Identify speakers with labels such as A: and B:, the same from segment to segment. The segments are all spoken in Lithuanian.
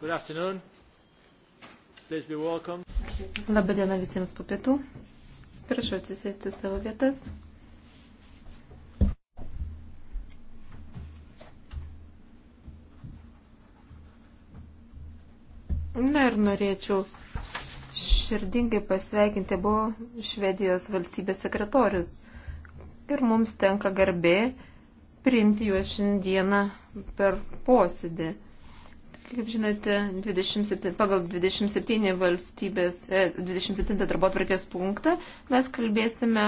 A: Good afternoon. Please be welcome.
B: Labadiena visiems po pietų. Prašau atsisėsti savo vietas. Na ir norėčiau širdingai pasveikinti buvo Švedijos valstybės sekretorius. Ir mums tenka garbė priimti juos šiandieną per posėdį. Kaip žinote, 27, pagal 27 valstybės, 27 e, darbo atvarkės punktą mes kalbėsime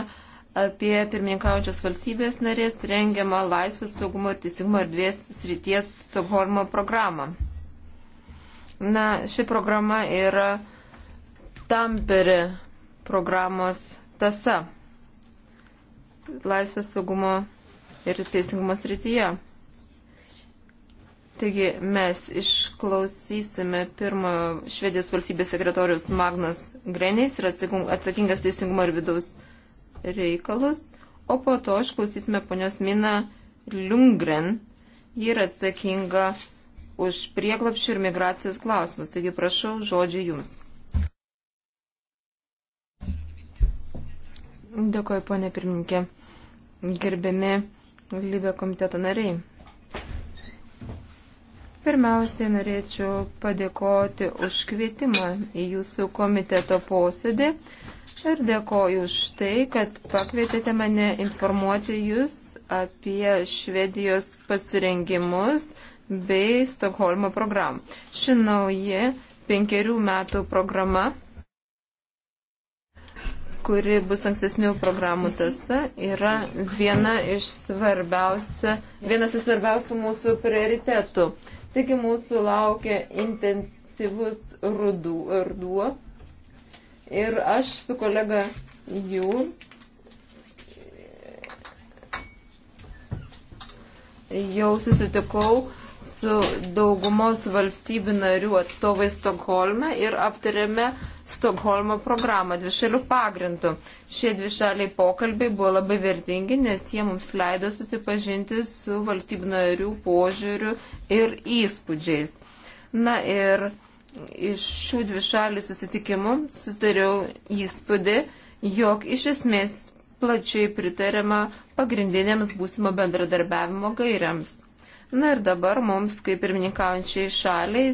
B: apie pirmininkaujančios valstybės narės rengiamą laisvės saugumo ir teisingumo erdvės srities Stokholmo programą. Na, ši programa yra tamperi programos tasa laisvės saugumo ir teisingumo srityje. Taigi mes išklausysime pirmą Švedijos valstybės sekretorius Magnus Grenės ir atsakingas teisingumo ir vidaus reikalus, o po to išklausysime ponios Mina Lungren, ji yra atsakinga už prieglapščių ir migracijos klausimus. Taigi prašau žodžiai jums. Dėkuoju, ponė pirmininkė. Gerbiami Libė komiteto nariai. Pirmiausiai norėčiau padėkoti už kvietimą į jūsų komiteto posėdį ir dėkoju už tai, kad pakvietėte mane informuoti jūs apie Švedijos pasirengimus bei Stokholmo programų. Ši nauja penkerių metų programa, kuri bus ankstesnių programų tasa, yra viena iš vienas iš svarbiausių mūsų prioritetų. Taigi mūsų laukia intensyvus ruduo. Ir aš su kolega Jūr jau susitikau su daugumos valstybių narių atstovai Stokholme ir aptarėme Stokholmo programą dvišalių pagrindų. Šie dvišaliai pokalbiai buvo labai vertingi, nes jie mums leido susipažinti su valstybių narių požiūriu ir įspūdžiais. Na ir iš šių dvišalių susitikimų susidariau įspūdį, jog iš esmės plačiai pritarėma pagrindinėms būsimo bendradarbiavimo gairiams. Na ir dabar mums, kaip pirmininkaujančiai šaliai,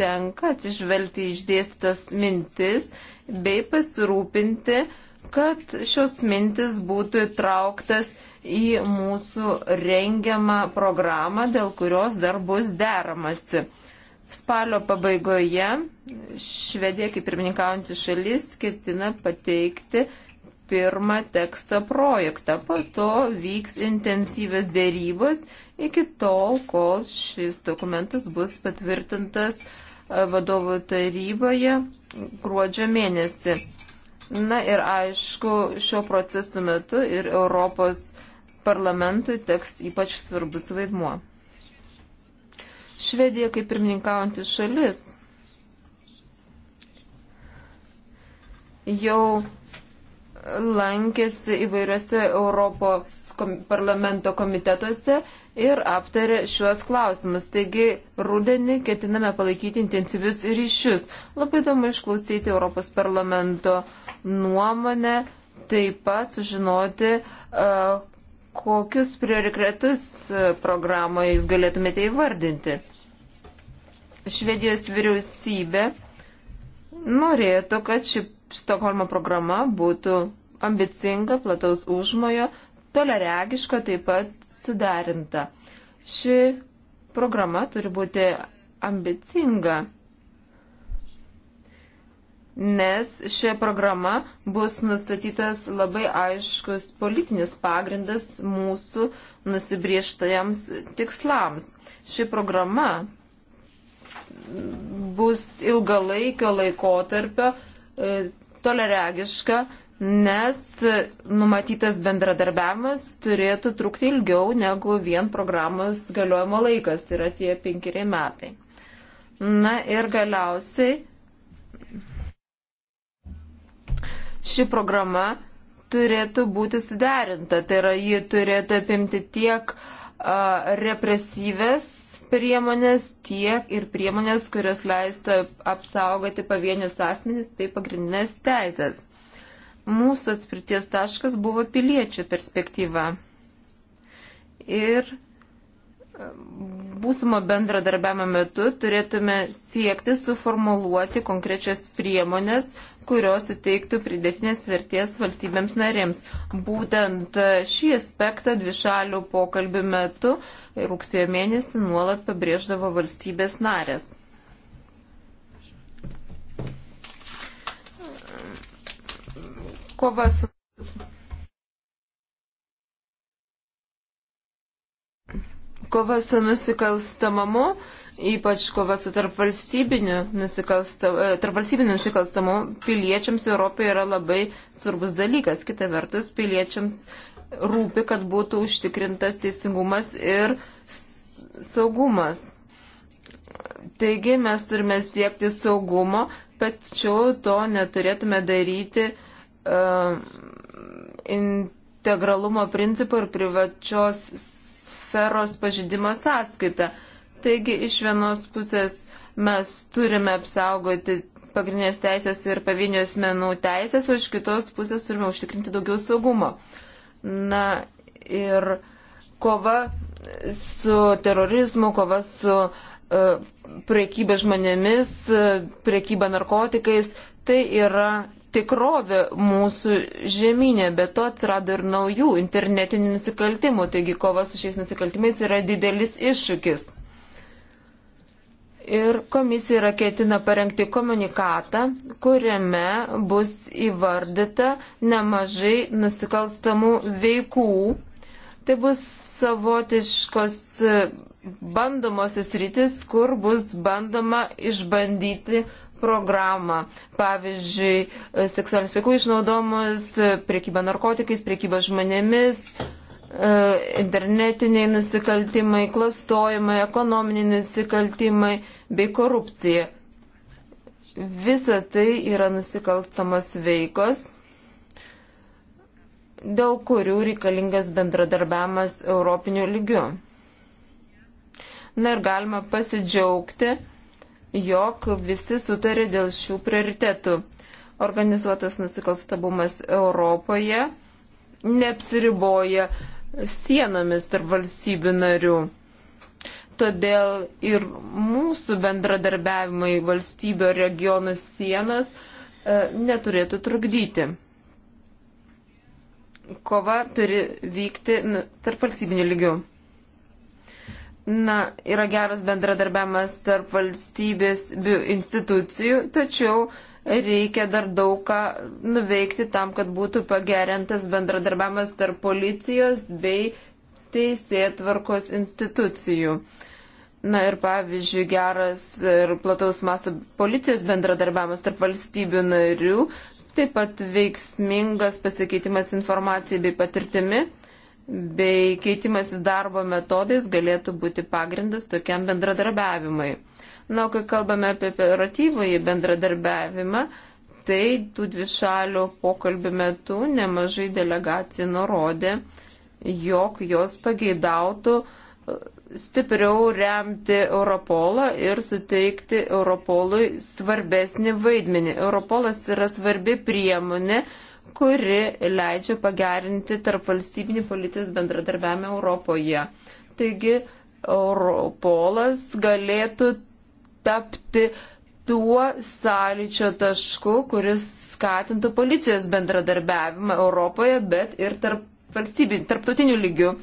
B: tenka atsižvelgti išdėstytas mintis bei pasirūpinti, kad šios mintis būtų įtrauktas į mūsų rengiamą programą, dėl kurios dar bus deramasi. Spalio pabaigoje Švedija, kaip pirmininkaujantis šalis, ketina pateikti pirmą teksto projektą. Po to vyks intensyvios dėrybos iki tol, kol šis dokumentas bus patvirtintas e, vadovo taryboje gruodžio mėnesį. Na ir aišku, šio procesų metu ir Europos parlamentui teks ypač svarbus vaidmuo. Švedija kaip pirmininkaujantis šalis jau lankėsi įvairiuose Europos parlamento komitetuose ir aptarė šiuos klausimus. Taigi, rudenį ketiname palaikyti intensyvius ryšius. Labai įdomu išklausyti Europos parlamento nuomonę, taip pat sužinoti, e, kokius prioritetus e, programoje jūs galėtumėte įvardinti. Švedijos vyriausybė norėtų, kad ši Stokholmo programa būtų ambicinga, plataus užmojo, toleregiška, taip pat sudarinta. Ši programa turi būti ambicinga, nes šią programą bus nustatytas labai aiškus politinis pagrindas mūsų nusibrieštajams tikslams. Ši programa bus ilgalaikio laikotarpio e, toleregiška nes numatytas bendradarbiavimas turėtų trukti ilgiau negu vien programos galiojimo laikas, tai yra tie penkeri metai. Na ir galiausiai ši programa turėtų būti suderinta, tai yra ji turėtų apimti tiek uh, represyves priemonės, tiek ir priemonės, kurios leistų apsaugoti pavienius asmenys bei pagrindinės teisės. Mūsų atspirties taškas buvo piliečių perspektyva. Ir e, būsimo bendradarbiavimo metu turėtume siekti suformuluoti konkrečias priemonės, kurios suteiktų pridėtinės vertės valstybėms narėms. Būtent šį aspektą dvišalių pokalbių metu rugsėjo mėnesį nuolat pabrėždavo valstybės narės. kova su. Kova su nusikalstamamu, ypač kova su tarpvalstybiniu nusikalstamu, e, tarpvalstybiniu nusikalstamu piliečiams Europoje yra labai svarbus dalykas. Kita vertus, piliečiams rūpi, kad būtų užtikrintas teisingumas ir saugumas. Taigi mes turime siekti saugumo, tačiau to neturėtume daryti Um, integralumo principo ir privačios sferos pažydimo sąskaita. Taigi iš vienos pusės mes turime apsaugoti pagrindinės teisės ir pavienių asmenų teisės, o iš kitos pusės turime užtikrinti daugiau saugumo. Na ir kova su terorizmu, kova su uh, priekyba žmonėmis, uh, priekyba narkotikais, tai yra tikrovė mūsų žemynė, bet to atsirado ir naujų internetinių nusikaltimų, taigi kova su šiais nusikaltimais yra didelis iššūkis. Ir komisija yra ketina parengti komunikatą, kuriame bus įvardyta nemažai nusikalstamų veikų. Tai bus savotiškos bandomosios rytis, kur bus bandoma išbandyti programą. Pavyzdžiui, e, seksualinis vaikų išnaudomas, e, priekyba narkotikais, priekyba žmonėmis, e, internetiniai nusikaltimai, klastojimai, ekonominiai nusikaltimai bei korupcija. Visa tai yra nusikalstamas veikos, dėl kurių reikalingas bendradarbiavimas Europinių lygių. Na ir galima pasidžiaugti, jog visi sutarė dėl šių prioritetų. Organizuotas nusikalstabumas Europoje neapsiriboja sienomis tarp valstybių narių. Todėl ir mūsų bendradarbiavimai valstybių regionų sienos e, neturėtų trukdyti. Kova turi vykti nu, tarp valstybinių lygių. Na, yra geras bendradarbiavimas tarp valstybės institucijų, tačiau reikia dar daug ką nuveikti tam, kad būtų pagerintas bendradarbiavimas tarp policijos bei teisėtvarkos institucijų. Na ir pavyzdžiui, geras ir plataus masto policijos bendradarbiavimas tarp valstybių narių, taip pat veiksmingas pasikeitimas informacijai bei patirtimi bei keitimasis darbo metodais galėtų būti pagrindas tokiam bendradarbiavimui. Na, kai kalbame apie operatyvąjį bendradarbiavimą, tai tų dvišalių pokalbių metu nemažai delegacijų nurodė, jog jos pageidautų e, stipriau remti Europolą ir suteikti Europolui svarbesnį vaidmenį. Europolas yra svarbi priemonė kuri leidžia pagerinti tarp valstybinį policijos bendradarbiavimą Europoje. Taigi Europolas galėtų tapti tuo sąlyčio tašku, kuris skatintų policijos bendradarbiavimą Europoje, bet ir tarp valstybinių, tarptautinių lygių.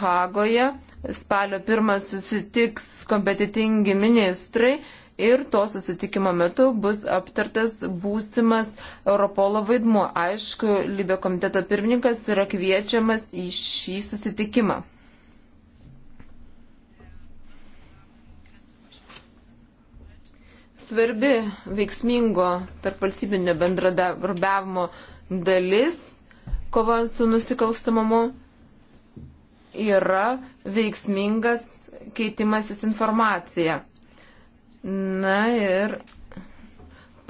B: Hagoje spalio pirmą susitiks kompetitingi ministrai ir to susitikimo metu bus aptartas būsimas Europolo vaidmuo. Aišku, Libė komiteto pirmininkas yra kviečiamas į šį susitikimą. Svarbi veiksmingo tarp valstybinio bendradarbiavimo dalis kovojant su nusikalstamumu yra veiksmingas keitimasis informacija. Na ir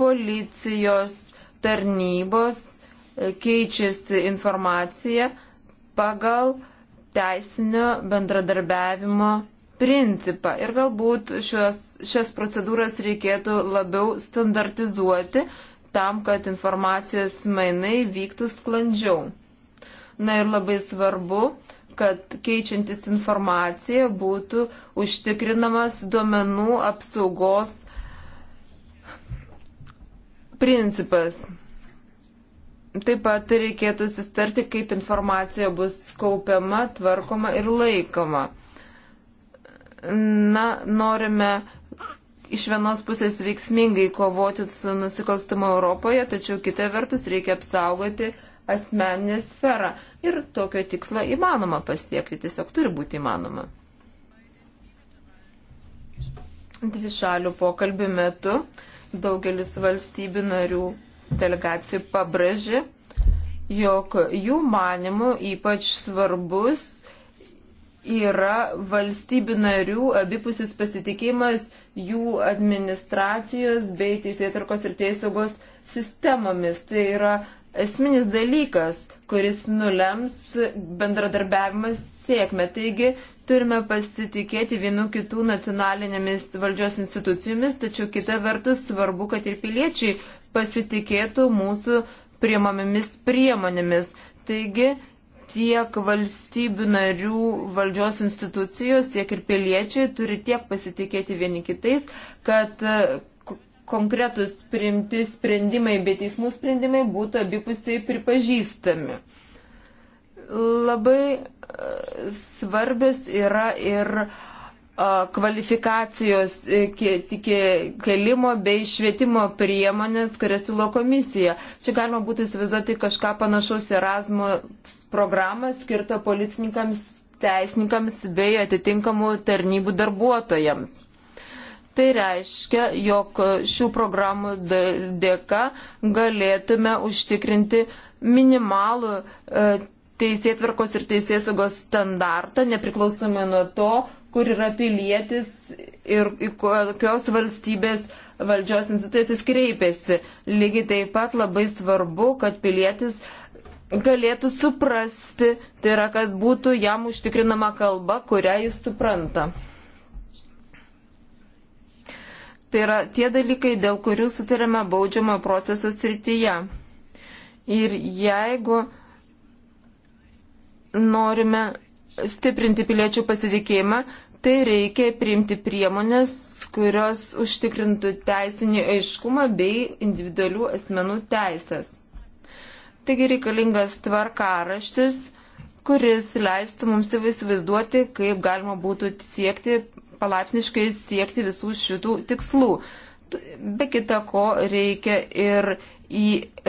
B: policijos tarnybos e, keičiasi informacija pagal teisinio bendradarbiavimo principą. Ir galbūt šios, šias procedūras reikėtų labiau standartizuoti tam, kad informacijos mainai vyktų sklandžiau. Na ir labai svarbu, kad keičiantis informacija būtų užtikrinamas duomenų apsaugos principas. Taip pat reikėtų sustarti, kaip informacija bus kaupiama, tvarkoma ir laikoma. Na, norime iš vienos pusės veiksmingai kovoti su nusikalstama Europoje, tačiau kitą vertus reikia apsaugoti asmeninę sferą. Ir tokio tikslo įmanoma pasiekti, tiesiog turi būti įmanoma. Dvi šalių pokalbių metu daugelis valstybių narių delegacijų pabrėžė, jog jų manimų ypač svarbus yra valstybių narių abipusis pasitikėjimas jų administracijos bei teisėtarkos ir teisėsaugos sistemomis. Tai yra esminis dalykas, kuris nulems bendradarbiavimas sėkmę. Taigi turime pasitikėti vienų kitų nacionalinėmis valdžios institucijomis, tačiau kita vertus svarbu, kad ir piliečiai pasitikėtų mūsų priemamimis priemonėmis. Taigi tiek valstybių narių valdžios institucijos, tiek ir piliečiai turi tiek pasitikėti vieni kitais, kad konkretus priimti sprendimai bei teismų sprendimai būtų abipusiai pripažįstami. Labai e, svarbios yra ir e, kvalifikacijos e, kelimo bei švietimo priemonės, kurias siūlo komisija. Čia galima būtų įsivaizduoti kažką panašaus Erasmus programą skirtą policininkams, teisininkams bei atitinkamų tarnybų darbuotojams. Tai reiškia, jog šių programų dėka galėtume užtikrinti minimalų e, teisėtvarkos ir teisėsaugos standartą, nepriklausomai nuo to, kur yra pilietis ir kokios valstybės valdžios institucijas kreipiasi. Lygiai taip pat labai svarbu, kad pilietis galėtų suprasti, tai yra, kad būtų jam užtikrinama kalba, kurią jis supranta. Tai yra tie dalykai, dėl kurių sutarėme baudžiamo proceso srityje. Ir jeigu norime stiprinti piliečių pasitikėjimą, tai reikia priimti priemonės, kurios užtikrintų teisinį aiškumą bei individualių asmenų teisės. Taigi reikalingas tvarkaraštis, kuris leistų mums įsivaizduoti, kaip galima būtų siekti palaipsniškai siekti visų šitų tikslų. Be kita ko reikia ir į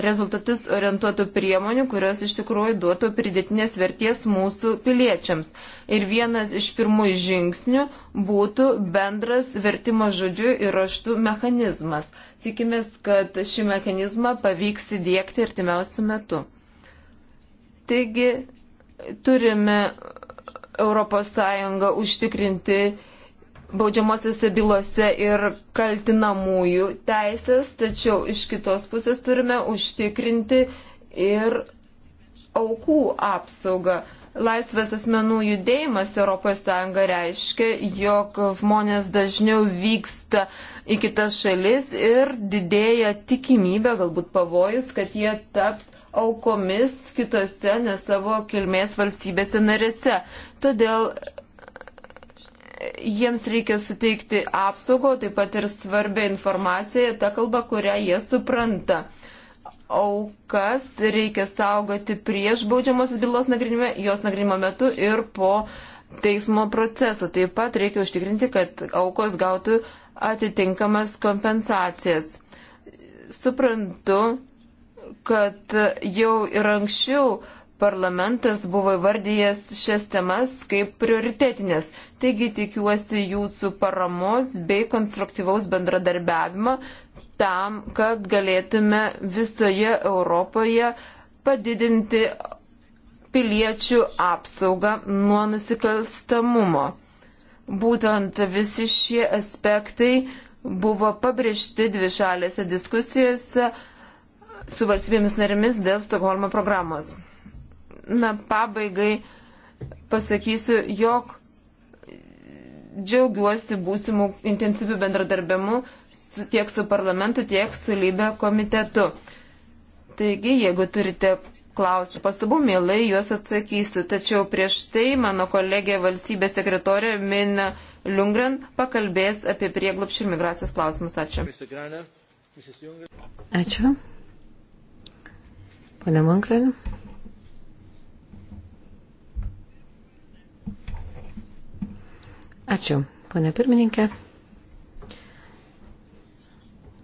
B: rezultatus orientuotų priemonių, kurios iš tikrųjų duotų pridėtinės verties mūsų piliečiams. Ir vienas iš pirmųjų žingsnių būtų bendras vertimo žodžiu ir raštų mechanizmas. Tikimės, kad šį mechanizmą pavyks įdėkti artimiausių metų. Taigi turime ES užtikrinti baudžiamosiose bylose ir kaltinamųjų teisės, tačiau iš kitos pusės turime užtikrinti ir aukų apsaugą. Laisvės asmenų judėjimas ES reiškia, jog žmonės dažniau vyksta į kitas šalis ir didėja tikimybė, galbūt pavojus, kad jie taps aukomis kitose ne savo kilmės valstybėse narėse. Todėl jiems reikia suteikti apsaugo, taip pat ir svarbę informaciją, tą kalbą, kurią jie supranta. Aukas reikia saugoti prieš baudžiamosios bylos nagrinimą, jos nagrinimo metu ir po teismo proceso. Taip pat reikia užtikrinti, kad aukos gautų atitinkamas kompensacijas. Suprantu, kad jau ir anksčiau uh, parlamentas buvo įvardyjęs šias temas kaip prioritetinės. Taigi tikiuosi jūsų paramos bei konstruktyvaus bendradarbiavimo tam, kad galėtume visoje Europoje padidinti piliečių apsaugą nuo nusikalstamumo. Būtent visi šie aspektai buvo pabrėžti dvišalėse diskusijose su valstybėmis narimis dėl Stokholmo programos na, pabaigai pasakysiu, jog džiaugiuosi būsimų intensyvių bendradarbiamų tiek su parlamentu, tiek su lybė komitetu. Taigi, jeigu turite klausimų, pastabų, mielai juos atsakysiu. Tačiau prieš tai mano kolegė valstybės sekretorė Mina Lungren pakalbės apie prieglopščių ir migracijos klausimus. Ačiū.
C: Ačiū. Pane Monklen. Ačiū, ponė pirmininkė.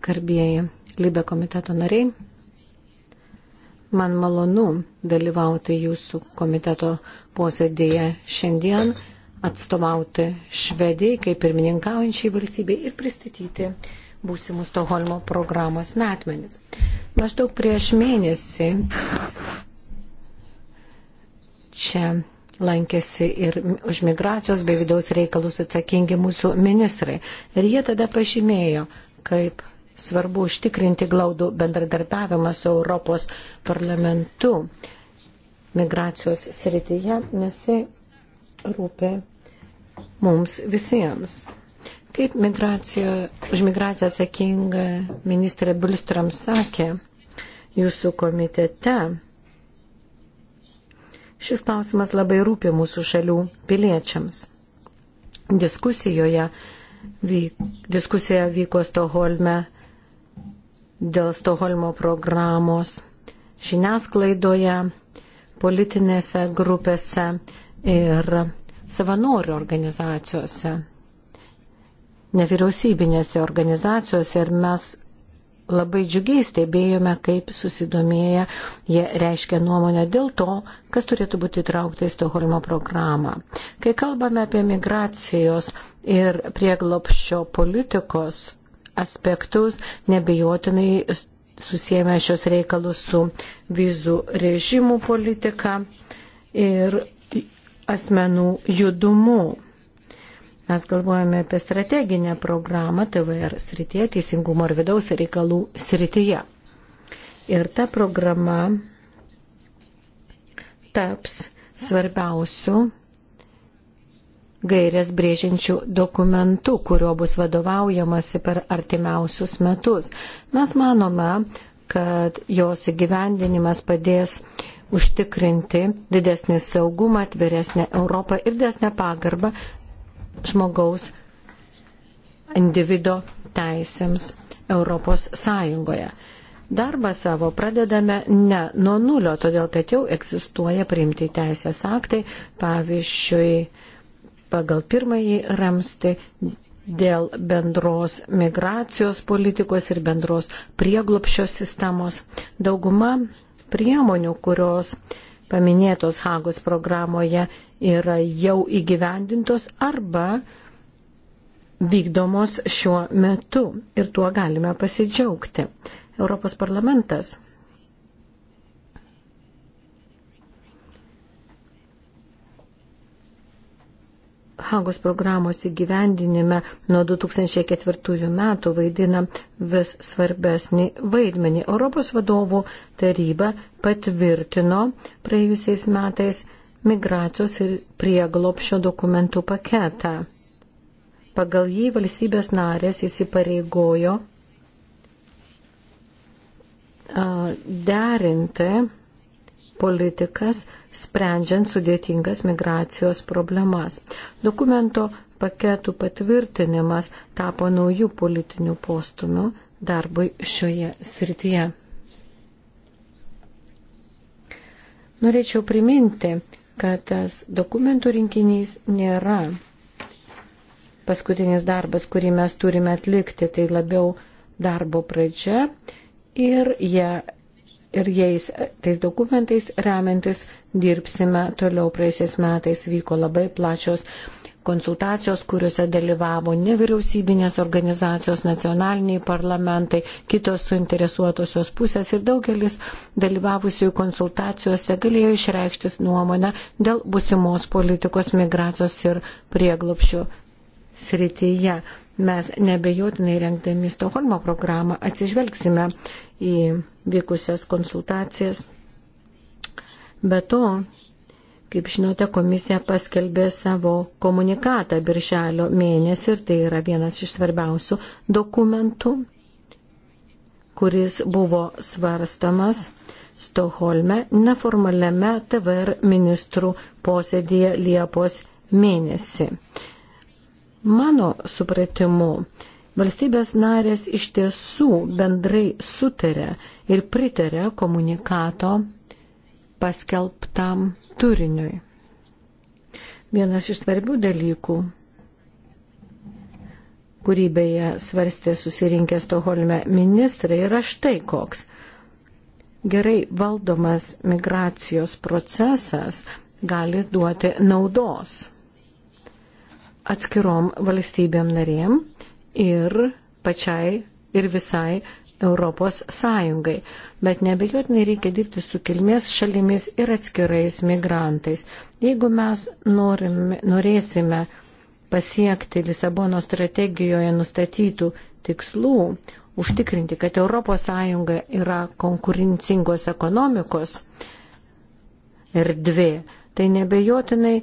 C: Garbėjai Libė komiteto nariai, man malonu dalyvauti jūsų komiteto posėdėje šiandien, atstovauti Švedijai kaip pirmininkaujančiai valstybei ir pristatyti būsimų Stoholmo programos metmenis. Maždaug prieš mėnesį čia lankėsi ir už migracijos bei vidaus reikalus atsakingi mūsų ministrai. Ir jie tada pažymėjo, kaip svarbu užtikrinti glaudų bendradarbiavimą su Europos parlamentu migracijos srityje, nes jis rūpi mums visiems. Kaip migracijo, už migraciją atsakinga ministrė Bilstrams sakė, jūsų komitete Šis klausimas labai rūpi mūsų šalių piliečiams. Diskusijoje vyk, diskusija vyko Stoholme dėl Stoholmo programos žiniasklaidoje, politinėse grupėse ir savanorių organizacijose, nevyriausybinėse organizacijose ir mes labai džiugiai stebėjome, kaip susidomėję jie reiškia nuomonę dėl to, kas turėtų būti įtraukta į Stoholmo programą. Kai kalbame apie migracijos ir prieglopščio politikos aspektus, nebejotinai susijęme šios reikalus su vizų režimų politika ir asmenų judumu. Mes galvojame apie strateginę programą TVR srityje, teisingumo ir vidaus reikalų srityje. Ir ta programa taps svarbiausių gairias brėžinčių dokumentų, kurio bus vadovaujamasi per artimiausius metus. Mes manome, kad jos įgyvendinimas padės užtikrinti didesnį saugumą, atviresnę Europą ir didesnę pagarbą žmogaus individo teisėms Europos Sąjungoje. Darbą savo pradedame ne nuo nulio, todėl kad jau egzistuoja priimti teisės aktai, pavyzdžiui, pagal pirmąjį ramsti dėl bendros migracijos politikos ir bendros prieglopščio sistemos. Dauguma priemonių, kurios paminėtos Hagos programoje yra jau įgyvendintos arba vykdomos šiuo metu ir tuo galime pasidžiaugti. Europos parlamentas Hagos programos įgyvendinime nuo 2004 metų vaidina vis svarbesnį vaidmenį. Europos vadovų taryba patvirtino praėjusiais metais migracijos ir prieglopšio dokumentų paketą. Pagal jį valstybės narės įsipareigojo derinti politikas, sprendžiant sudėtingas migracijos problemas. Dokumento paketų patvirtinimas tapo naujų politinių postumių darbui šioje srityje. Norėčiau priminti, kad tas dokumentų rinkinys nėra paskutinis darbas, kurį mes turime atlikti, tai labiau darbo pradžia ir, jie, ir jais, tais dokumentais remiantis dirbsime toliau. Praėjusiais metais vyko labai plačios konsultacijos, kuriuose dalyvavo nevyriausybinės organizacijos, nacionaliniai parlamentai, kitos suinteresuotosios pusės ir daugelis dalyvavusiųjų konsultacijose galėjo išreikštis nuomonę dėl busimos politikos migracijos ir prieglopščių srityje. Mes nebejotinai renkdami Stoholmo programą atsižvelgsime į vykusias konsultacijas. Be to, Kaip žinote, komisija paskelbė savo komunikatą birželio mėnesį ir tai yra vienas iš svarbiausių dokumentų, kuris buvo svarstamas Stoholme neformaliame TVR ministrų posėdėje Liepos mėnesį. Mano supratimu, valstybės narės iš tiesų bendrai sutarė ir pritarė komunikato paskelbtam turiniui. Vienas iš svarbių dalykų, kurį beje svarstė susirinkę Stoholme ministrai, yra štai koks. Gerai valdomas migracijos procesas gali duoti naudos atskirom valstybėm narėm ir pačiai ir visai Europos Sąjungai, bet nebejotinai reikia dirbti su kilmės šalimis ir atskirais migrantais. Jeigu mes norime, norėsime pasiekti Lisabono strategijoje nustatytų tikslų, užtikrinti, kad ES yra konkurencingos ekonomikos erdvė, tai nebejotinai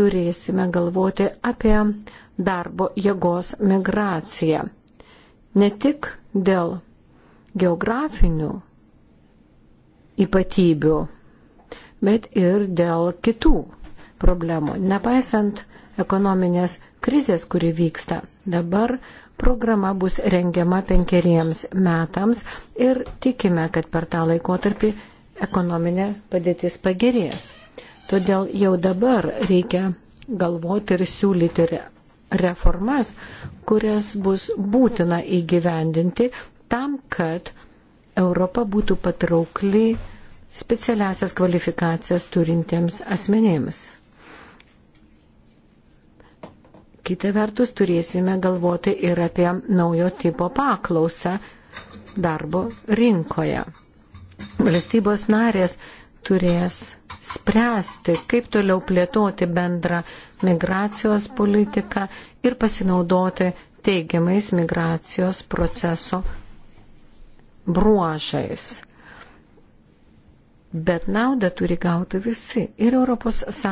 C: turėsime galvoti apie darbo jėgos migraciją. Ne tik dėl geografinių ypatybių, bet ir dėl kitų problemų. Nepaisant ekonominės krizės, kuri vyksta, dabar programa bus rengiama penkeriems metams ir tikime, kad per tą laikotarpį ekonominė padėtis pagerės. Todėl jau dabar reikia galvoti ir siūlyti reformas, kurias bus būtina įgyvendinti tam, kad Europa būtų patraukli specialiasias kvalifikacijas turintiems asmenėms. Kita vertus, turėsime galvoti ir apie naujo tipo paklausą darbo rinkoje. Valstybos narės turės spręsti, kaip toliau plėtoti bendrą migracijos politiką ir pasinaudoti teigiamais migracijos proceso bruožais. Bet naudą turi gauti visi - ir ES,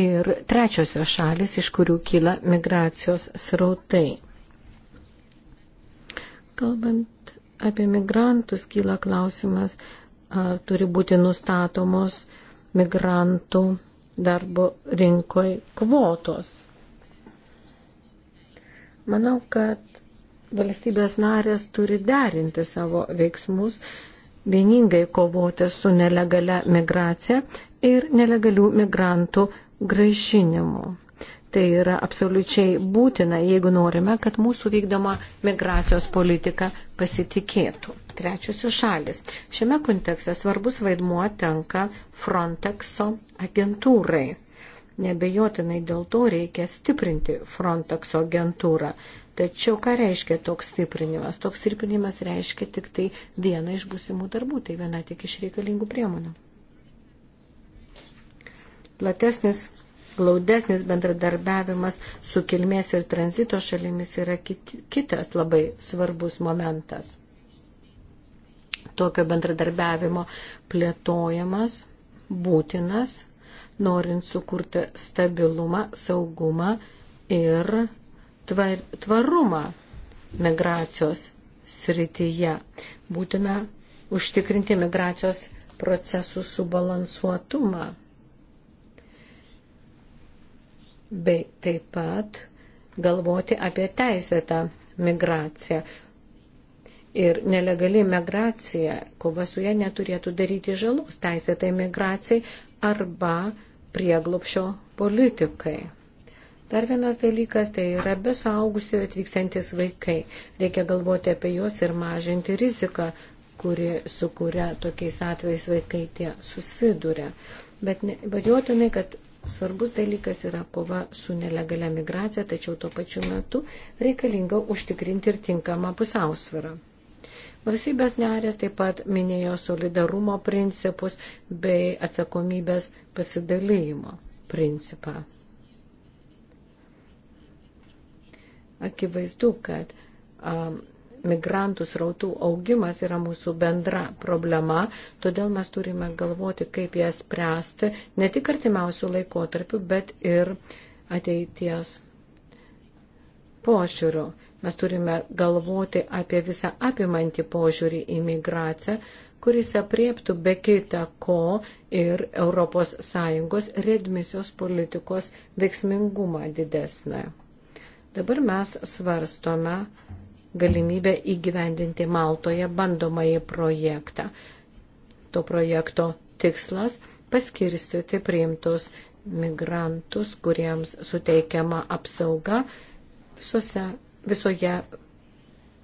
C: ir trečiosios šalis, iš kurių kyla migracijos srautai. Kalbant apie migrantus, kyla klausimas, ar turi būti nustatomos migrantų darbo rinkoje kvotos. Manau, kad valstybės narės turi derinti savo veiksmus, vieningai kovoti su nelegalia migracija ir nelegalių migrantų gražinimu. Tai yra absoliučiai būtina, jeigu norime, kad mūsų vykdoma migracijos politika pasitikėtų. Trečiosios šalis. Šiame kontekste svarbus vaidmuo tenka Frontexo agentūrai. Nebejotinai dėl to reikia stiprinti Frontexo agentūrą. Tačiau ką reiškia toks stiprinimas? Toks stiprinimas reiškia tik tai vieną iš būsimų darbų, tai viena tik iš reikalingų priemonių. Platesnis, glaudesnis bendradarbiavimas su kilmės ir tranzito šalimis yra kitas labai svarbus momentas. Tokio bendradarbiavimo plėtojamas, būtinas, norint sukurti stabilumą, saugumą ir tvar, tvarumą migracijos srityje. Būtina užtikrinti migracijos procesų subalansuotumą. Bei taip pat galvoti apie teisėtą migraciją. Ir nelegali migracija, kova su ja neturėtų daryti žalos teisėtai migracijai arba prieglopšio politikai. Dar vienas dalykas tai yra be suaugusiojo atvykstantis vaikai. Reikia galvoti apie juos ir mažinti riziką, kuri, su kuria tokiais atvejais vaikai tie susiduria. Bet nebejotinai, kad svarbus dalykas yra kova su nelegalia migracija, tačiau tuo pačiu metu reikalinga užtikrinti ir tinkamą pusiausvyrą. Valstybės narės taip pat minėjo solidarumo principus bei atsakomybės pasidalymo principą. Akivaizdu, kad um, migrantų srautų augimas yra mūsų bendra problema, todėl mes turime galvoti, kaip ją spręsti ne tik artimiausių laikotarpių, bet ir ateities požiūrių. Mes turime galvoti apie visą apimantį požiūrį į migraciją, kuris apriektų be kita ko ir ES redmisijos politikos veiksmingumą didesnę. Dabar mes svarstome galimybę įgyvendinti Maltoje bandomąjį projektą. To projekto tikslas - paskirstyti priimtus migrantus, kuriems suteikiama apsauga visose, visoje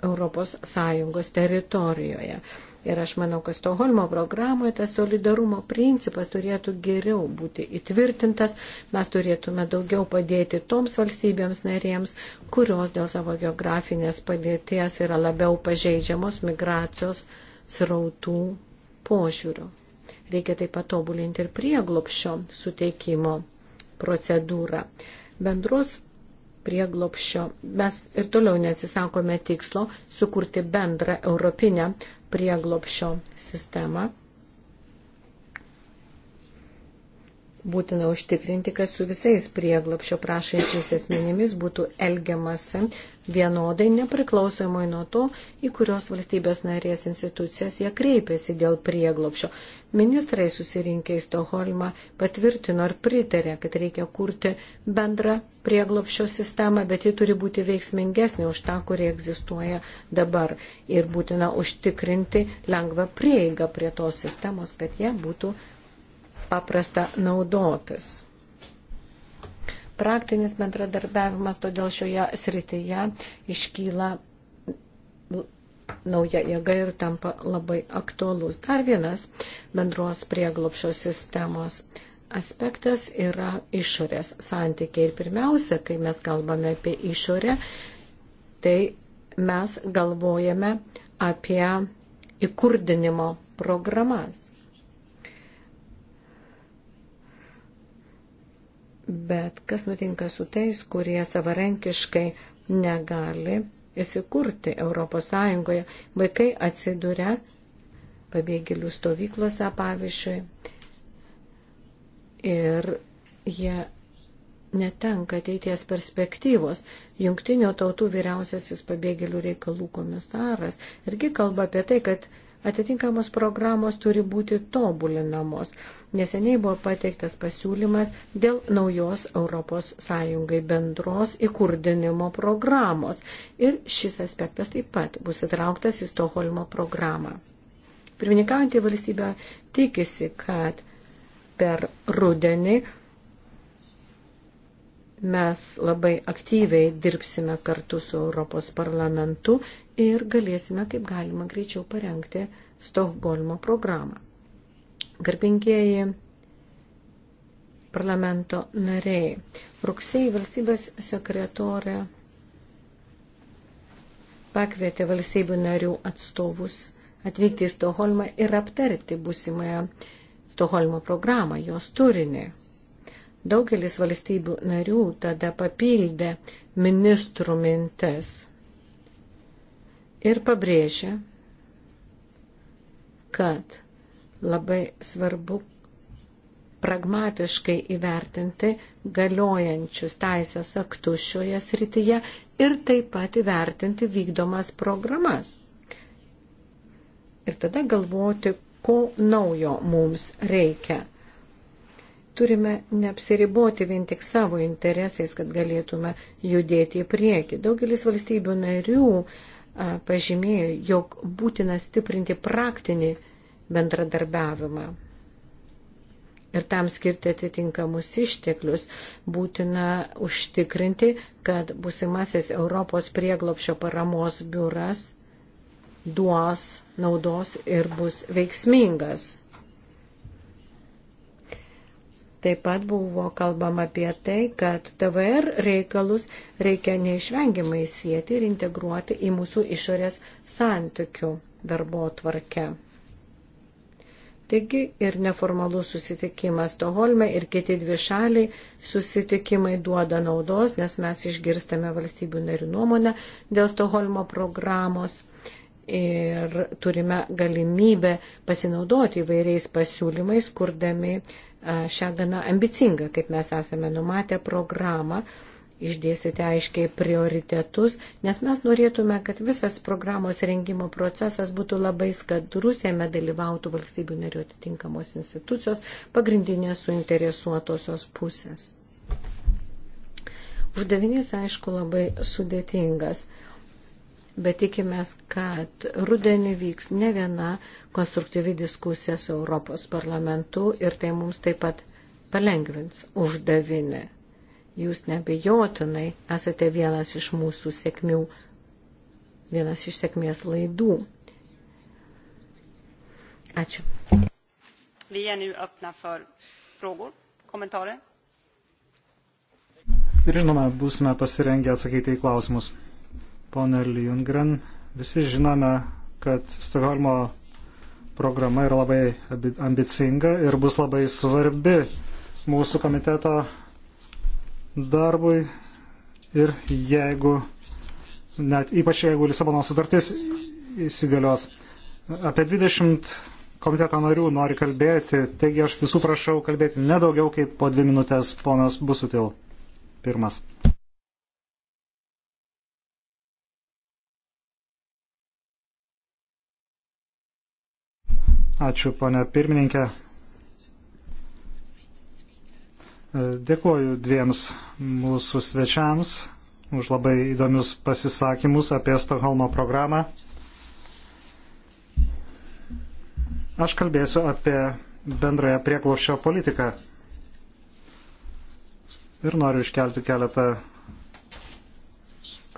C: ES teritorijoje. Ir aš manau, kad Stoholmo programoje tas solidarumo principas turėtų geriau būti įtvirtintas. Mes turėtume daugiau padėti toms valstybėms narėms, kurios dėl savo geografinės padėties yra labiau pažeidžiamos migracijos srautų požiūrių. Reikia taip pat tobulinti ir prieglopšio suteikimo procedūrą. Bendros prieglopšio. Mes ir toliau neatsisakome tikslo sukurti bendrą europinę prieglopšio sistemą būtina užtikrinti, kad su visais prieglapšio prašančiais asmenimis būtų elgiamasi vienodai nepriklausomai nuo to, į kurios valstybės narės institucijas jie kreipėsi dėl prieglapšio. Ministrai susirinkę į Stoholmą patvirtino ir pritarė, kad reikia kurti bendrą prieglapšio sistemą, bet ji turi būti veiksmingesnė už tą, kuri egzistuoja dabar. Ir būtina užtikrinti lengvą prieigą prie tos sistemos, kad jie būtų paprasta naudotis. Praktinis bendradarbiavimas todėl šioje srityje iškyla nauja jėga ir tampa labai aktuolus. Dar vienas bendros prieglopšio sistemos aspektas yra išorės santykiai. Ir pirmiausia, kai mes kalbame apie išorę, tai mes galvojame apie įkurdinimo programas. Bet kas nutinka su tais, kurie savarankiškai negali įsikurti Europos Sąjungoje? Vaikai atsiduria pabėgėlių stovyklose, pavyzdžiui, ir jie netenka ateities perspektyvos. Jungtinio tautų vyriausiasis pabėgėlių reikalų komisaras irgi kalba apie tai, kad atitinkamos programos turi būti tobulinamos. Neseniai buvo pateiktas pasiūlymas dėl naujos ES bendros įkurdinimo programos ir šis aspektas taip pat bus įtrauktas į Stoholmo programą. Pirmininkaujantį valstybę tikisi, kad per rudenį mes labai aktyviai dirbsime kartu su Europos parlamentu ir galėsime kaip galima greičiau parengti Stokholmo programą. Garbingieji parlamento nariai, rugsėjai valstybės sekretorė pakvietė valstybių narių atstovus atvykti į Stokholmą ir aptarti būsimąją Stokholmo programą, jos turinį. Daugelis valstybių narių tada papildė ministrų mintis ir pabrėžė, kad labai svarbu pragmatiškai įvertinti galiojančius teisės aktus šioje srityje ir taip pat įvertinti vykdomas programas. Ir tada galvoti, ko naujo mums reikia turime neapsiriboti vien tik savo interesais, kad galėtume judėti į priekį. Daugelis valstybių narių pažymėjo, jog būtina stiprinti praktinį bendradarbiavimą. Ir tam skirti atitinkamus išteklius būtina užtikrinti, kad busimasis Europos prieglopšio paramos biuras duos naudos ir bus veiksmingas Taip pat buvo kalbama apie tai, kad TVR reikalus reikia neišvengiamai sieti ir integruoti į mūsų išorės santykių darbo tvarkę. Taigi ir neformalus susitikimas Stoholme ir kiti dvi šaliai susitikimai duoda naudos, nes mes išgirstame valstybių narių nuomonę dėl Stoholmo programos ir turime galimybę pasinaudoti įvairiais pasiūlymais, kurdami šią gana ambicingą, kaip mes esame numatę, programą, išdėsite aiškiai prioritetus, nes mes norėtume, kad visas programos rengimo procesas būtų labai skadrus, jame dalyvautų valstybių narių atitinkamos institucijos, pagrindinės suinteresuotosios pusės. Uždavinys, aišku, labai sudėtingas bet tikimės, kad rudenį vyks ne viena konstruktyvi diskusija su Europos parlamentu ir tai mums taip pat palengvins uždavinį. Jūs nebejotinai esate vienas iš mūsų sėkmių, vienas iš sėkmės laidų. Ačiū.
D: Vi är nu öppna för frågor, kommentarer.
E: Ir žinoma, būsime pasirengę atsakyti į klausimus ponė Ljungren. Visi žinome, kad Stokholmo programa yra labai ambicinga ir bus labai svarbi mūsų komiteto darbui. Ir jeigu, net ypač jeigu Lisabono sutartis įsigalios, apie 20 komiteto narių nori kalbėti, taigi aš visų prašau kalbėti nedaugiau kaip po dvi minutės ponas Busutil. Pirmas. Ačiū, ponia pirmininkė. E, dėkuoju dviems mūsų svečiams už labai įdomius pasisakymus apie Stokholmo programą. Aš kalbėsiu apie bendrąją prieklaušio politiką. Ir noriu iškelti keletą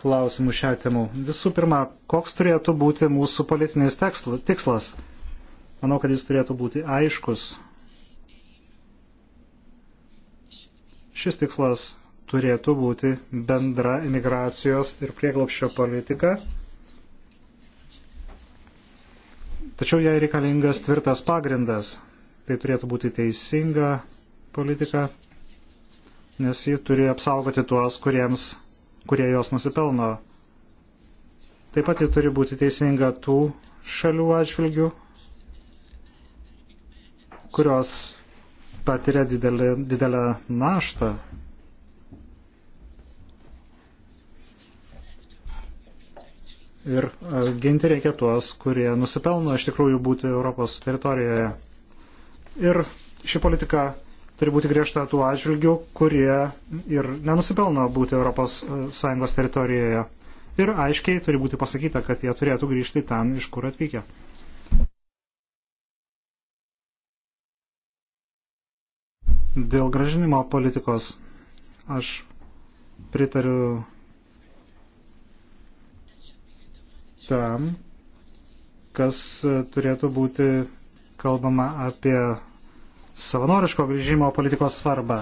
E: klausimų šią temų. Visų pirma, koks turėtų būti mūsų politinis tikslas? Manau, kad jis turėtų būti aiškus. Šis tikslas turėtų būti bendra imigracijos ir prieglopščio politika. Tačiau jai reikalingas tvirtas pagrindas. Tai turėtų būti teisinga politika, nes ji turi apsaugoti tuos, kuriems, kurie jos nusipelno. Taip pat ji turi būti teisinga tų šalių atžvilgių, kurios patiria didelį, didelę naštą. Ir e, ginti reikia tuos, kurie nusipelno iš tikrųjų būti Europos teritorijoje. Ir ši politika turi būti griežta tų atžvilgių, kurie ir nenusipelno būti ES e, teritorijoje. Ir aiškiai turi būti pasakyta, kad jie turėtų grįžti ten, iš kur atvykę. Dėl gražinimo politikos aš pritariu tam, kas turėtų būti kalbama apie savanoriško grįžimo politikos svarbą.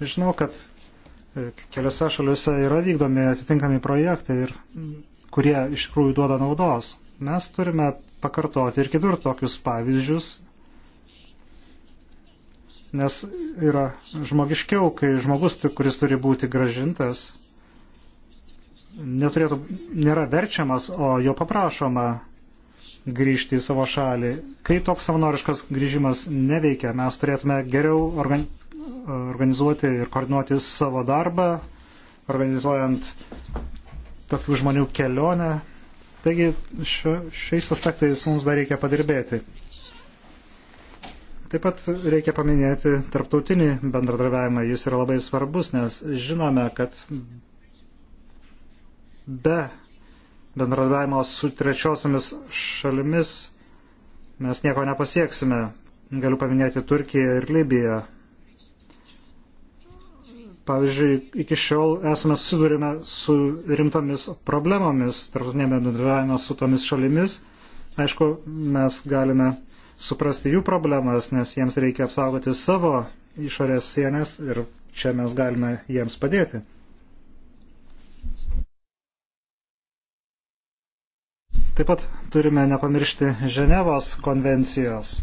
E: Žinau, kad e, keliose šaliuose yra vykdomi atitinkami projektai, ir, kurie iš tikrųjų duoda naudos. Mes turime pakartoti ir kitur tokius pavyzdžius nes yra žmogiškiau, kai žmogus, kuris turi būti gražintas, neturėtų, nėra verčiamas, o jo paprašoma grįžti į savo šalį. Kai toks savanoriškas grįžimas neveikia, mes turėtume geriau organi organizuoti ir koordinuoti savo darbą, organizuojant tokių žmonių kelionę. Taigi šio, šiais aspektais mums dar reikia padirbėti. Taip pat reikia paminėti tarptautinį bendradarbiavimą. Jis yra labai svarbus, nes žinome, kad be bendradarbiavimo su trečiosiamis šalimis mes nieko nepasieksime. Galiu paminėti Turkiją ir Libiją. Pavyzdžiui, iki šiol esame susidūrime su rimtomis problemomis tarptautinėme bendradarbiavime su tomis šalimis. Aišku, mes galime suprasti jų problemas, nes jiems reikia apsaugoti savo išorės sienas ir čia mes galime jiems padėti. Taip pat turime nepamiršti Ženevos konvencijos.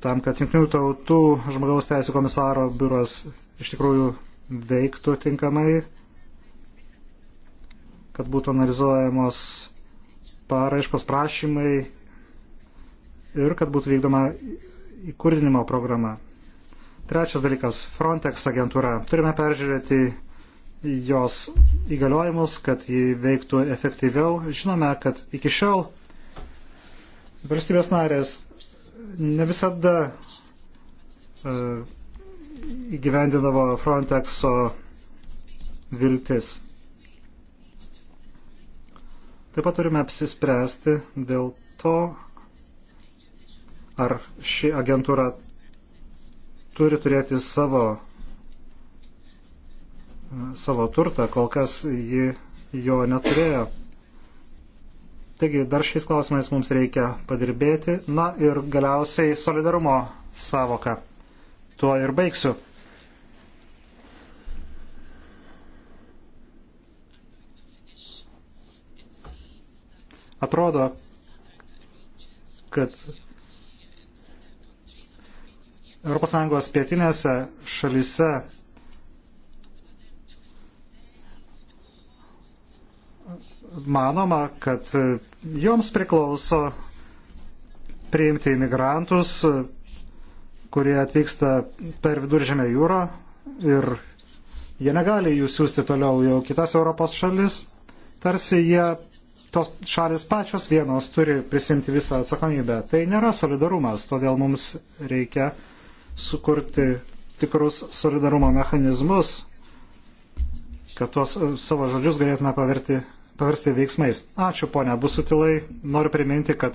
E: Tam, kad Junktinių tautų žmogaus teisų komisaro biuras iš tikrųjų veiktų tinkamai, kad būtų analizuojamos paraiškos prašymai ir kad būtų vykdoma įkurdinimo programa. Trečias dalykas - Frontex agentūra. Turime peržiūrėti jos įgaliojimus, kad ji veiktų efektyviau. Žinome, kad iki šiol valstybės narės ne visada uh, e, įgyvendinavo Frontexo viltis. Taip pat turime apsispręsti dėl to, ar ši agentūra turi turėti savo, savo turtą, kol kas ji jo neturėjo. Taigi dar šiais klausimais mums reikia padirbėti. Na ir galiausiai solidarumo savoka. Tuo ir baigsiu. Atrodo, kad ES pietinėse šalise manoma, kad joms priklauso priimti imigrantus, kurie atvyksta per viduržėmę jūrą ir jie negali jų siūsti toliau jau kitas Europos šalis. Tarsi jie, tos šalis pačios vienos turi prisimti visą atsakomybę. Tai nėra solidarumas, todėl mums reikia uh, sukurti tikrus solidarumo mechanizmus, kad tuos e, savo žodžius galėtume paverti, paversti veiksmais. Ačiū, ponia, bus sutilai. Noriu priminti, kad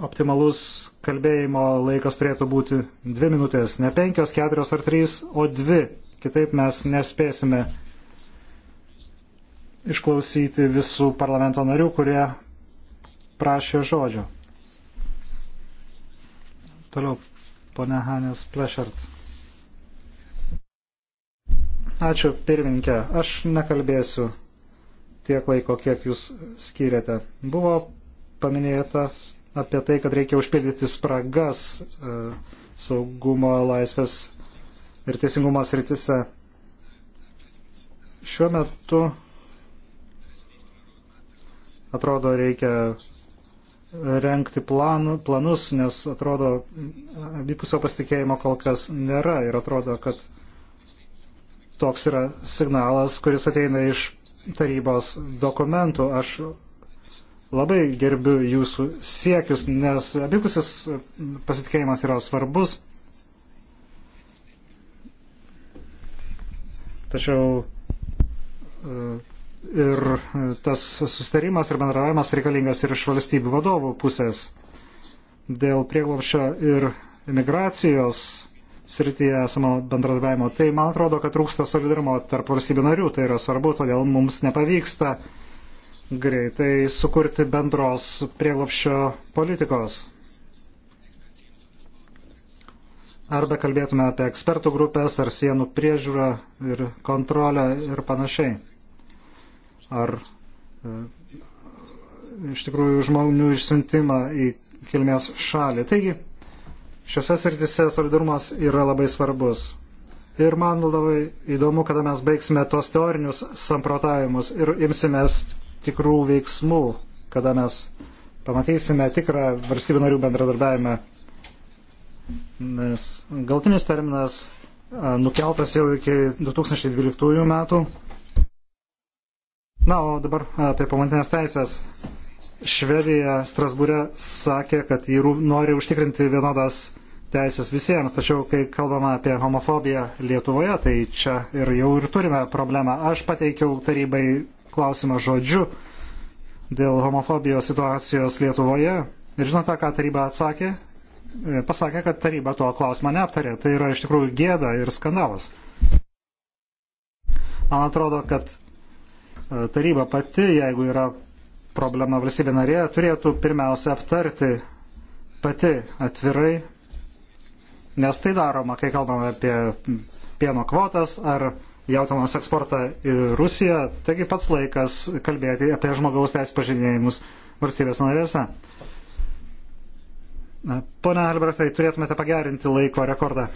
E: optimalus kalbėjimo laikas turėtų būti dvi minutės, ne penkios, keturios ar trys, o dvi. Kitaip mes nespėsime išklausyti visų parlamento narių, kurie prašė žodžio. Toliau, ponia Hanės Plešart. Ačiū, pirmininkė. Aš nekalbėsiu tiek laiko, kiek jūs skiriate. Buvo paminėta apie tai, kad reikia užpildyti spragas e, saugumo, laisvės ir teisingumo sritise. Šiuo metu atrodo reikia renkti planų, planus, nes atrodo, abipusio pasitikėjimo kol kas nėra ir atrodo, kad toks yra signalas, kuris ateina iš tarybos dokumentų. Aš labai gerbiu jūsų siekius, nes abipusis pasitikėjimas yra svarbus. Tačiau ir e, tas sustarimas ir bendravimas reikalingas ir iš valstybių vadovų pusės. Dėl prieglopščio ir imigracijos srityje esamo bendradarbiavimo, tai man atrodo, kad trūksta solidarumo tarp valstybių narių, tai yra svarbu, todėl mums nepavyksta greitai sukurti bendros prieglopščio politikos. Arba kalbėtume apie ekspertų grupės ar sienų priežiūrą ir kontrolę ir panašiai ar e, iš tikrųjų žmonių išsiuntimą į kilmės šalį. Taigi, šiuose srityse solidarumas yra labai svarbus. Ir man labai įdomu, kada mes baigsime tos teorinius samprotavimus ir imsimės tikrų veiksmų, kada mes pamatysime tikrą valstybių narių bendradarbiavimą. Nes galtinis terminas e, nukeltas jau iki 2012 metų Na, o dabar apie pamatinės teisės. Švedija Strasbūrė sakė, kad jį nori užtikrinti vienodas teisės visiems, tačiau kai kalbama apie homofobiją Lietuvoje, tai čia ir jau ir turime problemą. Aš pateikiau tarybai klausimą žodžiu dėl homofobijos situacijos Lietuvoje. Ir žinote, ką taryba atsakė? E, pasakė, kad taryba tuo klausimą neaptarė. Tai yra iš tikrųjų gėda ir skandalas. Man atrodo, kad E, taryba pati, jeigu yra problema valstybė narė, turėtų pirmiausia aptarti pati atvirai, nes tai daroma, kai kalbame apie pieno kvotas ar jautinos eksportą į Rusiją, taigi pats laikas kalbėti apie žmogaus teisų pažinėjimus valstybės narėse. Na, pone Albertai, turėtumėte pagerinti laiko rekordą.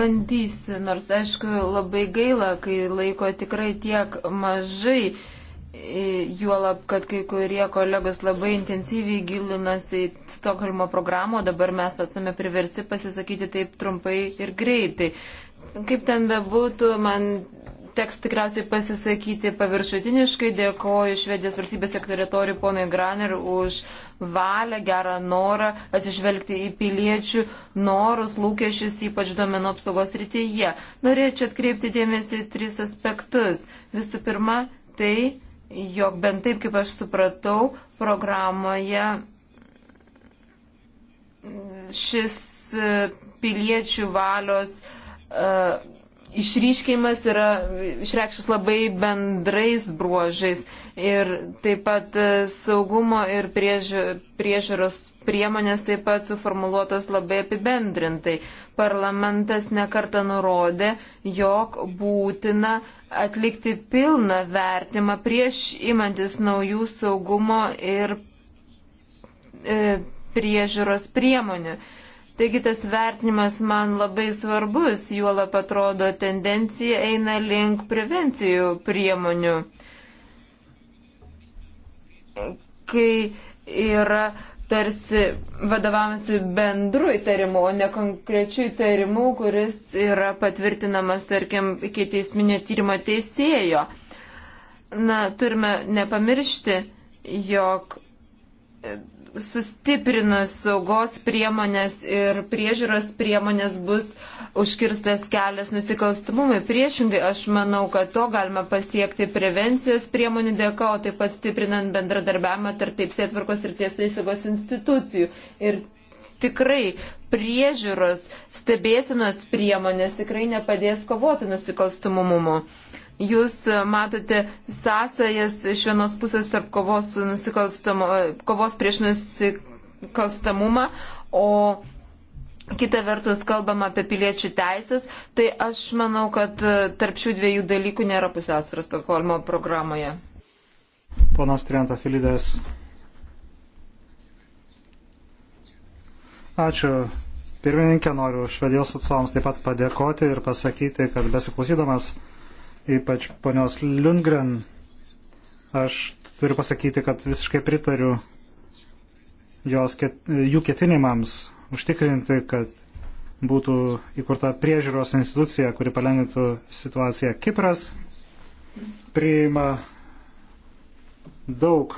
B: Bandysiu, nors aišku labai gaila, kai laiko tikrai tiek mažai, juolab, kad kai kurie kolegos labai intensyviai gilinasi į Stokholmo programą, dabar mes atsame priversi pasisakyti taip trumpai ir greitai. Kaip ten bebūtų, man teks tikriausiai pasisakyti paviršutiniškai. Dėkoju Švedijos valstybės sekretoriui ponui Graner už valią, gerą norą atsižvelgti į piliečių norus, lūkesčius, ypač duomenų apsaugos rytyje. Norėčiau atkreipti dėmesį į tris aspektus. Visų pirma, tai, jog bent taip, kaip aš supratau, programoje šis piliečių valios uh, išryškimas yra išreikštas labai bendrais bruožais ir taip pat e, saugumo ir priežiūros priemonės taip pat suformuluotos labai apibendrintai. Parlamentas nekarta nurodė, jog būtina atlikti pilną vertimą prieš imantis naujų saugumo ir e, priežiūros priemonių. E, Taigi tas vertinimas man labai svarbus, juolap atrodo tendencija eina link prevencijų priemonių. Kai yra tarsi vadovavimasi bendru įtarimu, o ne konkrečiu įtarimu, kuris yra patvirtinamas, tarkim, iki teisminio tyrimo teisėjo. Na, turime nepamiršti, jog sustiprinus saugos priemonės ir priežiūros priemonės bus užkirstas kelias nusikalstumumui. Priešingai, aš manau, kad to galima pasiekti prevencijos priemonių dėka, o taip pat stiprinant bendradarbiavimą tarp teisėtvarkos ir teisėsaugos institucijų. Ir tikrai priežiūros stebėsinos priemonės tikrai nepadės kovoti nusikalstumumumu jūs e, matote sąsajas iš vienos pusės tarp kovos, e, kovos prieš nusikalstamumą, o kita vertus kalbama apie piliečių teisės, tai aš manau, kad e, tarp šių dviejų dalykų nėra pusiausvėros Stokholmo programoje.
E: Ponas Trienta Filidės. Ačiū. Pirmininkė, noriu švedijos atstovams taip pat padėkoti ir pasakyti, kad besiklausydamas ypač ponios Lundgren. Aš turiu pasakyti, kad visiškai pritariu jos, jų ketinimams užtikrinti, kad būtų įkurta priežiūros institucija, kuri palengvintų situaciją. Kipras priima daug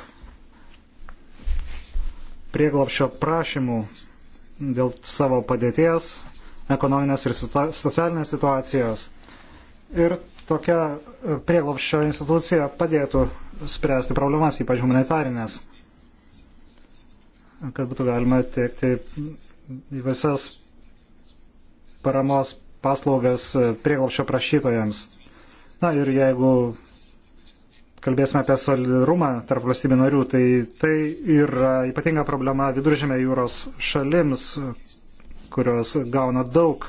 E: prieglopšio prašymų dėl savo padėties, ekonominės ir socialinės situacijos ir tokia e, prieglopščio institucija padėtų spręsti problemas, ypač humanitarinės, kad būtų galima teikti visas paramos paslaugas e, prieglopščio prašytojams. Na ir jeigu kalbėsime apie solidarumą tarp valstybių narių, tai tai yra ypatinga problema viduržėme jūros šalims, kurios gauna daug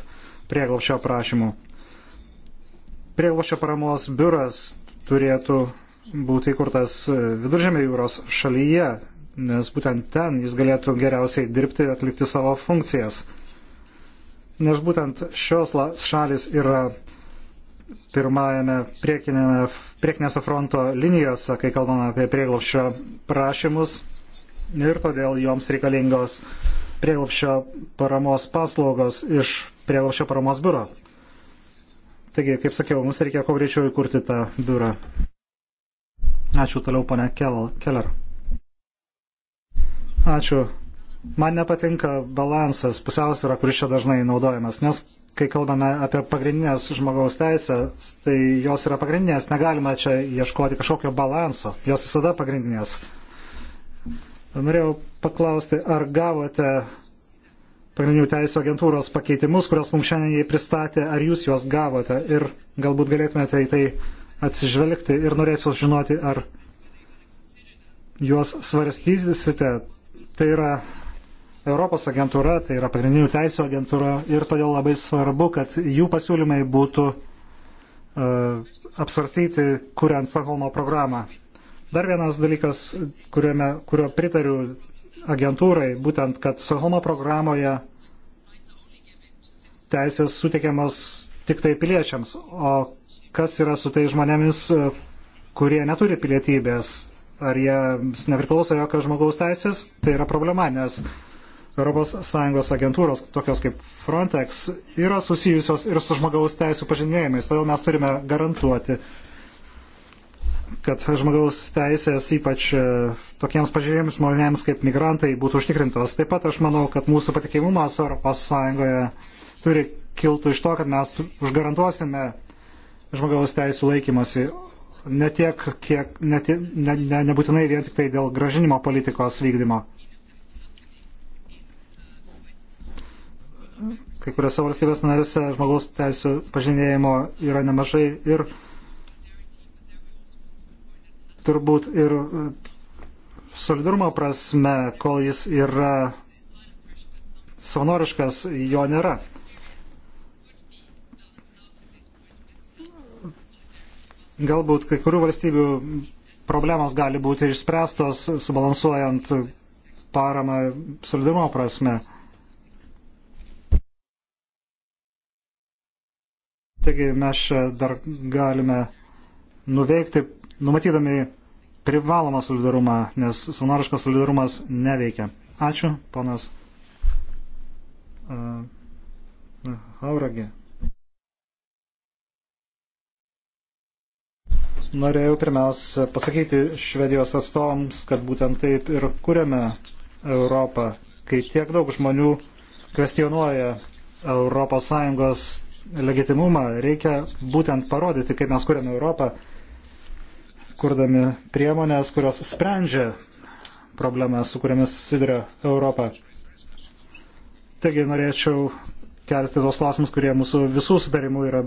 E: prieglopščio prašymų prieglošio paramos biuras turėtų būti įkurtas e, viduržėmė jūros šalyje, nes būtent ten jis galėtų geriausiai dirbti, atlikti savo funkcijas. Nes būtent šios šalis yra pirmajame priekinėse fronto linijose, kai kalbame apie prieglopščio prašymus ir todėl joms reikalingos prieglopščio paramos paslaugos iš prieglopščio paramos biuro. Taigi, kaip sakiau, mums reikia kuo greičiau įkurti tą biurą. Ačiū toliau, ponia Keller. Ačiū. Man nepatinka balansas, pusiausvėra, kuris čia dažnai naudojamas, nes kai kalbame apie pagrindinės žmogaus teisės, tai jos yra pagrindinės, negalima čia ieškoti kažkokio balanso, jos visada pagrindinės. Norėjau paklausti, ar gavote pagrindinių teisų agentūros pakeitimus, kurios mums šiandien jie pristatė, ar jūs juos gavote ir galbūt galėtumėte į tai atsižvelgti ir norėsiu žinoti, ar juos svarstysite. Tai yra Europos agentūra, tai yra pagrindinių teisų agentūra ir todėl labai svarbu, kad jų pasiūlymai būtų uh, apsvarstyti, kuriant Stokholmo programą. Dar vienas dalykas, kuriame, kurio pritariu agentūrai, būtent, kad Sohomo programoje teisės suteikiamas tik tai piliečiams, o kas yra su tai žmonėmis, e, kurie neturi pilietybės, ar jiems nepriklauso jokio žmogaus teisės, tai yra problema, nes ES agentūros, tokios kaip Frontex, yra susijusios ir su žmogaus teisų pažinėjimais, todėl mes turime garantuoti, kad žmogaus teisės, ypač e, tokiems pažiūrėjams žmonėms kaip migrantai, būtų užtikrintos. Taip pat aš manau, kad mūsų patikimumas ES turi kiltų iš to, kad mes užgarantuosime žmogaus teisų laikymasi. Ne tiek, kiek, ne, ne, ne, nebūtinai vien tik tai dėl gražinimo politikos vykdymo. Kai kuriuose valstybės narėse žmogaus teisų pažinėjimo yra nemažai ir turbūt ir e, solidarumo prasme, kol jis yra savanoriškas, jo nėra. Galbūt kai kurių valstybių problemos gali būti išspręstos, subalansuojant paramą solidarumo prasme. Taigi mes čia dar galime nuveikti numatydami privalomą solidarumą, nes savanoriškas solidarumas neveikia. Ačiū, ponas uh, Auragė. Norėjau pirmiausia pasakyti Švedijos atstovams, kad būtent taip ir kuriame Europą, kai tiek daug žmonių kvestionuoja ES legitimumą, reikia būtent parodyti, kaip mes kuriame Europą kurdami priemonės, kurios sprendžia problemas, su kuriamis susiduria Europa. Taigi norėčiau kelti tos klausimus, kurie mūsų visų sutarimų yra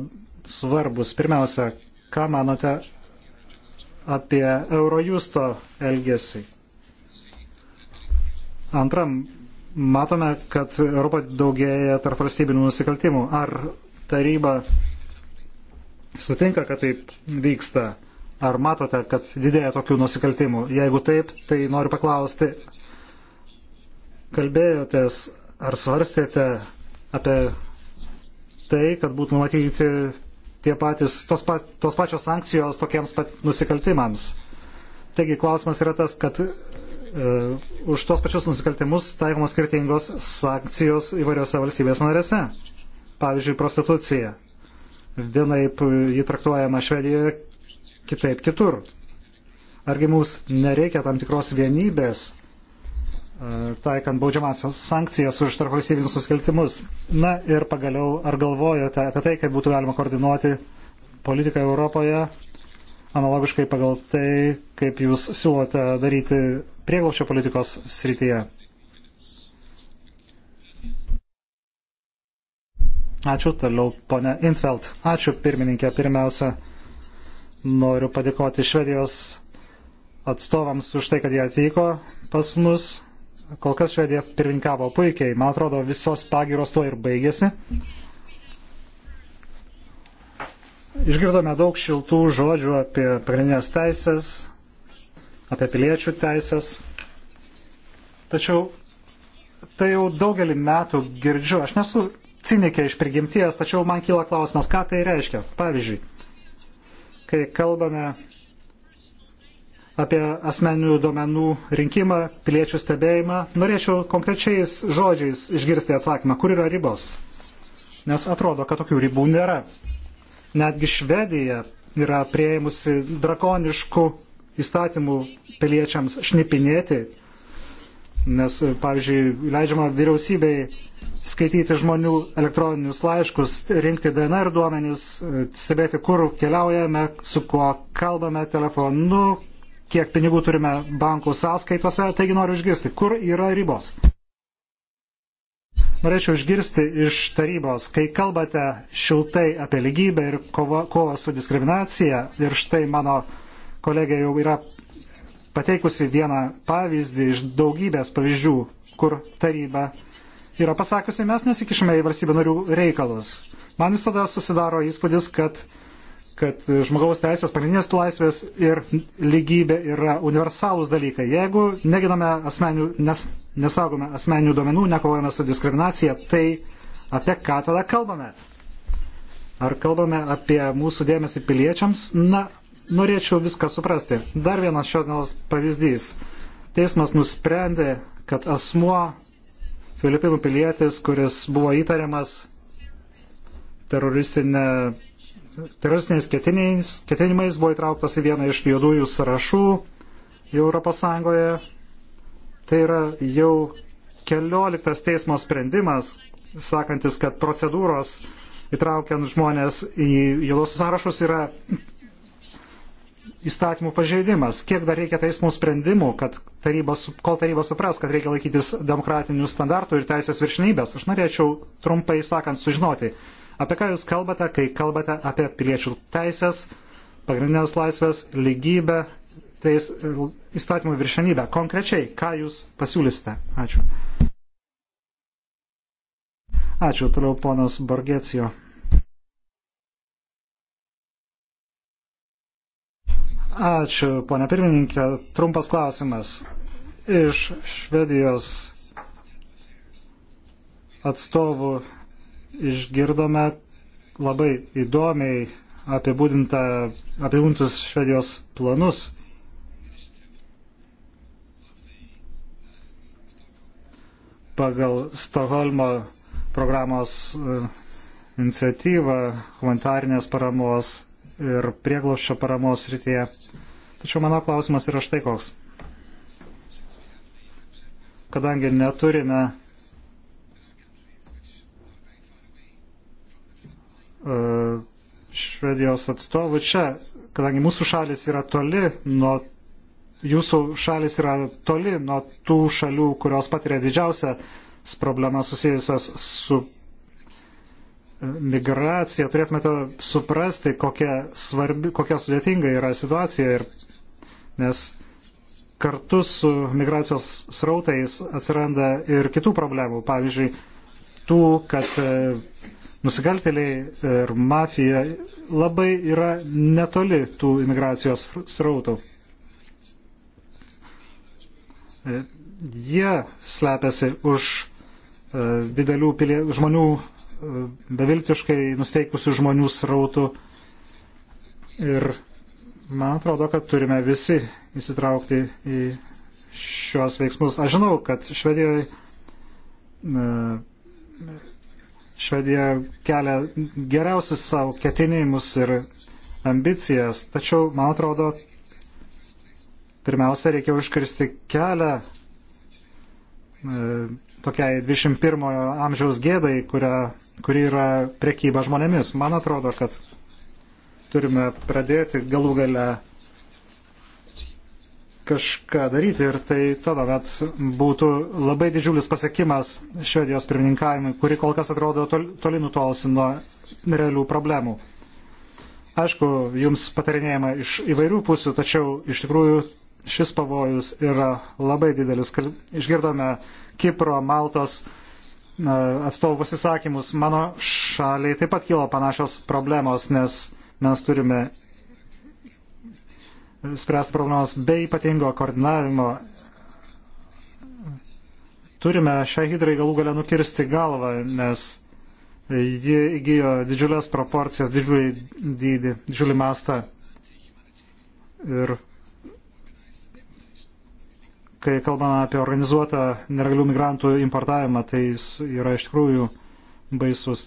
E: svarbus. Pirmiausia, ką manote apie Eurojusto elgesį? Antram, matome, kad Europa daugėja tarp valstybinių nusikaltimų. Ar taryba sutinka, kad taip vyksta? Ar matote, kad didėja tokių nusikaltimų? Jeigu taip, tai noriu paklausti, kalbėjotės ar svarstėte apie tai, kad būtų numatyti tie patys, tos, pa, tos pačios sankcijos tokiems pat nusikaltimams. Taigi klausimas yra tas, kad e, už tos pačius nusikaltimus taikomos skirtingos sankcijos įvairiose valstybės narėse. Pavyzdžiui, prostitucija. Vienaip e, jį traktuojama Švedijoje, kitaip kitur. Argi mums nereikia tam tikros vienybės, e, taikant baudžiamasias sankcijas už tarpvalstybinius nusikaltimus? Na ir pagaliau, ar galvojate apie tai, kaip būtų galima koordinuoti politiką Europoje, analogiškai pagal tai, kaip jūs siūlote daryti prieglaušio politikos srityje? Ačiū, toliau ponia Intveld. Ačiū pirmininkė, pirmiausia Noriu padėkoti Švedijos atstovams už tai, kad jie atvyko pas mus. Kol kas Švedija pirminkavo puikiai. Man atrodo, visos pagiros tuo ir baigėsi. Išgirdome daug šiltų žodžių apie pagrindinės teisės, apie piliečių teisės. Tačiau tai jau daugelį metų girdžiu. Aš nesu cinikė iš prigimties, tačiau man kyla klausimas, ką tai reiškia. Pavyzdžiui, kai kalbame apie asmeninių duomenų rinkimą, piliečių stebėjimą. Norėčiau konkrečiais žodžiais išgirsti atsakymą, kur yra ribos. Nes atrodo, kad tokių ribų nėra. Netgi Švedija yra prieimusi drakoniškų įstatymų piliečiams šnipinėti, nes, pavyzdžiui, leidžiama vyriausybei skaityti žmonių elektroninius laiškus, rinkti DNR duomenys, stebėti, kur keliaujame, su kuo kalbame telefonu, kiek pinigų turime bankų sąskaitose, taigi noriu išgirsti, kur yra ribos. Norėčiau išgirsti iš tarybos, kai kalbate šiltai apie lygybę ir kovą, kovą su diskriminacija, ir štai mano kolegė jau yra pateikusi vieną pavyzdį iš daugybės pavyzdžių, kur taryba yra pasakusi, mes nesikišime į valstybių narių reikalus. Man visada susidaro įspūdis, kad, kad žmogaus teisės, pagrindinės laisvės ir lygybė yra universalūs dalykai. Jeigu neginame asmenių, nes, nesaugome asmenių duomenų, nekovojame su diskriminacija, tai apie ką tada kalbame? Ar kalbame apie mūsų dėmesį piliečiams? Na, norėčiau viską suprasti. Dar vienas šios dienos pavyzdys. Teismas nusprendė, kad asmuo Filipinų pilietis, kuris buvo įtariamas teroristiniais ketinimais, buvo įtrauktas į vieną iš juodųjų sąrašų Europos Sąjungoje. Tai yra jau kelioliktas teismo sprendimas, sakantis, kad procedūros įtraukiant žmonės į juodosius sąrašus yra įstatymų pažeidimas. Kiek dar reikia teismų sprendimų, kad taryba, kol taryba supras, kad reikia laikytis demokratinių standartų ir teisės viršnybės. Aš norėčiau trumpai sakant sužinoti, apie ką Jūs kalbate, kai kalbate apie piliečių teisės, pagrindinės laisvės, lygybę, teis, įstatymų viršenybę. Konkrečiai, ką Jūs pasiūlysite? Ačiū. Ačiū, toliau ponas Borgecijo. Ačiū, ponia pirmininkė. Trumpas klausimas. Iš Švedijos atstovų išgirdome labai įdomiai apibūdintus Švedijos planus. Pagal Stoholmo programos e, iniciatyvą humanitarnės paramos ir prieglopščio paramos rytyje. Tačiau mano klausimas yra štai koks. Kadangi neturime e, Švedijos atstovų čia, kadangi mūsų šalis yra toli nuo, jūsų šalis yra toli nuo tų šalių, kurios patiria didžiausias problemas susijusias su migraciją, turėtumėte suprasti, kokia, svarbi, kokia sudėtinga yra situacija, ir, nes kartu su migracijos srautais atsiranda ir kitų problemų, pavyzdžiui, tų, kad e, nusikaltėliai ir mafija labai yra netoli tų imigracijos srautų. E, jie slepiasi už e, didelių pilie, žmonių beviltiškai nusteikusių žmonių srautų. Ir man atrodo, kad turime visi įsitraukti į šios veiksmus. Aš žinau, kad Švedijoje Švedija kelia geriausius savo ketinimus ir ambicijas, tačiau, man atrodo, pirmiausia, reikia užkirsti kelią tokiai 21-ojo amžiaus gėdai, kuria, kuri yra priekyba žmonėmis. Man atrodo, kad turime pradėti galų gale kažką daryti ir tai tada bet būtų labai didžiulis pasiekimas švedijos pirmininkavimui, kuri kol kas atrodo toli nutolsi nuo realių problemų. Aišku, jums patarinėjama iš įvairių pusių, tačiau iš tikrųjų šis pavojus yra labai didelis. Išgirdome Kipro, Maltos atstovų pasisakymus. Mano šaliai taip pat kilo panašios problemos, nes mes turime spręsti problemas be ypatingo koordinavimo. Turime šią hidrai galų galę nukirsti galvą, nes ji įgyjo didžiulės proporcijas, didžiulį dydį, didžiulį mastą. Ir kai kalbame apie organizuotą nelegalių migrantų importavimą, tai jis yra iš tikrųjų baisus.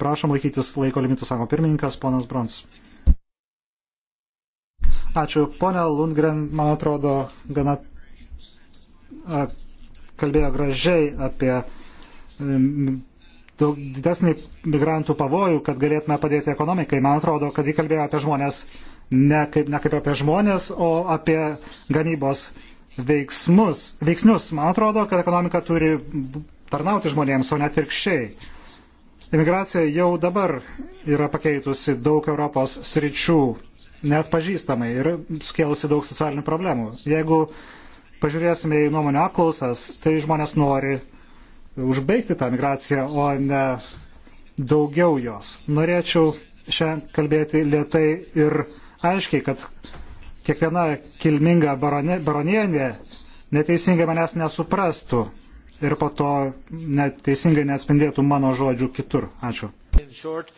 E: Prašom laikytis laiko limitų, sako pirmininkas, ponas Brons. Ačiū. Pone Lundgren, man atrodo, gana a, kalbėjo gražiai apie daug didesnį migrantų pavojų, kad galėtume padėti ekonomikai. Man atrodo, kad jį kalbėjo apie žmonės, ne kaip, ne kaip apie žmonės, o apie ganybos veiksmus, veiksnius. Man atrodo, kad ekonomika turi tarnauti žmonėms, o net virkščiai. Imigracija jau dabar yra pakeitusi daug Europos sričių net pažįstamai ir sukėlusi daug socialinių problemų. Jeigu pažiūrėsime į nuomonę apklausas, tai žmonės nori užbaigti tą migraciją, o ne daugiau jos. Norėčiau šiandien kalbėti lietai ir aiškiai, kad kiekviena kilminga barone, baronienė neteisingai manęs nesuprastų ir po to neteisingai neatspindėtų mano žodžių kitur. Ačiū.
A: Short,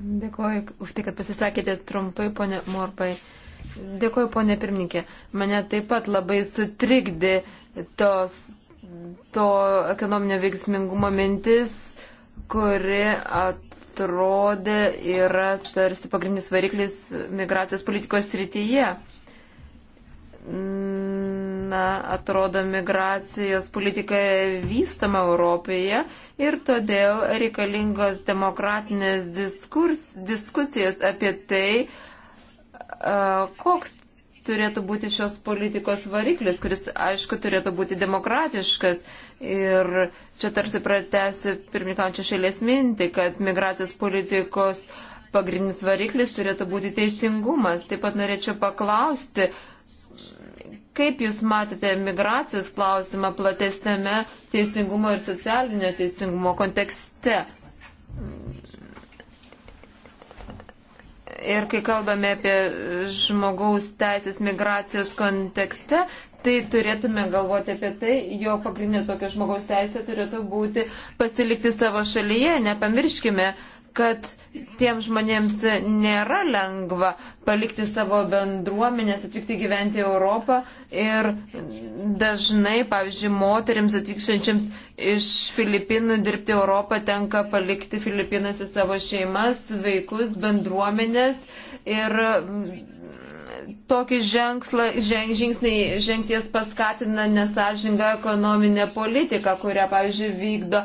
B: Dėkuoju už tai, kad pasisakėte trumpai, ponė Morpai. Dėkuoju, ponė pirmininkė. Mane taip pat labai sutrikdė tos, to ekonominio veiksmingumo mintis kuri atrodė yra tarsi pagrindinis variklis migracijos politikos srityje. Na, atrodo, migracijos politika vystama Europoje ir todėl reikalingos demokratinės diskurs, diskusijos apie tai, koks turėtų būti šios politikos variklis, kuris, aišku, turėtų būti demokratiškas, Ir čia tarsi pratesiu pirmininkančią šalies mintį, kad migracijos politikos pagrindinis variklis turėtų būti teisingumas. Taip pat norėčiau paklausti, kaip Jūs matėte migracijos klausimą platesnėme teisingumo ir socialinio teisingumo kontekste? ir kai kalbame apie žmogaus teisės migracijos kontekste, tai turėtume galvoti apie tai, jo pagrindinė tokia žmogaus teisė turėtų būti pasilikti savo šalyje. Nepamirškime, kad tiem žmonėms nėra lengva palikti savo bendruomenės, atvykti gyventi į Europą ir dažnai, pavyzdžiui, moteriams atvykšančiams iš Filipinų dirbti Europą tenka palikti Filipinose savo šeimas, vaikus, bendruomenės ir tokį žengslą, ženg, žingsnį žengties paskatina nesažinga ekonominė politika, kurią, pavyzdžiui, vykdo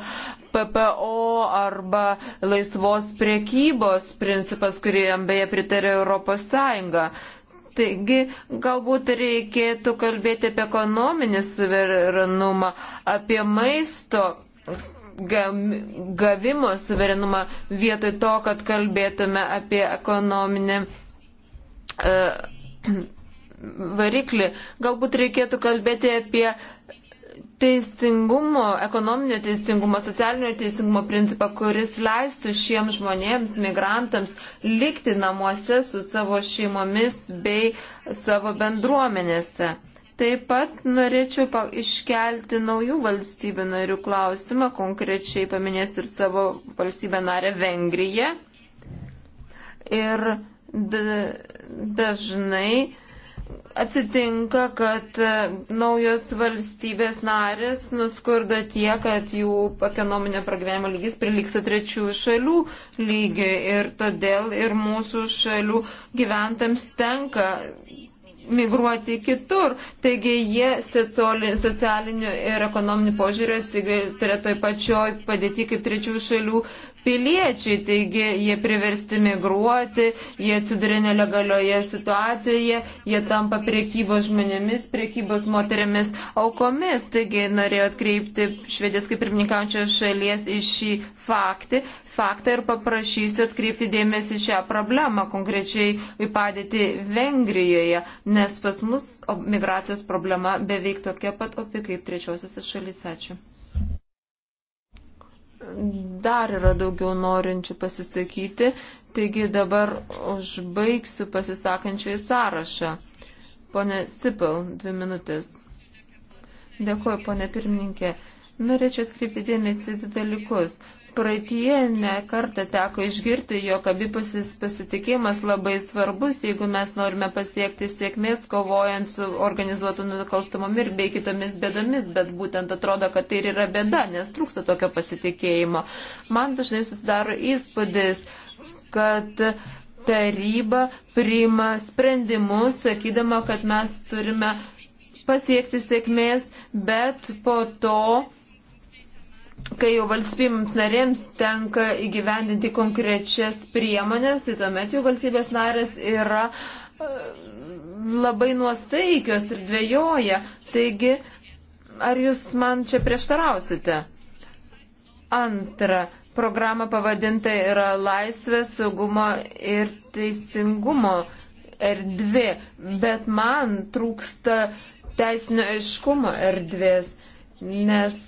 B: PPO arba laisvos priekybos principas, kuriam beje pritarė Europos Sąjunga. Taigi galbūt reikėtų kalbėti apie ekonominį suverenumą, apie maisto gavimo suverenumą vietoj to, kad kalbėtume apie ekonominį uh, e, variklį. Galbūt reikėtų kalbėti apie teisingumo, ekonominio teisingumo, socialinio teisingumo principą, kuris leistų šiems žmonėms, migrantams, likti namuose su savo šeimomis bei savo bendruomenėse. Taip pat norėčiau iškelti naujų valstybių narių klausimą, konkrečiai paminėsiu ir savo valstybę narę Vengriją. Ir dažnai atsitinka, kad e, naujos valstybės narės nuskurda tie, kad jų ekonominio pragyvenimo lygis priliksa trečių šalių lygiai ir todėl ir mūsų šalių gyventams tenka migruoti kitur. Taigi jie socialiniu ir ekonominiu požiūriu atsigalia toj pačioj padėti kaip trečių šalių piliečiai, taigi jie priversti migruoti, jie atsiduria nelegalioje situacijoje, jie tampa priekybos žmonėmis, priekybos moterimis aukomis. Taigi norėjau atkreipti švedės kaip pirmininkaujančios šalies į šį faktį, faktą ir paprašysiu atkreipti dėmesį šią problemą, konkrečiai į padėtį Vengrijoje, nes pas mus migracijos problema beveik tokia pat opi kaip trečiosiuose šalyse. Ačiū dar yra daugiau norinčių pasisakyti, taigi dabar užbaigsiu pasisakančiųjų sąrašą. Pone Sipil, dvi minutės. Dėkuoju, pone pirmininkė. Norėčiau atkreipti dėmesį į du dalykus. Praeitie ne kartą teko išgirti, jog abipusis pasitikėjimas labai svarbus, jeigu mes norime pasiekti sėkmės kovojant su organizuotu nukalstamomis ir bei kitomis bėdomis, bet būtent atrodo, kad tai ir yra bėda, nes trūksta tokio pasitikėjimo. Man dažnai susidaro įspūdis, kad taryba priima sprendimus, sakydama, kad mes turime pasiekti sėkmės, bet po to kai jau valstybėms narėms tenka įgyvendinti konkrečias priemonės, tai tuomet jau valstybės narės yra e, labai nuostaikios ir dvėjoja. Taigi, ar jūs man čia prieštarausite? Antra, programa pavadinta yra Laisvės, saugumo ir teisingumo erdvė, bet man trūksta teisinio aiškumo erdvės, nes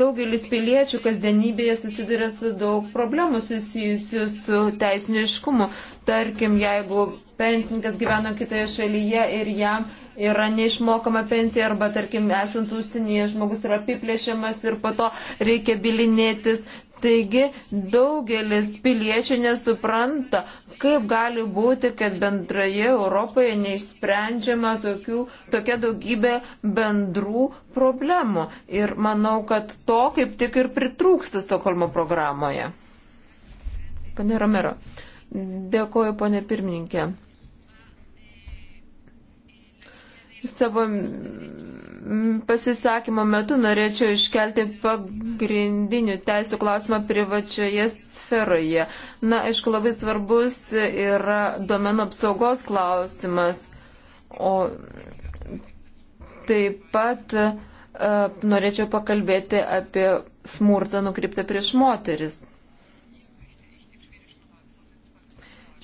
B: Daugelis piliečių kasdienybėje susiduria su daug problemų susijusių su teisiniškumu. Tarkim, jeigu pensininkas gyveno kitoje šalyje ir jam yra neišmokama pensija arba, tarkim, esant užsienyje žmogus yra apiplėšiamas ir po to reikia bilinėtis Taigi daugelis piliečių nesupranta, kaip gali būti, kad bendroje Europoje neišsprendžiama tokių, tokia daugybė bendrų problemų. Ir manau, kad to kaip tik ir pritrūksta Stokholmo programoje. Pane Romero, dėkoju, pane pirmininkė. Savo mm, pasisakymo metu norėčiau iškelti pagrindinių teisų klausimą privačioje sferoje. Na, aišku, labai svarbus yra domenų apsaugos klausimas. O taip pat e, norėčiau pakalbėti apie smurtą nukreiptą prieš moteris.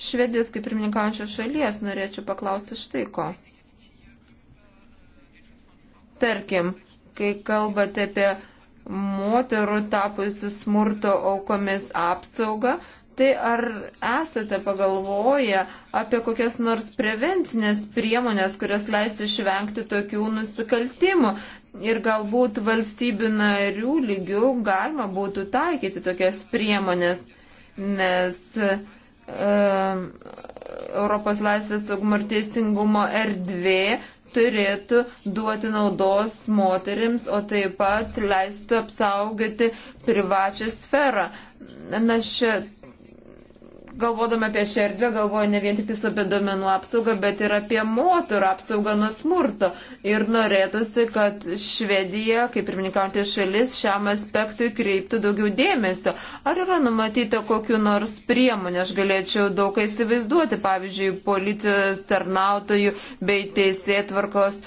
B: Švedijos kaip pirmininkaujančios šalies norėčiau paklausti štai ko. Tarkim, kai kalbate apie moterų tapusių smurto aukomis apsaugą, tai ar esate pagalvoję apie kokias nors prevencinės priemonės, kurios leistų išvengti tokių nusikaltimų? Ir galbūt valstybių narių lygių galima būtų taikyti tokias priemonės, nes e, Europos laisvės saugumo ir teisingumo erdvė turėtų duoti naudos moterims, o taip pat leistų apsaugoti privačią sferą. Na, šia galvodama apie šią erdvę, galvoju ne vien tik apie domenų apsaugą, bet ir apie moterų apsaugą nuo smurto. Ir norėtųsi, kad Švedija, kaip pirmininkauti šalis, šiam aspektui kreiptų daugiau dėmesio. Ar yra numatyta kokiu nors priemonė, aš galėčiau daug įsivaizduoti, pavyzdžiui, policijos tarnautojų bei teisėtvarkos. tvarkos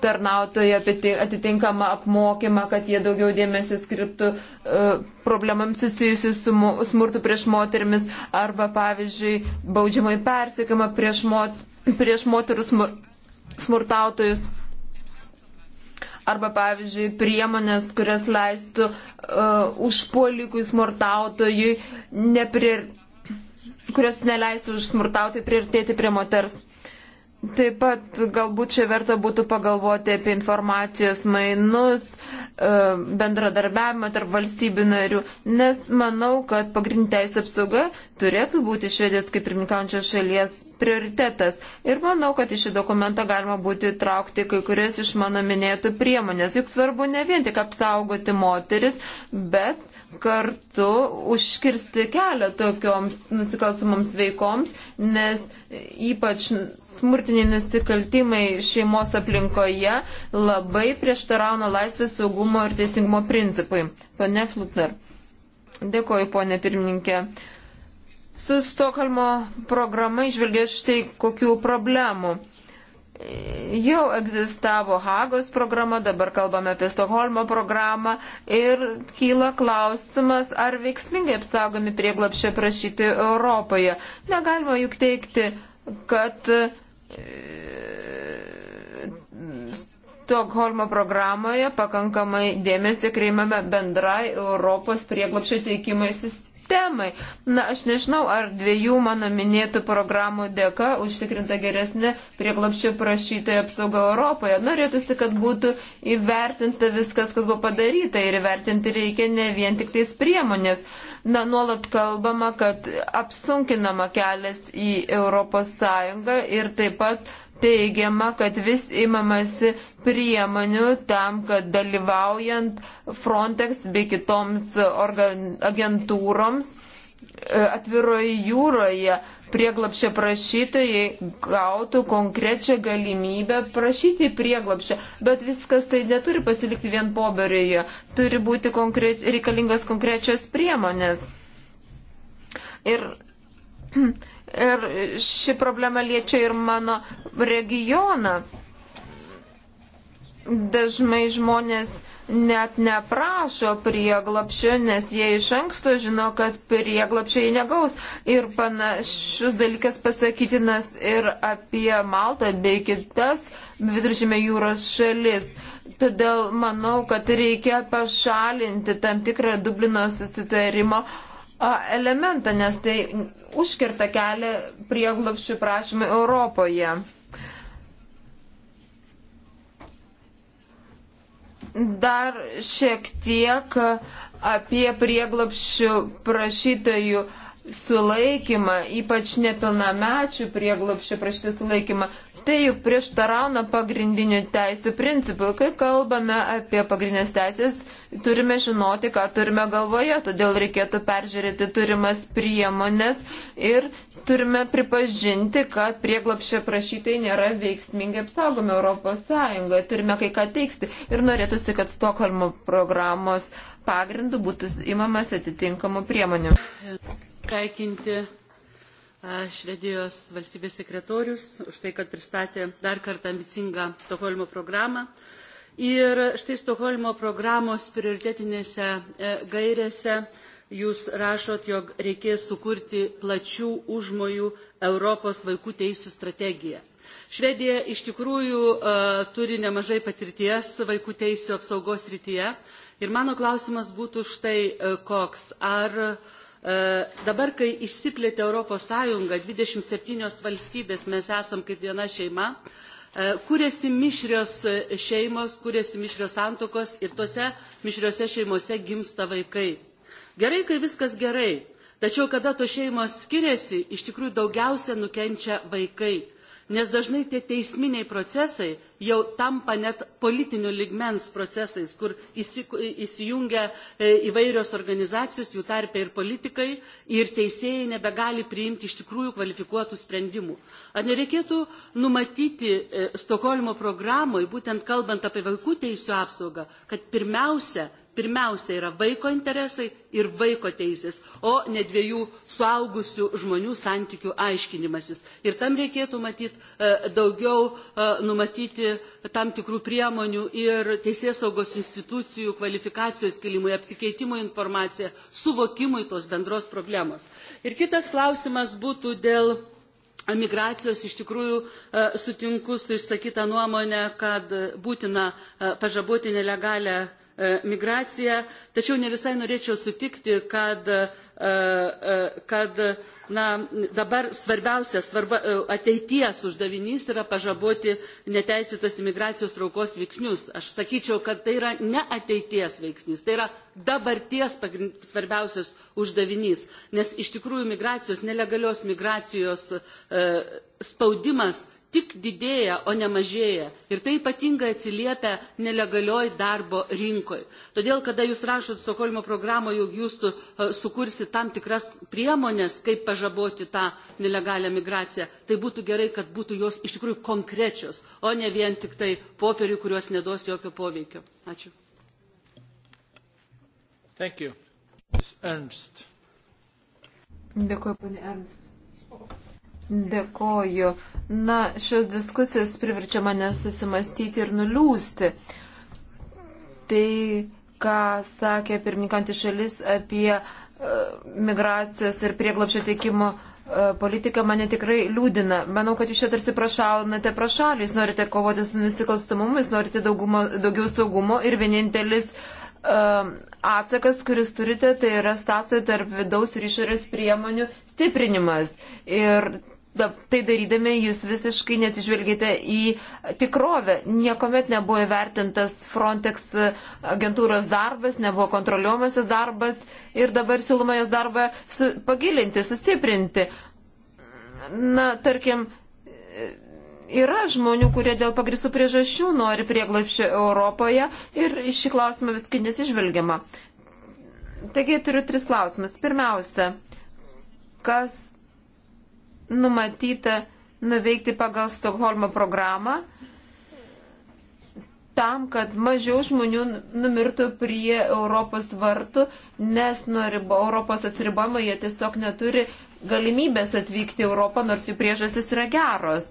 B: tarnautojai apie atitinkamą apmokymą, kad jie daugiau dėmesio skriptų e, problemams susijusius su smurtu prieš moterimis arba, pavyzdžiui, baudžiamai persiekimą prieš, mot, prieš moterų smurtautojus. Arba, pavyzdžiui, priemonės, kurias leistų uh, užpuolikui smurtautojui, neprir... kurios neleistų užsmurtauti priartėti prie moters. Taip pat galbūt čia verta būtų pagalvoti apie informacijos mainus, e, bendradarbiavimą tarp valstybių narių, nes manau, kad pagrindinė teisė apsauga turėtų būti švedės kaip pirmininkančios šalies prioritetas. Ir manau, kad į šį dokumentą galima būtų įtraukti kai kurias iš mano minėtų priemonės. Juk svarbu ne vien tik apsaugoti moteris, bet kartu užkirsti kelią tokioms nusikalstamoms veikoms, nes ypač smurtiniai nusikaltimai šeimos aplinkoje labai prieštarauna laisvės saugumo ir teisingumo principui. Pane Flutner. Dėkoju, ponė pirmininkė. Su Stokholmo programa išvelgė štai kokių problemų. Jau egzistavo Hagos programa, dabar kalbame apie Stokholmo programą ir kyla klausimas, ar veiksmingai apsaugomi prieglapšio prašyti Europoje. Negalima juk teikti, kad e, Stokholmo programoje pakankamai dėmesio kreimame bendrai Europos prieglapšio teikimai sistemai sistemai. Na, aš nežinau, ar dviejų mano minėtų programų dėka užtikrinta geresnė prieglapščio prašytojų apsauga Europoje. Norėtųsi, kad būtų įvertinta viskas, kas buvo padaryta ir įvertinti reikia ne vien tik tais priemonės na, nuolat kalbama, kad apsunkinama kelias į ES ir taip pat teigiama, kad vis imamasi priemonių tam, kad dalyvaujant Frontex bei kitoms organ, agentūroms e, atviroje jūroje prieglapšio prašytojai gautų konkrečią galimybę prašyti prieglapšio, bet viskas tai neturi pasilikti vien poberiuje, turi būti konkreč, reikalingos konkrečios priemonės. Ir Ir ši problema liečia ir mano regioną. Dažnai žmonės net neprašo prieglapšio, nes jie iš anksto žino, kad prieglapšio jie negaus. Ir panašus dalykas pasakytinas ir apie Maltą bei kitas viduržėme jūros šalis. Todėl manau, kad reikia pašalinti tam tikrą Dublino susitarimo elementą, nes tai užkirta kelią prieglopščių prašymai Europoje. Dar šiek tiek apie prieglopščių prašytojų sulaikymą, ypač nepilnamečių prieglopščių prašytojų sulaikymą tai juk prieštarauna pagrindinių teisų principui. Kai kalbame apie pagrindinės teisės, turime žinoti, ką turime galvoje, todėl reikėtų peržiūrėti turimas priemonės ir turime pripažinti, kad prieglapščio prašytai nėra veiksmingai apsaugomi Europos Sąjungoje. Turime kai ką teiksti ir norėtųsi, kad Stokholmo programos pagrindų būtų imamas atitinkamų priemonių.
D: Sveikinti Švedijos valstybės sekretorius už tai, kad pristatė dar kartą ambicingą Stokholmo programą. Ir štai Stokholmo programos prioritetinėse e, gairėse jūs rašot, jog reikės sukurti plačių užmojų Europos vaikų teisų strategiją. Švedija iš tikrųjų e, turi nemažai patirties vaikų teisų apsaugos rytyje. Ir mano klausimas būtų štai e, koks. Ar uh, E, dabar, kai išsiplėtė Europos Sąjunga, 27 valstybės mes esam kaip viena šeima, e, kūrėsi mišrios šeimos, kūrėsi mišrios santokos ir tose mišriose šeimose gimsta vaikai. Gerai, kai viskas gerai, tačiau kada tos šeimos skiriasi, iš tikrųjų daugiausia nukenčia vaikai nes dažnai tie teisminiai procesai jau tampa net politinių ligmens procesais, kur įsijungia e, įvairios organizacijos, jų tarpia ir politikai, ir teisėjai nebegali priimti iš tikrųjų kvalifikuotų sprendimų. Ar nereikėtų numatyti e, Stokholmo programoje, būtent kalbant apie vaikų teisų apsaugą, kad pirmiausia pirmiausia yra vaiko interesai ir vaiko teisės, o ne dviejų suaugusių žmonių santykių aiškinimasis. Ir tam reikėtų matyti e, daugiau e, numatyti tam tikrų priemonių ir teisės saugos institucijų kvalifikacijos kilimui, apsikeitimui informaciją, suvokimui tos bendros problemos. Ir kitas klausimas būtų dėl migracijos iš tikrųjų e, sutinku su išsakyta nuomonė, kad būtina pažaboti nelegalę E, migraciją, tačiau ne visai norėčiau sutikti, kad, e, e, kad na, dabar svarbiausia svarba, ateities uždavinys yra pažaboti neteisėtas imigracijos traukos veiksnius. Aš sakyčiau, kad tai yra ne ateities veiksnys, tai yra dabarties pagrind, svarbiausias uždavinys, nes iš tikrųjų migracijos, nelegalios migracijos spaudimas tik didėja, o ne mažėja. Ir tai ypatingai atsiliepia nelegalioj darbo rinkoj. Todėl, kada jūs rašot Stokholmo programą, jog jūs uh, sukursi tam tikras priemonės, kaip pažaboti tą nelegalią migraciją, tai būtų gerai, kad būtų jos iš tikrųjų konkrečios, o ne vien tik tai popierių, kuriuos neduos jokio poveikio. Ačiū.
A: Thank you. Ms. Ernst.
B: Dėkuoju, ponė Ernst. Dėkoju. Na, šios diskusijos priverčia mane susimastyti ir nuliūsti. Tai, ką sakė pirmininkantis šalis apie uh, migracijos ir prieglapšio teikimo uh, e, politika mane tikrai liūdina. Manau, kad jūs čia tarsi prašaunate prašalį, jūs norite kovoti su nusikalstamumu, jūs norite daugumo, daugiau saugumo ir vienintelis um, atsakas, kuris turite, tai yra sąsai tarp vidaus ir išorės priemonių stiprinimas. Ir tai darydami jūs visiškai netižvelgėte į tikrovę. Niekuomet nebuvo įvertintas Frontex agentūros darbas, nebuvo kontroliuomasis darbas ir dabar siūloma jos darbą su, pagilinti, sustiprinti. Na, tarkim, yra žmonių, kurie dėl pagrisų priežasčių nori prieglapščio Europoje ir šį klausimą viskai nesižvelgiama. Taigi turiu tris klausimus. Pirmiausia, kas numatyta nuveikti pagal Stokholmo programą tam, kad mažiau žmonių numirtų prie Europos vartų, nes nuo ribo, Europos atsiribojimo jie tiesiog neturi galimybės atvykti į Europą, nors jų priežastis yra geros.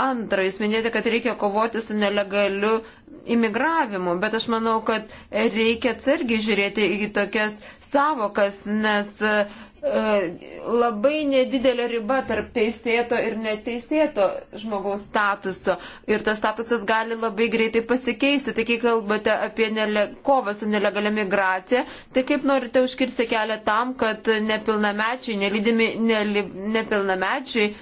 B: Antra, jūs minėjote, kad reikia kovoti su nelegaliu imigravimu, bet aš manau, kad reikia atsargiai žiūrėti į tokias savokas, nes uh, E, labai nedidelė riba tarp teisėto ir neteisėto žmogaus statuso. Ir tas statusas gali labai greitai pasikeisti. Tai kai kalbate apie nele, kovą su nelegalia migracija, tai kaip norite užkirsti kelią tam, kad nepilnamečiai, nelydimi nepilnamečiai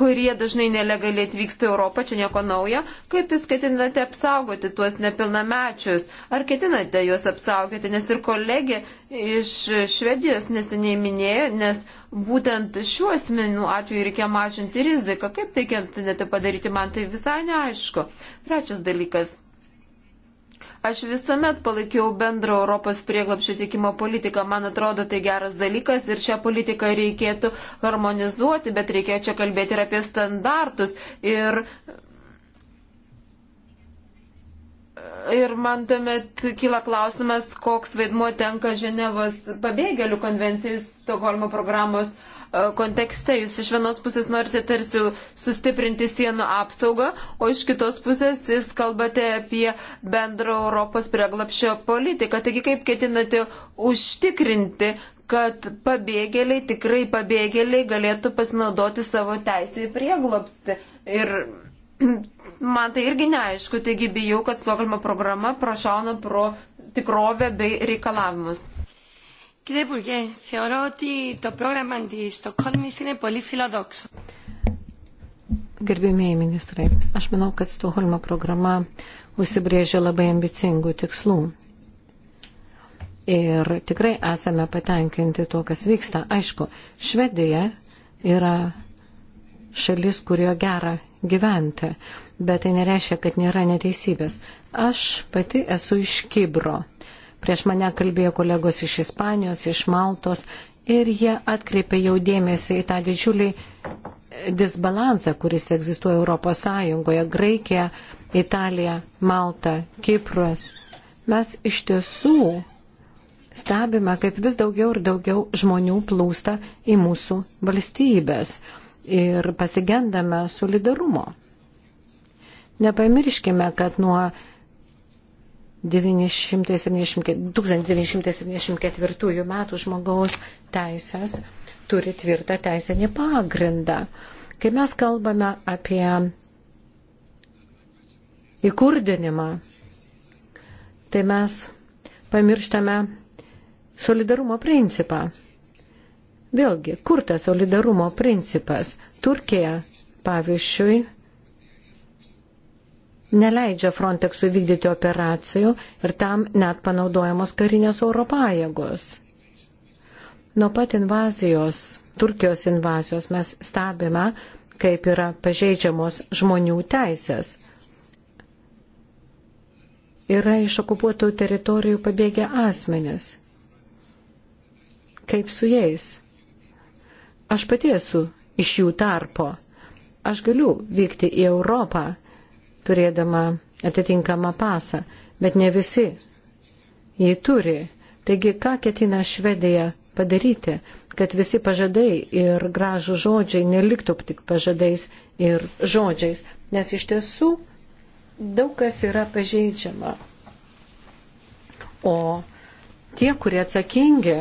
B: kurie dažnai nelegaliai atvyksta į Europą, čia nieko naujo. Kaip jūs ketinate apsaugoti tuos nepilnamečius? Ar ketinate juos apsaugoti? Nes ir kolegė iš Švedijos neseniai minėjo, nes būtent šiuo asmenų atveju reikia mažinti riziką. Kaip tai ketinate padaryti, man tai visai neaišku. Trečias dalykas. Aš visuomet palaikiau bendrą Europos prieglapšio tikimo politiką. Man atrodo, tai geras dalykas ir šią politiką reikėtų harmonizuoti, bet reikėjo čia kalbėti ir apie standartus. Ir, ir man tuomet kyla klausimas, koks vaidmuo tenka Ženevos pabėgėlių konvencijos Stokholmo programos E, kontekste. Jūs iš vienos pusės norite tarsi sustiprinti sienų apsaugą, o iš kitos pusės jūs kalbate apie bendrą Europos prieglapšio politiką. Taigi kaip ketinate užtikrinti, kad pabėgėliai, tikrai pabėgėliai galėtų pasinaudoti savo teisę į prieglopstį. Ir man tai irgi neaišku, taigi bijau, kad Stokholmo programa prašauna pro tikrovę bei reikalavimus.
C: Κύριε Υπουργέ, θεωρώ ότι το πρόγραμμα της Στοκχόλμης είναι πολύ φιλοδόξο. Gerbėmėjai ministrai, aš manau, kad Stokholmo programa užsibrėžė labai ambicingų tikslų. Ir tikrai esame patenkinti tuo, kas vyksta. Aišku, Švedija yra šalis, kurio gera gyventi, bet tai nereiškia, kad nėra neteisybės. Aš pati esu iš Kibro Prieš mane kalbėjo kolegos iš Ispanijos, iš Maltos ir jie atkreipė jau dėmesį į tą didžiulį e, disbalansą, kuris egzistuoja Europos Sąjungoje - Graikija, Italija, Malta, Kipras. Mes iš tiesų stebime, kaip vis daugiau ir daugiau žmonių plūsta į mūsų valstybės ir pasigendame solidarumo. Nepamirškime, kad nuo 1974 metų žmogaus teisės turi tvirtą teisinį pagrindą. Kai mes kalbame apie įkurdinimą, tai mes pamirštame solidarumo principą. Vėlgi, kur tas solidarumo principas? Turkija, pavyzdžiui, neleidžia Frontexui vykdyti operacijų ir tam net panaudojamos karinės oro pajėgos. Nuo pat invazijos, Turkijos invazijos mes stebime, kaip yra pažeidžiamos žmonių teisės. Yra iš okupuotų teritorijų pabėgę asmenės. Kaip su jais? Aš pati esu iš jų tarpo. Aš galiu vykti į Europą, turėdama atitinkamą pasą, bet ne visi jį turi. Taigi, ką ketina Švedija padaryti, kad visi pažadai ir gražų žodžiai neliktų tik pažadais ir žodžiais, nes iš tiesų daug kas yra pažeidžiama. O tie, kurie atsakingi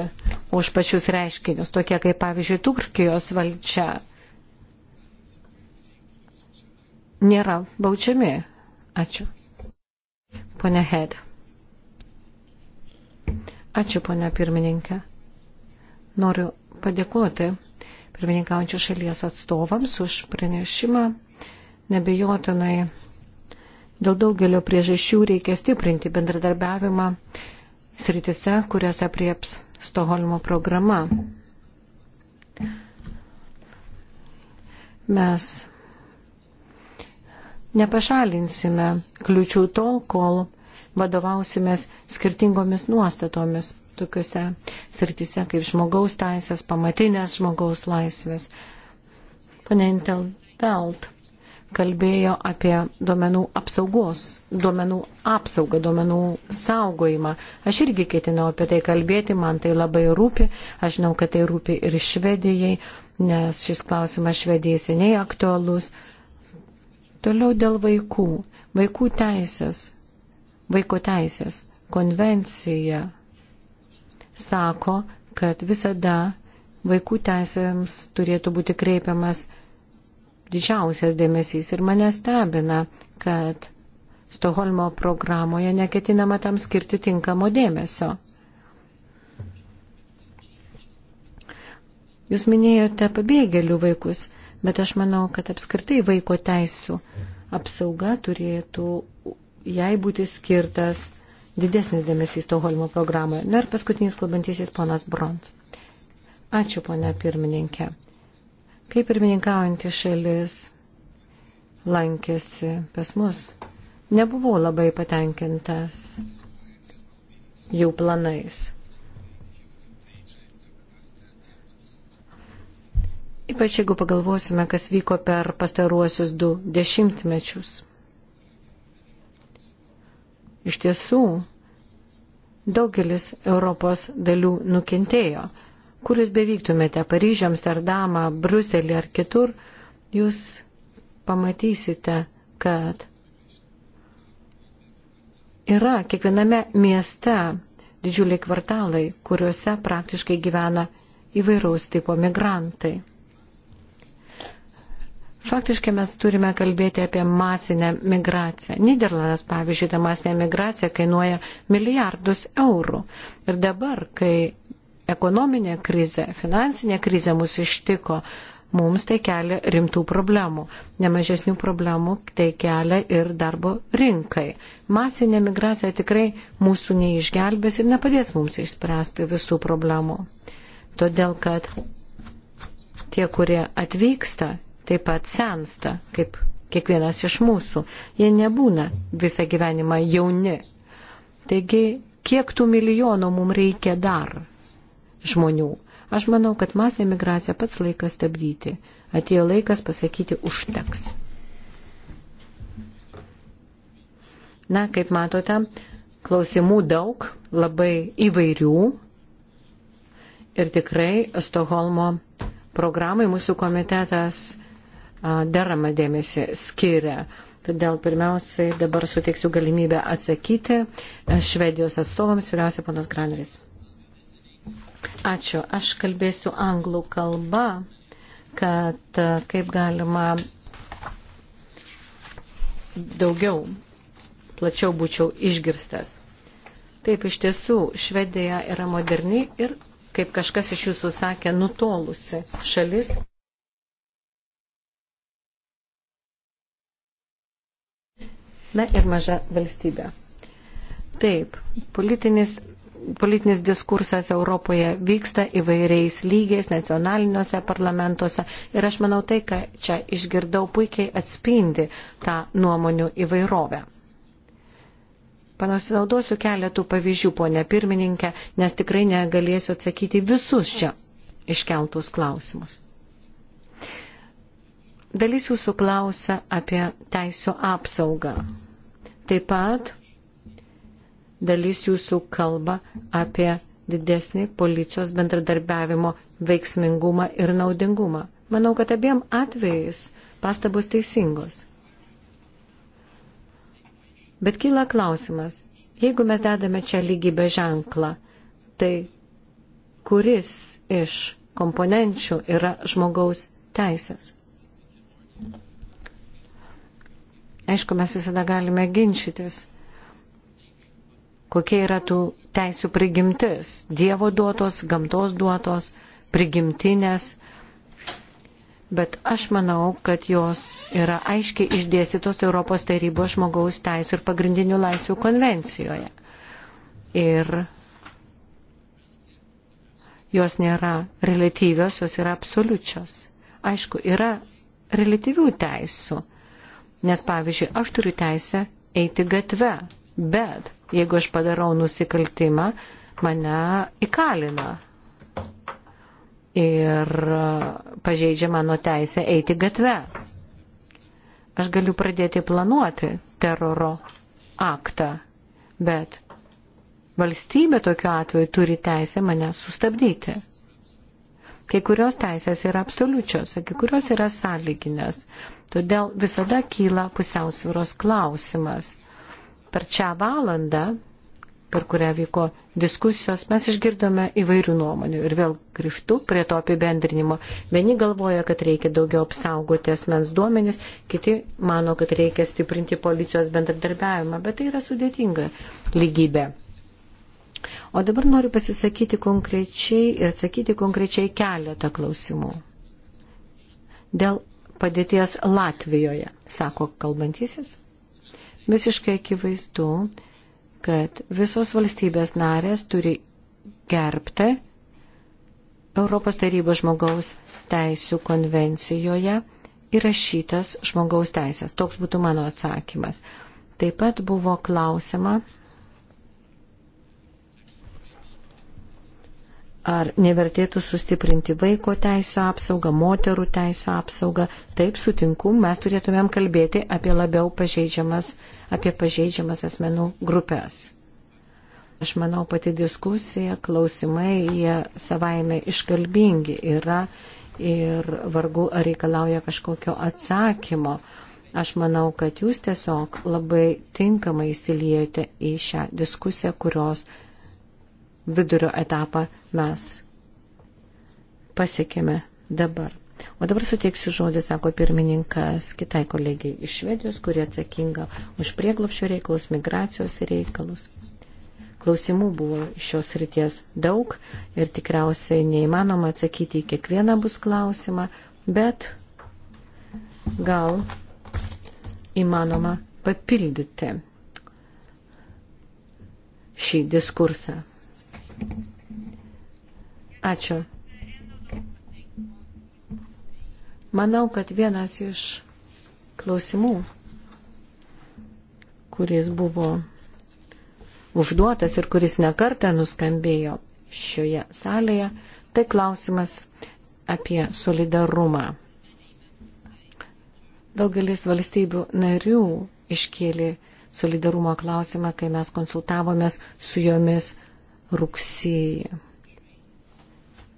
C: už pačius reiškinius, tokie kaip pavyzdžiui Turkijos valdžia, nėra baudžiami. Ačiū. Pone Head. Ačiū, pone pirmininkė. Noriu padėkoti pirmininkaujančių šalies atstovams už pranešimą. Nebejotinai dėl daugelio priežasčių reikia stiprinti bendradarbiavimą sritise, kurias aprieps Stoholmo programa. Mes nepašalinsime kliučių tol, kol vadovausimės skirtingomis nuostatomis tokiuose srityse kaip žmogaus teisės, pamatinės žmogaus laisvės. Pane Intelvelt kalbėjo apie duomenų apsaugos, duomenų apsaugą, duomenų saugojimą. Aš irgi ketinau apie tai kalbėti, man tai labai rūpi, aš žinau, kad tai rūpi ir Švedijai, nes šis klausimas Švedijai seniai aktualus. Toliau dėl vaikų. Vaikų teisės, vaiko teisės konvencija sako, kad visada vaikų teisėms turėtų būti kreipiamas didžiausias dėmesys. Ir mane stebina, kad Stoholmo programoje neketinama tam skirti tinkamo dėmesio. Jūs minėjote pabėgėlių vaikus bet aš manau, kad apskritai vaiko teisų apsauga turėtų jai būti skirtas didesnis dėmesys Stoholmo programoje. Na ir paskutinis kalbantysis ponas Brons. Ačiū, ponia pirmininkė. Kaip pirmininkaujantį šalis lankėsi pas mus, nebuvau labai patenkintas jų planais. Ypač jeigu pagalvosime, kas vyko per pastaruosius du dešimtmečius. Iš tiesų, daugelis Europos dalių nukentėjo. Kur jūs bevyktumėte, Paryžių, Amsterdamą, Bruselį ar kitur, jūs pamatysite, kad yra kiekviename mieste didžiuliai kvartalai, kuriuose praktiškai gyvena įvairaus tipo migrantai. Faktiškai mes turime kalbėti apie masinę migraciją. Niderlandas, pavyzdžiui, ta masinė migracija kainuoja milijardus eurų. Ir dabar, kai ekonominė krizė, finansinė krizė mus ištiko, mums tai kelia rimtų problemų. Nemažesnių problemų tai kelia ir darbo rinkai. Masinė migracija tikrai mūsų neišgelbės ir nepadės mums išspręsti visų problemų. Todėl, kad tie, kurie atvyksta, taip pat sensta, kaip kiekvienas iš mūsų. Jie nebūna visą gyvenimą jauni. Taigi, kiek tų milijonų mums reikia dar žmonių? Aš manau, kad masinė migracija pats laikas stabdyti. Atėjo laikas pasakyti užteks. Na, kaip matote, klausimų daug, labai įvairių. Ir tikrai Stoholmo programai mūsų komitetas deramą dėmesį skiria. Todėl pirmiausiai dabar suteiksiu galimybę atsakyti e, Švedijos atstovams, pirmiausia, ponas Graneris. Ačiū. Aš kalbėsiu anglų kalba, kad e, kaip galima daugiau, plačiau būčiau išgirstas. Taip, iš tiesų, Švedija yra moderni ir, kaip kažkas iš jūsų sakė, nutolusi šalis. na ir maža valstybė. Taip, politinis politinis diskursas Europoje vyksta įvairiais lygiais nacionaliniuose parlamentuose ir aš manau tai, ką čia išgirdau, puikiai atspindi tą nuomonių įvairovę. Panasinaudosiu keletų pavyzdžių, ponė pirmininkė, nes tikrai negalėsiu atsakyti visus čia iškeltus klausimus. Dalis jūsų klausia apie teisų apsaugą. Mhm Taip pat dalis jūsų kalba apie didesnį policijos bendradarbiavimo veiksmingumą ir naudingumą. Manau, kad abiem atvejais pastabos teisingos. Bet kyla klausimas, jeigu mes dedame čia lygybę ženklą, tai kuris iš komponenčių yra žmogaus teisės? Aišku, mes visada galime ginčytis, kokie yra tų teisų prigimtis - Dievo duotos, gamtos duotos, prigimtinės. Bet aš manau, kad jos yra aiškiai išdėstytos Europos tarybos žmogaus teisų ir pagrindinių laisvių konvencijoje. Ir jos nėra relatyvios, jos yra absoliučios. Aišku, yra relatyvių teisų Nes pavyzdžiui, aš turiu teisę eiti gatve, bet jeigu aš padarau nusikaltimą, mane įkalina ir pažeidžia mano teisę eiti gatve. Aš galiu pradėti planuoti teroro aktą, bet valstybė tokiu atveju turi teisę mane sustabdyti. Kai kurios teisės yra absoliučios, kai kurios yra sąlyginės. Todėl visada kyla pusiausviros klausimas. Per šią valandą, per kurią vyko diskusijos, mes išgirdome įvairių nuomonių ir vėl grįžtu prie to apibendrinimo. Vieni galvoja, kad reikia daugiau apsaugoti asmens duomenis, kiti mano, kad reikia stiprinti policijos bendradarbiavimą, bet tai yra sudėtinga lygybė. O dabar noriu pasisakyti konkrečiai ir atsakyti konkrečiai keletą klausimų. Dėl padėties Latvijoje, sako kalbantisis. Visiškai akivaizdu, kad visos valstybės narės turi gerbti Europos tarybos žmogaus teisų konvencijoje įrašytas žmogaus teisės. Toks būtų mano atsakymas. Taip pat buvo klausima ar nevertėtų sustiprinti vaiko teisų apsaugą, moterų teisų apsaugą. Taip sutinku, mes turėtumėm kalbėti apie labiau pažeidžiamas, apie pažeidžiamas asmenų grupės. Aš manau, pati diskusija, klausimai, jie savaime iškalbingi yra ir vargu ar reikalauja kažkokio atsakymo. Aš manau, kad jūs tiesiog labai tinkamai įsiliejate į šią diskusiją, kurios vidurio etapą mes pasiekėme dabar. O dabar suteiksiu žodį, sako pirmininkas, kitai kolegijai iš Švedijos, kurie atsakinga už prieglopšio reikalus, migracijos reikalus. Klausimų buvo šios ryties daug ir tikriausiai neįmanoma atsakyti į kiekvieną bus klausimą, bet gal įmanoma papildyti šį diskursą. Ačiū. Manau, kad vienas iš klausimų, kuris buvo užduotas ir kuris nekartą nuskambėjo šioje salėje, tai klausimas apie solidarumą. Daugelis valstybių narių iškėlė solidarumo klausimą, kai mes konsultavomės su jomis rugsėjį.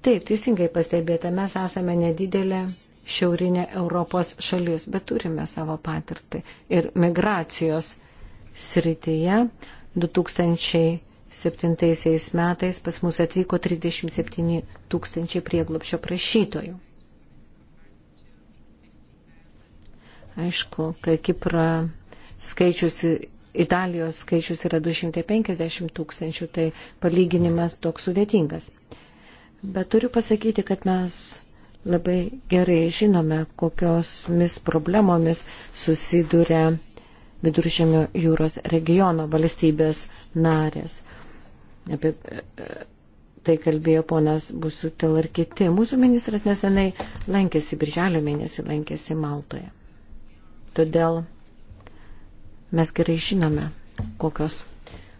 C: Taip, teisingai pastebėta, mes esame nedidelė šiaurinė Europos šalis, bet turime savo patirtį ir migracijos srityje 2000 2007 metais pas mus atvyko 37 tūkstančiai prieglopšio prašytojų. Aišku, kai Kipra skaičius Italijos skaičius yra 250 tūkstančių, tai palyginimas toks sudėtingas. Bet turiu pasakyti, kad mes labai gerai žinome, kokiomis problemomis susiduria viduržėmio jūros regiono valstybės narės. Apie e, tai kalbėjo ponas Busutel ir kiti. Mūsų ministras nesenai lankėsi, birželio mėnesį lankėsi Maltoje. Todėl Mes gerai žinome, kokios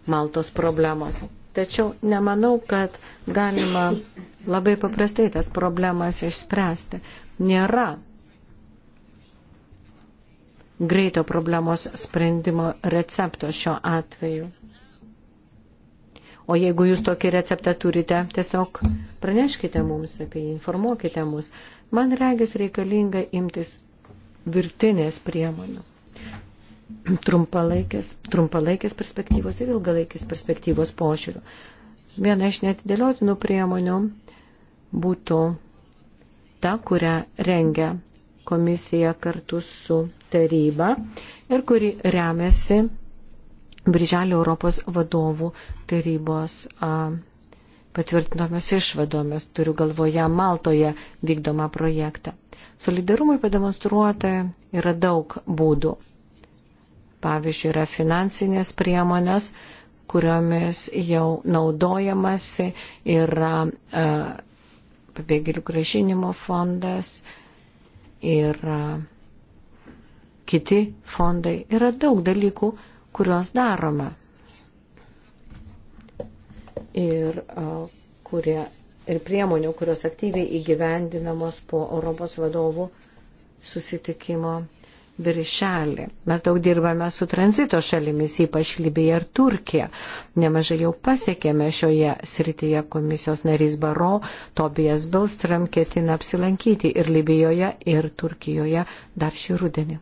C: Maltos problemos. Tačiau nemanau, kad galima labai paprastai tas problemas išspręsti. Nėra greito problemos sprendimo recepto šiuo atveju. O jeigu jūs tokį receptą turite, tiesiog praneškite mums apie jį, informuokite mus. Man regis reikalinga imtis virtinės priemonių trumpalaikės, trumpalaikės perspektyvos ir ilgalaikės perspektyvos požiūrių. Viena iš netidėliotinų priemonių būtų ta, kurią rengia komisija kartu su taryba ir kuri remiasi Birželio Europos vadovų tarybos a, patvirtinomis išvadomis, turiu galvoje Maltoje vykdomą projektą. Solidarumui pademonstruota yra daug būdų. Pavyzdžiui, yra finansinės priemonės, kuriomis jau naudojamasi, yra e, pabėgėlių gražinimo fondas, yra kiti fondai, yra daug dalykų, kuriuos daroma. Ir, e, kurie, ir priemonių, kurios aktyviai įgyvendinamos po Europos vadovų susitikimo viršelį. Mes daug dirbame su tranzito šalimis, ypač Libija ir Turkija. Nemažai jau pasiekėme šioje srityje komisijos narys Baro, Tobijas Belstram ketina apsilankyti ir Libijoje, ir Turkijoje dar šį rudenį.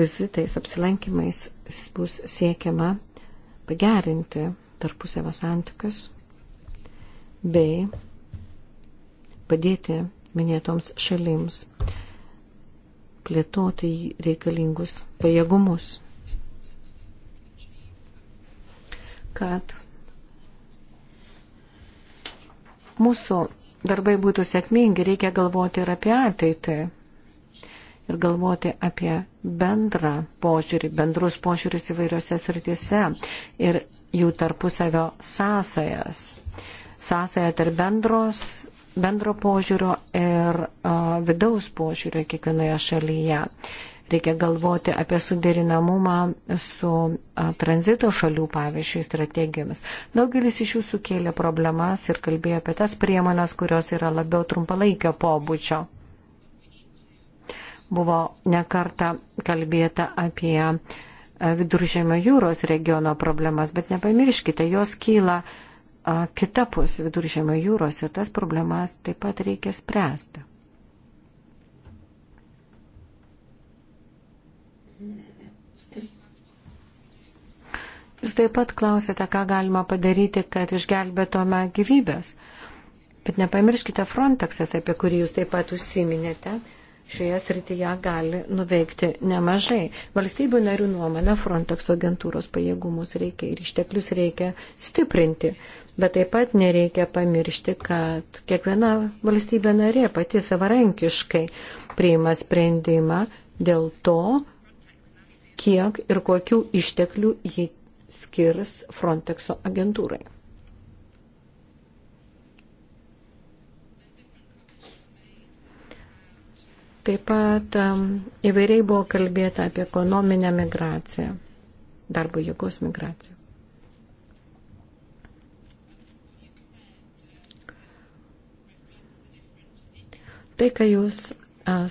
C: Vizitais apsilankimais bus siekiama pagerinti tarpusavio santykius bei padėti minėtoms šalims plėtoti reikalingus pajėgumus, kad mūsų darbai būtų sėkmingi, reikia galvoti ir apie ateitį. Ir galvoti apie bendrą požiūrį, bendrus požiūrius įvairiose srityse ir jų tarpusavio sąsajas. Sąsaja tarp bendros bendro požiūrio ir vidaus požiūrio kiekvienoje šalyje. Reikia galvoti apie suderinamumą su tranzito šalių, pavyzdžiui, strategijomis. Daugelis iš jų sukėlė problemas ir kalbėjo apie tas priemonės, kurios yra labiau trumpalaikio pobūdžio. Buvo nekarta kalbėta apie viduržėmio jūros regiono problemas, bet nepamirškite, jos kyla uh, kitapus viduržėmio jūros ir tas problemas taip pat reikia spręsti. Jūs taip pat klausėte, ką galima padaryti, kad išgelbėtume gyvybės. Bet nepamirškite Frontexas, apie kurį jūs taip pat užsiminėte šioje srityje gali nuveikti nemažai. Valstybių narių nuomonę Frontex agentūros pajėgumus reikia ir išteklius reikia stiprinti. Bet taip pat nereikia pamiršti, kad kiekviena valstybė narė pati savarankiškai priima sprendimą dėl to, kiek ir kokių išteklių ji skirs Frontexo agentūrai. Taip pat um, įvairiai buvo kalbėta apie ekonominę migraciją, darbo jėgos migraciją. Tai, ką jūs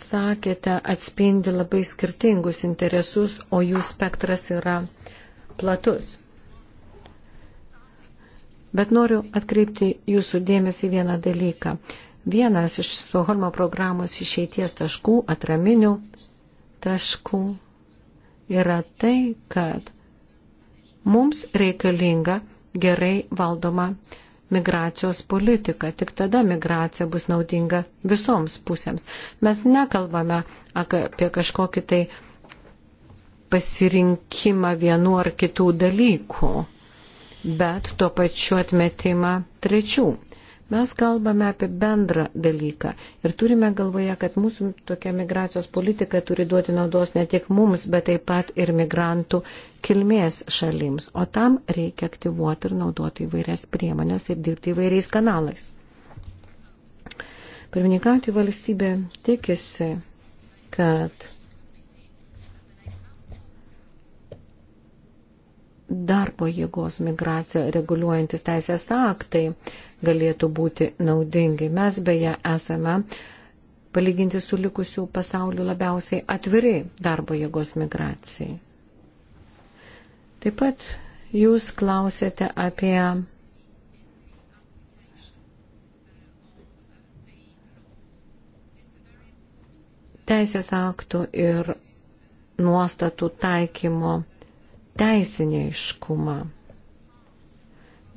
C: sakėte, atspindi labai skirtingus interesus, o jų spektras yra platus. Bet noriu atkreipti jūsų dėmesį vieną dalyką vienas iš Stokholmo programos išeities taškų, atraminių taškų yra tai, kad mums reikalinga gerai valdoma migracijos politika. Tik tada migracija bus naudinga visoms pusėms. Mes nekalbame apie kažkokį tai pasirinkimą vienu ar kitų dalykų, bet tuo pačiu atmetimą trečių. Mes kalbame apie bendrą dalyką ir turime galvoje, kad mūsų tokia migracijos politika turi duoti naudos ne tik mums, bet taip pat ir migrantų kilmės šalims. O tam reikia aktyvuoti ir naudoti įvairias priemonės ir dirbti įvairiais kanalais. Pirmininkauti valstybė tikisi, kad darbo jėgos migraciją reguliuojantis teisės aktai galėtų būti naudingi. Mes beje esame palyginti su likusiu pasauliu labiausiai atviri darbo jėgos migracijai. Taip pat jūs klausėte apie teisės aktų ir nuostatų taikymo teisinį iškumą.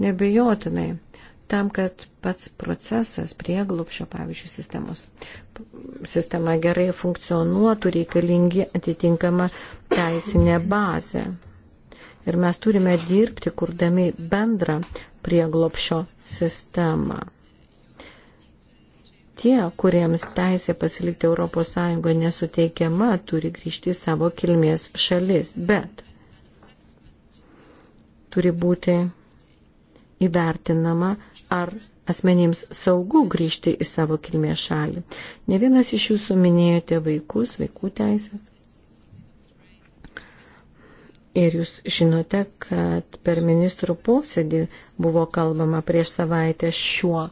C: Nebejotinai, tam, kad pats procesas prieglupšio, pavyzdžiui, sistemos, sistema gerai funkcionuotų, reikalingi atitinkama teisinė bazė. Ir mes turime dirbti, kurdami bendrą prieglopšio sistemą. Tie, kuriems teisė pasilikti ES nesuteikiama, turi grįžti į savo kilmės šalis. Bet turi būti įvertinama, ar asmenims saugu grįžti į savo kilmės šalį. Ne vienas iš jūsų minėjote vaikus, vaikų teisės. Ir jūs žinote, kad per ministrų posėdį buvo kalbama prieš savaitę šiuo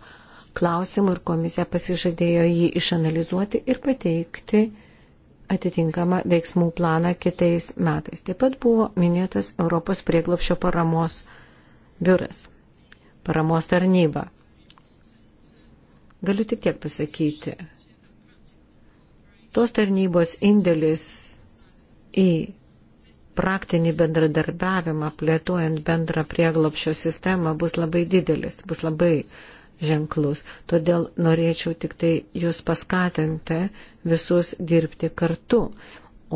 C: klausimu ir komisija pasižadėjo jį išanalizuoti ir pateikti atitinkamą veiksmų planą kitais metais. Taip pat buvo minėtas Europos prieglopšio paramos biuras, paramos tarnyba. Galiu tik tiek pasakyti. Tos tarnybos indėlis į praktinį bendradarbiavimą, plėtojant bendrą prieglopšio sistemą, bus labai didelis, bus labai uh, ženklus. Todėl norėčiau tik tai jūs paskatinti visus dirbti kartu.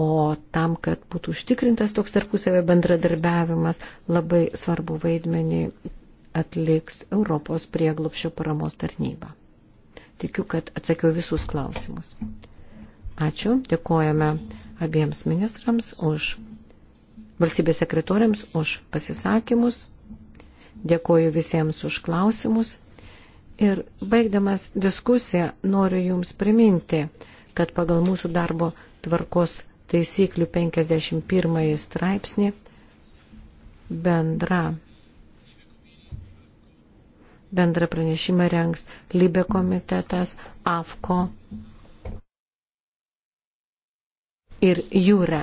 C: O tam, kad būtų užtikrintas toks tarpusavio bendradarbiavimas, labai svarbu vaidmenį atliks Europos prieglopšio paramos tarnyba. Tikiu, kad atsakiau visus klausimus. Ačiū, dėkojame abiems ministrams už valstybės sekretoriams už pasisakymus. Dėkoju visiems už klausimus. Ir baigdamas diskusiją noriu Jums priminti, kad pagal mūsų darbo tvarkos taisyklių 51 straipsnį bendra, bendra pranešimą rengs Libė komitetas, AFKO ir JURE.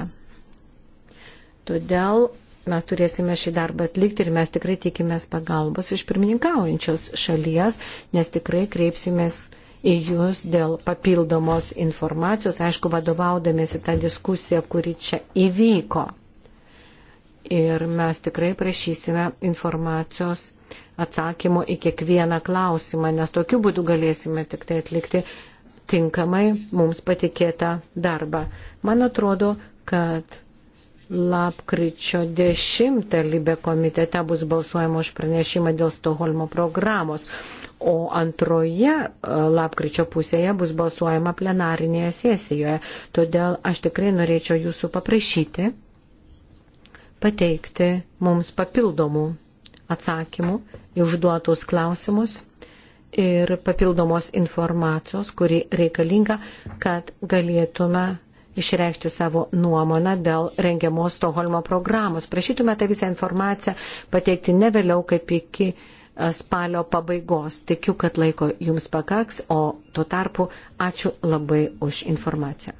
C: Todėl mes turėsime šį darbą atlikti ir mes tikrai tikimės pagalbos iš pirmininkaujančios šalies, nes tikrai kreipsimės į Jūs dėl papildomos informacijos, aišku, vadovaudamėsi tą diskusiją, kuri čia įvyko. Ir mes tikrai prašysime informacijos atsakymo į kiekvieną klausimą, nes tokiu būdu galėsime tik tai atlikti tinkamai mums patikėtą darbą. Man atrodo, kad Lapkričio 10 Libė komitete bus balsuojama už pranešimą dėl Stoholmo programos, o antroje e, lapkričio pusėje bus balsuojama plenarinėje sesijoje. Todėl aš tikrai norėčiau jūsų paprašyti pateikti mums papildomų atsakymų į užduotus klausimus ir papildomos informacijos, kuri reikalinga, kad galėtume išreikšti savo nuomonę dėl rengiamos Stoholmo programos. Prašytume tą visą informaciją pateikti ne vėliau kaip iki e, spalio pabaigos. Tikiu, kad laiko jums pakaks, o tuo tarpu ačiū labai už informaciją.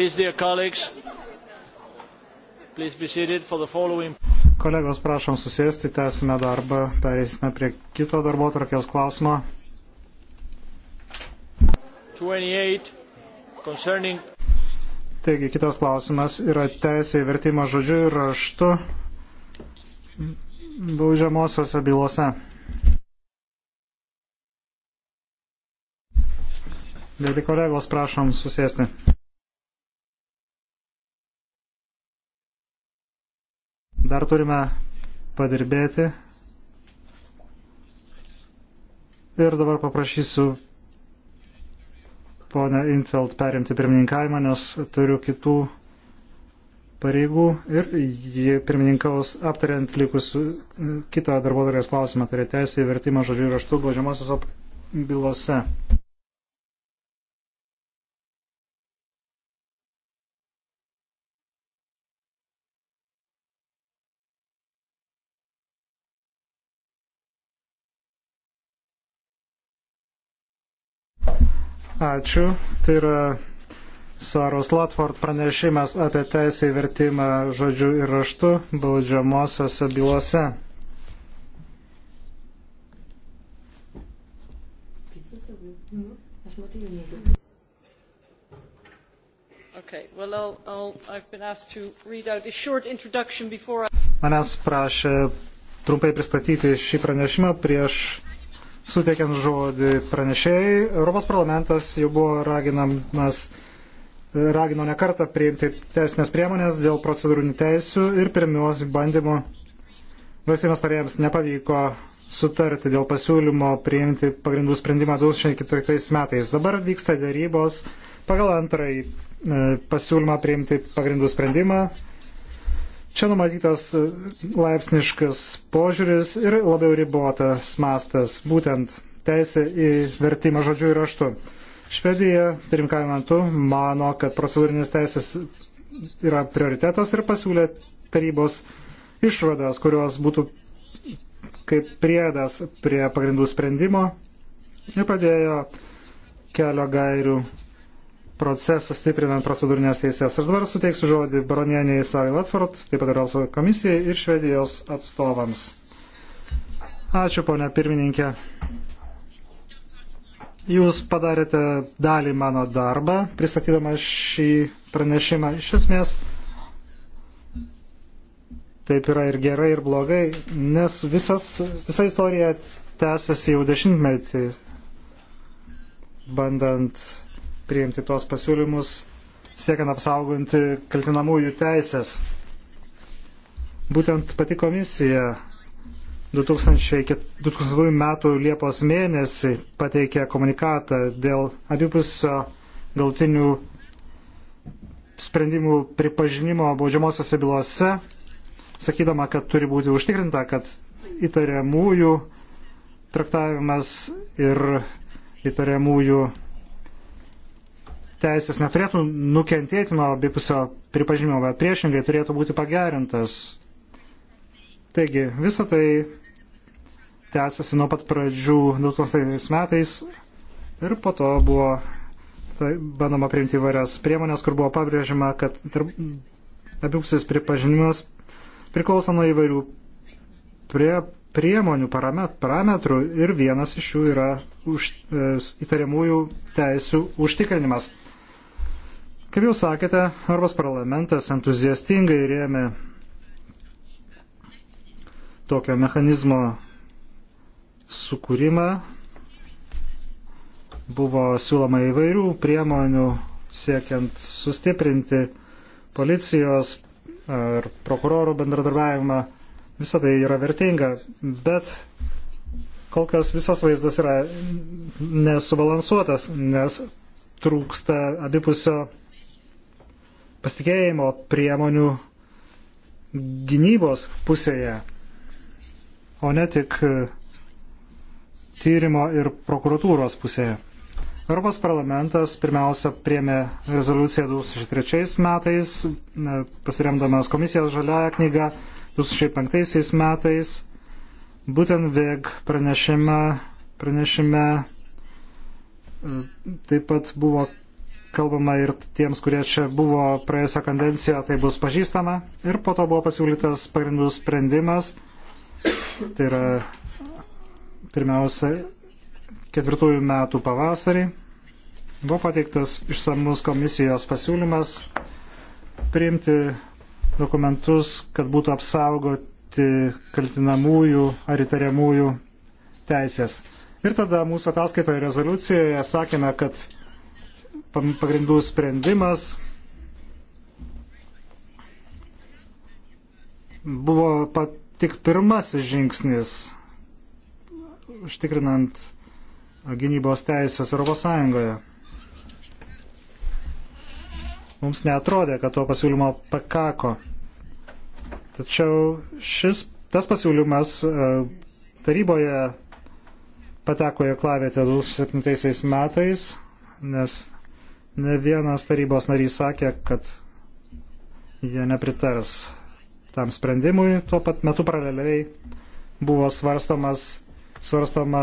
A: Please, dear colleagues, please be seated for the following.
E: Kolegos, prašom susėsti, tęsime darbą, pereisime prie kito darbo tvarkės klausimo.
A: 28 concerning.
E: Taigi, kitas klausimas yra teisė į vertimą žodžiu ir raštu baudžiamosiose bylose. Mėly kolegos, prašom susėsti. Dar turime padirbėti. Ir dabar paprašysiu ponę Intelt perimti pirmininkavimą, nes turiu kitų pareigų ir ji pirmininkaus aptariant likusių kitą darbo darės klausimą, tai yra teisė į vertimą žodžių raštų baudžiamosios bylose. Ačiū. Tai yra Saros Latford pranešimas apie teisę į vertimą žodžių ir raštų baudžiamosiose bylose. Manęs prašė trumpai pristatyti šį pranešimą prieš suteikiant žodį pranešėjai. Europos parlamentas jau buvo raginamas, ragino nekartą priimti teisinės priemonės dėl procedūrinių teisių ir pirmiausių bandymų valstybės tarėjams nepavyko sutarti dėl pasiūlymo priimti pagrindų sprendimą 2004 metais. Dabar vyksta dėrybos pagal antrąjį e, pasiūlymą priimti pagrindų sprendimą Čia numatytas e, laipsniškas požiūris ir labiau ribotas mastas, būtent teisė į vertimą žodžiu ir raštu. Švedija, pirmkaimantu, mano, kad procedūrinis teisės yra prioritetas ir pasiūlė tarybos išvadas, kurios būtų kaip priedas prie pagrindų sprendimo ir pradėjo kelio gairių procesą stiprinant procedūrinės teisės. Ir dabar suteiksiu žodį baronieniai Sarai Latford, taip pat Europos komisijai ir Švedijos atstovams. Ačiū, ponia pirmininkė. Jūs padarėte dalį mano darbą, pristatydama šį pranešimą. Iš esmės, taip yra ir gerai, ir blogai, nes visas, visa istorija tęsiasi jau dešimtmetį, bandant priimti tuos pasiūlymus, siekiant apsauginti kaltinamųjų teisės. Būtent pati komisija 2002 m. Liepos mėnesį pateikė komunikatą dėl abipusio galtinių sprendimų pripažinimo baudžiamosiose bylose, sakydama, kad turi būti užtikrinta, kad įtariamųjų traktavimas ir įtariamųjų teisės neturėtų nukentėti nuo abipusio pripažinimo, bet priešingai turėtų būti pagerintas. Taigi, visa tai tęsiasi nuo pat pradžių 2000 metais ir po to buvo tai, bandoma priimti įvairias priemonės, kur buvo pabrėžima, kad tarp, abipusis pripažinimas priklauso nuo įvairių prie, priemonių paramet, parametrų ir vienas iš jų yra už, e, įtariamųjų teisų užtikrinimas. Kaip jūs sakėte, Europos parlamentas entuziastingai rėmė tokio mechanizmo sukūrimą. Buvo siūloma įvairių priemonių siekiant sustiprinti policijos ar prokurorų bendradarbiavimą. Visą tai yra vertinga, bet kol kas visas vaizdas yra nesubalansuotas, nes trūksta abipusio pasitikėjimo priemonių gynybos pusėje, o ne tik e, tyrimo ir prokuratūros pusėje. Europos parlamentas pirmiausia priemė rezoliuciją 2003 metais, e, pasiremdamas komisijos žaliają knygą 2005 metais, būtent VEG pranešime, pranešime e, taip pat buvo kalbama ir tiems, kurie čia buvo praėjusią kadenciją, tai bus pažįstama. Ir po to buvo pasiūlytas pagrindų sprendimas. Tai yra pirmiausia ketvirtųjų metų pavasarį. Buvo pateiktas išsamus komisijos pasiūlymas priimti dokumentus, kad būtų apsaugoti kaltinamųjų ar įtariamųjų teisės. Ir tada mūsų ataskaitoje rezoliucijoje sakėme, kad pagrindų sprendimas buvo pat, tik pirmasis žingsnis užtikrinant gynybos teisės Europos Sąjungoje. Mums netrodė, kad to pasiūlymo pakako. Tačiau šis, tas pasiūlymas e, taryboje pateko į klavietę 2007 metais, nes Ne vienas tarybos narys sakė, kad jie nepritars tam sprendimui. Tuo pat metu paraleliai buvo svarstomas, svarstoma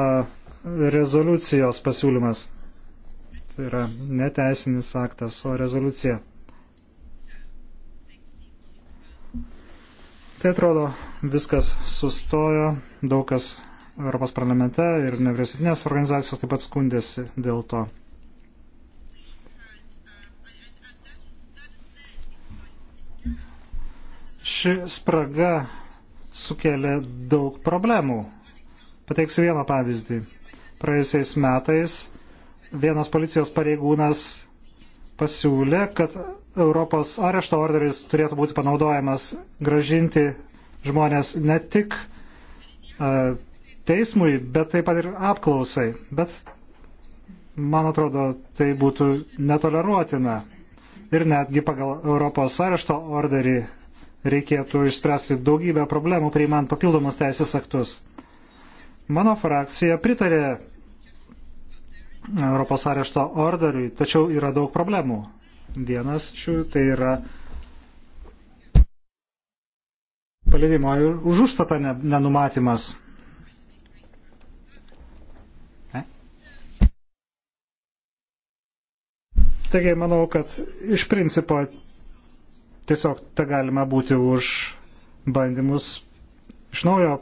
E: rezoliucijos pasiūlymas. Tai yra neteisinis aktas, o rezoliucija. Tai atrodo, viskas sustojo, daug kas Europos parlamente ir nevyriausybinės organizacijos taip pat skundėsi dėl to. Ši spraga sukėlė daug problemų. Pateiksiu vieną pavyzdį. Praėjusiais metais vienas policijos pareigūnas pasiūlė, kad Europos arešto orderis turėtų būti panaudojamas gražinti žmonės ne tik uh, teismui, bet taip pat ir apklausai. Bet, man atrodo, tai būtų netoleruotina. Ir netgi pagal Europos arešto orderį reikėtų išspręsti daugybę problemų, priimant tai papildomus teisės aktus. Mano frakcija pritarė Europos arešto orderiui, tačiau yra daug problemų. Vienas šių tai yra paleidimo už užstatą nenumatymas. E? Taigi manau, kad iš principo tiesiog ta galima būti už bandymus iš naujo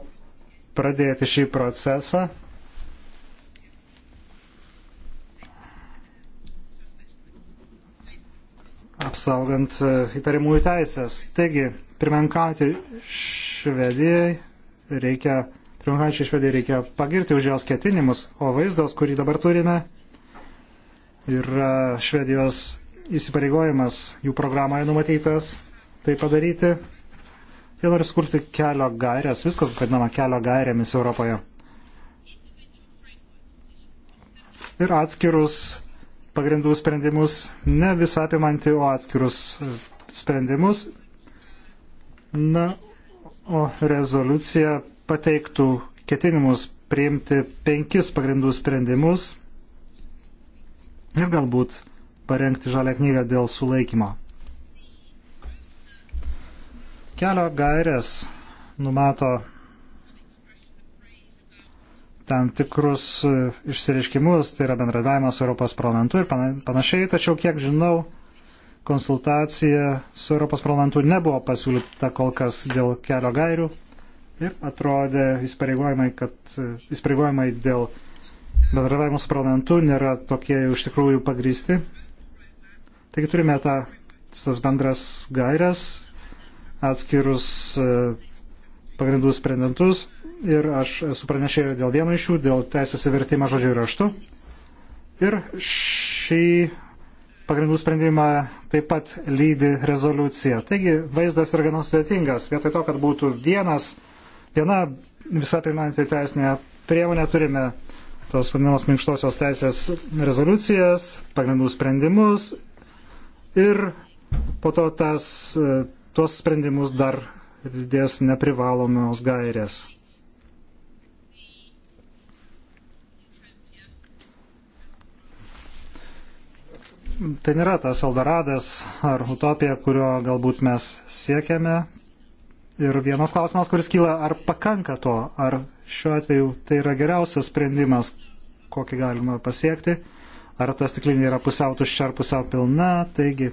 E: pradėti šį procesą. apsaugant e, įtariamųjų teisės. Taigi, pirmenkauti Švedijai reikia, pirmenkauti Švedijai reikia pagirti už jos ketinimus, o vaizdas, kurį dabar turime, yra Švedijos įsipareigojimas jų programoje numatytas tai padaryti. Jie nori skurti kelio gairias, viskas vadinama kelio gairėmis Europoje. Ir atskirus pagrindų sprendimus, ne visą apimantį, o atskirus sprendimus. Na, o rezoliucija pateiktų ketinimus priimti penkis pagrindų sprendimus ir galbūt parengti žalę knygą dėl sulaikymo. Kelio gairės numato tam tikrus e, išsireiškimus, tai yra bendradavimas su Europos parlamentu ir panašiai, tačiau kiek žinau, konsultacija su Europos parlamentu nebuvo pasiūlyta kol kas dėl kelio gairių ir atrodė įsipareigojimai, kad e, įsipareigojimai dėl bendradarbiavimo su parlamentu nėra tokie iš tikrųjų pagristi. Taigi turime tą, tas bendras gairias, atskirus e, pagrindų sprendentus ir aš esu pranešėjau dėl vieno iš jų, dėl teisės įvertimą žodžiu ir raštu. Ir šį pagrindų sprendimą taip pat lydi rezoliucija. Taigi vaizdas yra gana sudėtingas. Vietoj to, kad būtų vienas, viena visą apimanti teisinė priemonė, turime tos vadinamos minkštosios teisės rezoliucijas, pagrindų sprendimus ir po to tas, e, tuos sprendimus dar dės neprivalomos gairės. Tai nėra tas Eldoradas ar utopija, kurio galbūt mes siekiame. Ir vienas klausimas, kuris kyla, ar pakanka to, ar šiuo atveju tai yra geriausias sprendimas, kokį galima pasiekti ar ta stiklinė yra pusiau tuščia ar pusiau pilna, taigi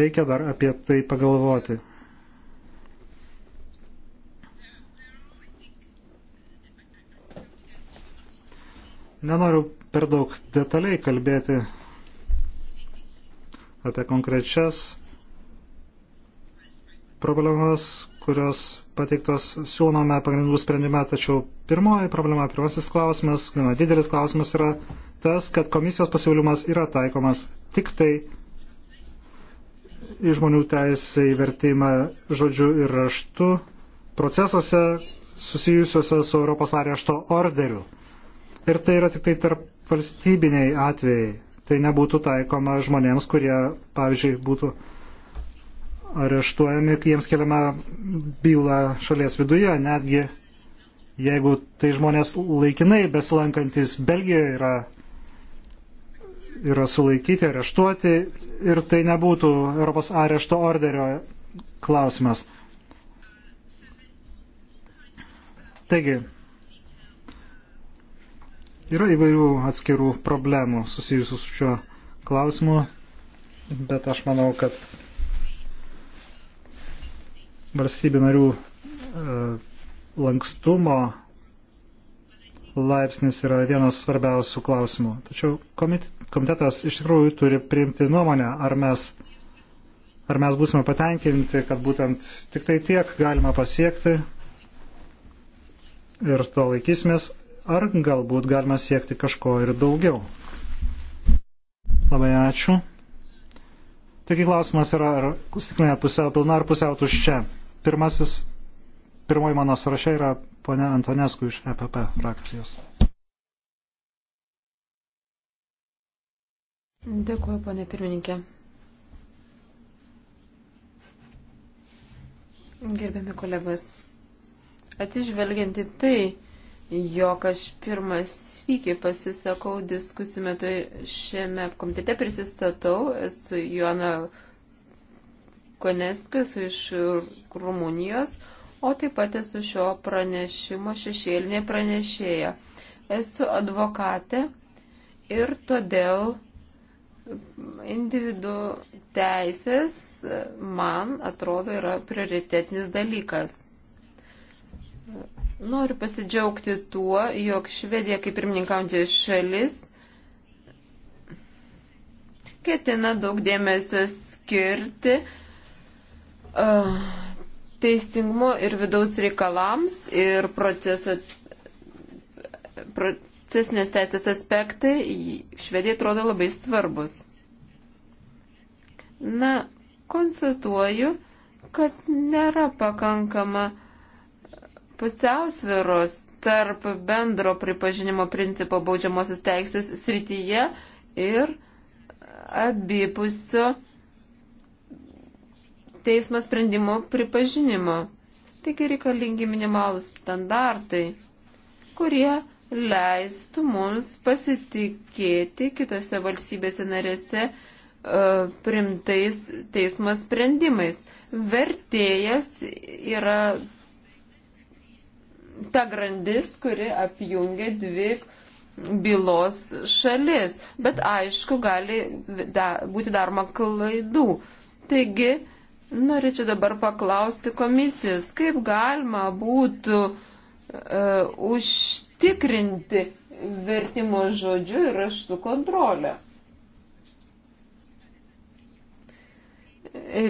E: reikia dar apie tai pagalvoti. Nenoriu per daug detaliai kalbėti apie konkrečias problemas, kurios pateiktos siūlome pagrindų sprendime, tačiau pirmoji problema, pirmasis klausimas, gana didelis klausimas yra tas, kad komisijos pasiūlymas yra taikomas tik tai į žmonių teisę įvertimą žodžiu ir raštu procesuose susijusiuose su Europos arešto orderiu. Ir tai yra tik tai tarp valstybiniai atvejai. Tai nebūtų taikoma žmonėms, kurie, pavyzdžiui, būtų areštuojami, kai jiems keliama byla šalies viduje, netgi jeigu tai žmonės laikinai besilankantis Belgijoje yra, yra sulaikyti, areštuoti ir tai nebūtų Europos arešto orderio klausimas. Taigi, yra įvairių atskirų problemų susijusių su šiuo klausimu, bet aš manau, kad valstybių narių e, lankstumo laipsnis yra vienas svarbiausių klausimų. Tačiau komitetas iš tikrųjų turi priimti nuomonę, ar mes, ar mes būsime patenkinti, kad būtent tik tai tiek galima pasiekti ir to laikysimės, ar galbūt galima siekti kažko ir daugiau. Labai ačiū. Taigi klausimas yra, ar stiklinė pusiau pilna ar pusiau tuščia pirmasis, pirmoji mano sąrašai yra ponia Antonesku iš EPP frakcijos.
B: Dėkuoju, ponė pirmininkė. Gerbiami kolegos, atižvelgiant į tai, jog aš pirmas sykį pasisakau diskusijų metu šiame komitete prisistatau, esu Joana Koneskis iš Rumunijos, o taip pat esu šio pranešimo šešėlinė pranešėja. Esu advokatė ir todėl individų teisės man atrodo yra prioritetinis dalykas. Noriu pasidžiaugti tuo, jog Švedija kaip pirmininkaujantis šalis ketina daug dėmesio skirti Uh, teisingumo ir vidaus reikalams ir procesą, procesinės teisės aspektai švediai atrodo labai svarbus. Na, konstatuoju, kad nėra pakankama pusiausviros tarp bendro pripažinimo principo baudžiamosios teisės srityje ir abipusio teismo sprendimų pripažinimo. Tik reikalingi minimalus standartai, kurie leistų mums pasitikėti kitose valstybėse narėse uh, primtais teismo sprendimais. Vertėjas yra ta grandis, kuri apjungia dvi bylos šalis, bet aišku, gali da, būti daroma klaidų. Taigi, Norėčiau dabar paklausti komisijos, kaip galima būtų uh, užtikrinti vertimo žodžių ir raštų kontrolę.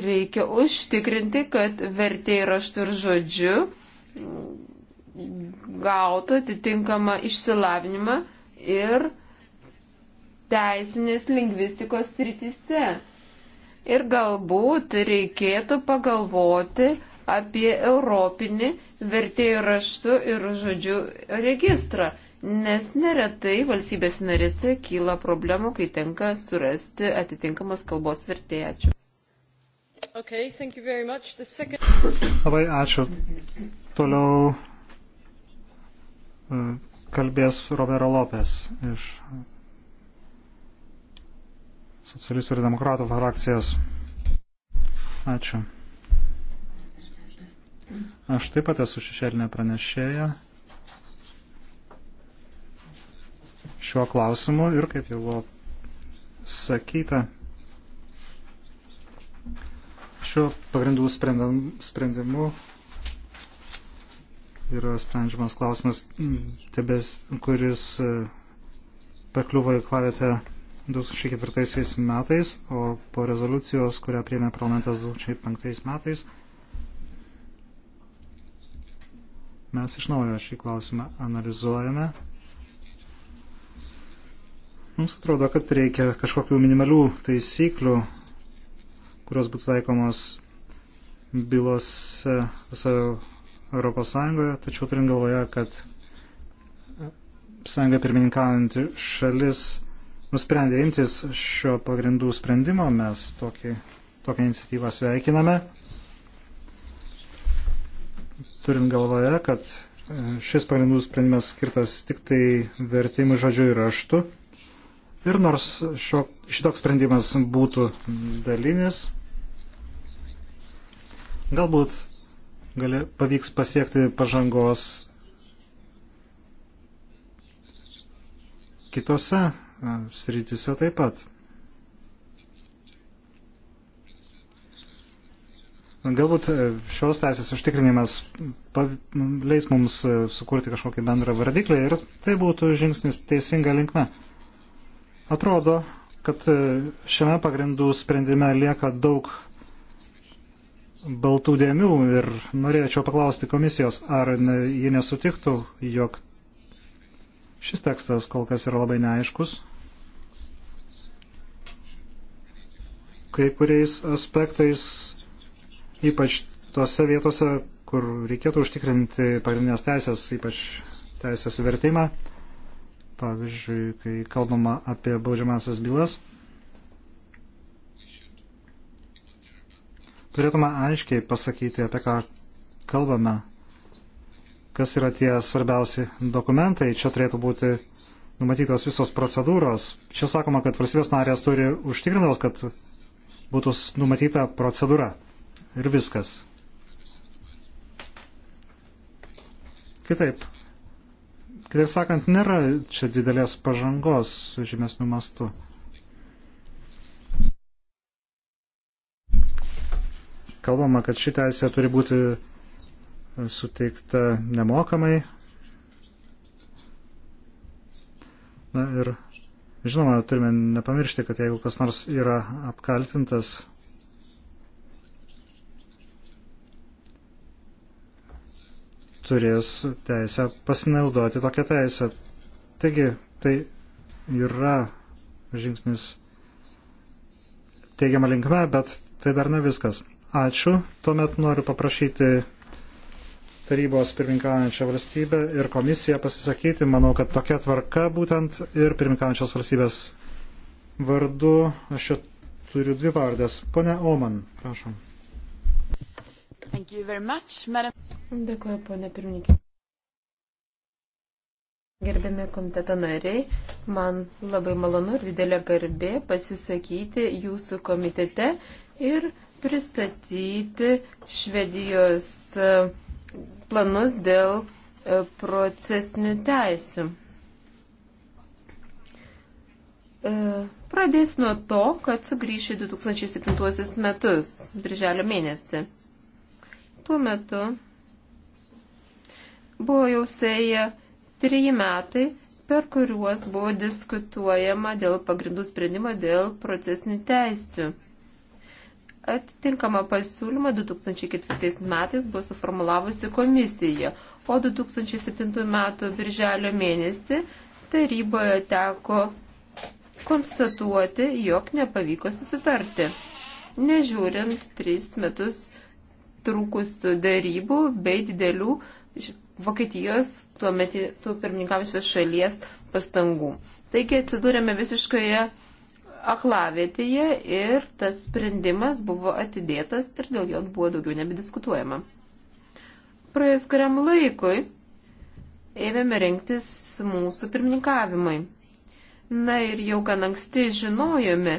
B: Reikia užtikrinti, kad vertėjai raštų ir žodžių gautų atitinkamą išsilavinimą ir teisinės lingvistikos srityse ir galbūt reikėtų pagalvoti apie Europinį vertėjų raštų ir žodžių registrą, nes neretai valstybės narėse kyla problemų, kai tenka surasti atitinkamos kalbos
E: vertėjačių.
C: Okay, second...
E: Labai ačiū. Toliau e, kalbės Romero Lopes iš socialistų ir demokratų frakcijas. Ačiū. Aš taip pat esu šešėlinė pranešėja šiuo klausimu ir kaip jau buvo sakyta, šiuo pagrindų sprendimu yra sprendžiamas klausimas, tebės, kuris e, pakliuvo į klavietę 2004 metais, o po rezoliucijos, kurią priėmė parlamentas 2005 metais, mes iš naujo šį klausimą analizuojame. Mums atrodo, kad reikia kažkokių minimalių taisyklių, kurios būtų taikomos bylos visoje Europos Sąjungoje, tačiau turint galvoje, kad sąjunga pirmininkaujanti šalis nusprendė imtis šio pagrindų sprendimo, mes tokį, tokią iniciatyvą sveikiname, turint galvoje, kad e, šis pagrindų sprendimas skirtas tik tai vertimų žodžių ir raštų. Ir nors šio, šitoks sprendimas būtų dalinis, galbūt gali, pavyks pasiekti pažangos kitose srityse taip pat. Galbūt šios teisės užtikrinimas leis mums e, sukurti kažkokį bendrą vardiklį ir tai būtų žingsnis teisinga linkme. Atrodo, kad e, šiame pagrindų sprendime lieka daug baltų dėmių ir norėčiau paklausti komisijos, ar ji nesutiktų, jog Šis tekstas kol kas yra labai neaiškus. Kai kuriais aspektais, ypač tose vietose, kur reikėtų užtikrinti pagrindinės teisės, ypač teisės vertimą, pavyzdžiui, kai kalbama apie baudžiamasias bylas, turėtume aiškiai pasakyti, apie ką kalbame kas yra tie svarbiausi dokumentai. Čia turėtų būti numatytos visos procedūros. Čia sakoma, kad valstybės narės turi užtikrintos, kad būtų numatyta procedūra. Ir viskas. Kitaip. Kitaip sakant, nėra čia didelės pažangos žymesnių mastų. Kalbama, kad ši teisė turi būti suteikta nemokamai. Na ir žinoma, turime nepamiršti, kad jeigu kas nors yra apkaltintas, turės teisę pasinaudoti tokią teisę. Taigi, tai yra žingsnis teigiama linkme, bet tai dar ne viskas. Ačiū. Tuomet noriu paprašyti tarybos pirmininkaujančią valstybę ir komisiją pasisakyti. Manau, kad tokia tvarka būtent ir pirmininkaujančios valstybės vardu. Aš čia turiu dvi pavardės. Pone Oman, prašom.
D: Much, madam...
B: Dėkuoju, ponė pirmininkė. Gerbiami komiteto nariai, man labai malonu ir didelė garbė pasisakyti jūsų komitete ir pristatyti Švedijos uh, planus dėl e, procesinių teisių. E, pradės nuo to, kad sugrįšiu 2007 metus, birželio mėnesį. Tuo metu buvo jau sėję treji metai, per kuriuos buvo diskutuojama dėl pagrindų sprendimo dėl procesinių teisių. Atitinkamą pasiūlymą 2004 metais buvo suformulavusi komisija, o 2007 metų birželio mėnesį taryboje teko konstatuoti, jog nepavyko susitarti, nežiūrint tris metus trukusių dėrybų bei didelių Vokietijos tuo metu pirmininkavusios šalies pastangų. Taigi atsidūrėme visiškoje aklavietėje ir tas sprendimas buvo atidėtas ir dėl jo buvo daugiau nebediskutuojama. Praėjus kuriam laikui ėmėme rinktis mūsų pirmininkavimui. Na ir jau gan anksti žinojome,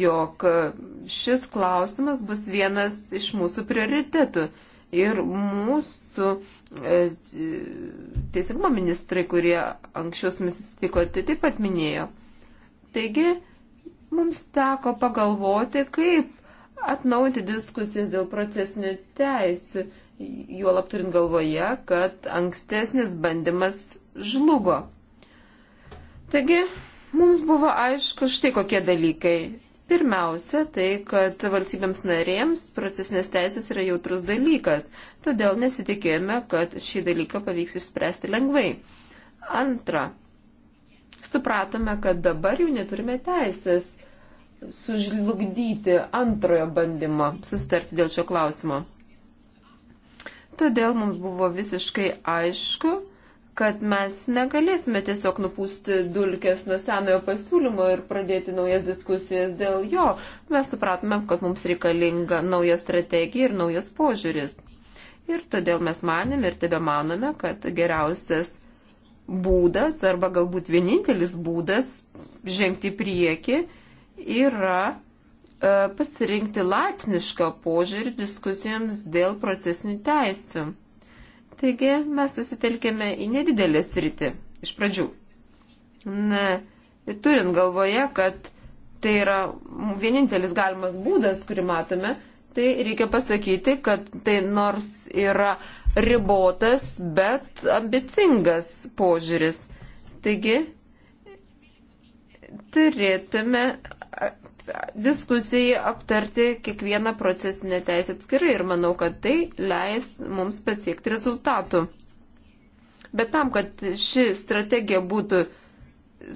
B: jog šis klausimas bus vienas iš mūsų prioritetų. Ir mūsų e, teisingumo ministrai, kurie anksčiau susitiko, tai taip pat minėjo. Taigi, Mums teko pagalvoti, kaip atnaujinti diskusijas dėl procesinių teisų, juolap turint galvoje, kad ankstesnis bandymas žlugo. Taigi, mums buvo aišku štai kokie dalykai. Pirmiausia, tai, kad valstybėms narėms procesinės teisės yra jautrus dalykas, todėl nesitikėjome, kad šį dalyką pavyks išspręsti lengvai. Antra, supratome, kad dabar jau neturime teisės sužlugdyti antrojo bandymo sustarti dėl šio klausimo. Todėl mums buvo visiškai aišku, kad mes negalėsime tiesiog nupūsti dulkės nuo senojo pasiūlymo ir pradėti naujas diskusijas dėl jo. Mes supratome, kad mums reikalinga nauja strategija ir naujas požiūris. Ir todėl mes manėme ir tebe manome, kad geriausias būdas arba galbūt vienintelis būdas žengti prieki yra e, pasirinkti laipsnišką požiūrį diskusijoms dėl procesinių teisų. Taigi mes susitelkėme į nedidelę sritį iš pradžių. Na, turint galvoje, kad tai yra vienintelis galimas būdas, kurį matome, tai reikia pasakyti, kad tai nors yra ribotas, bet ambicingas požiūris. Taigi, turėtume diskusijai aptarti kiekvieną procesinę teisę atskirai ir manau, kad tai leis mums pasiekti rezultatų. Bet tam, kad ši strategija būtų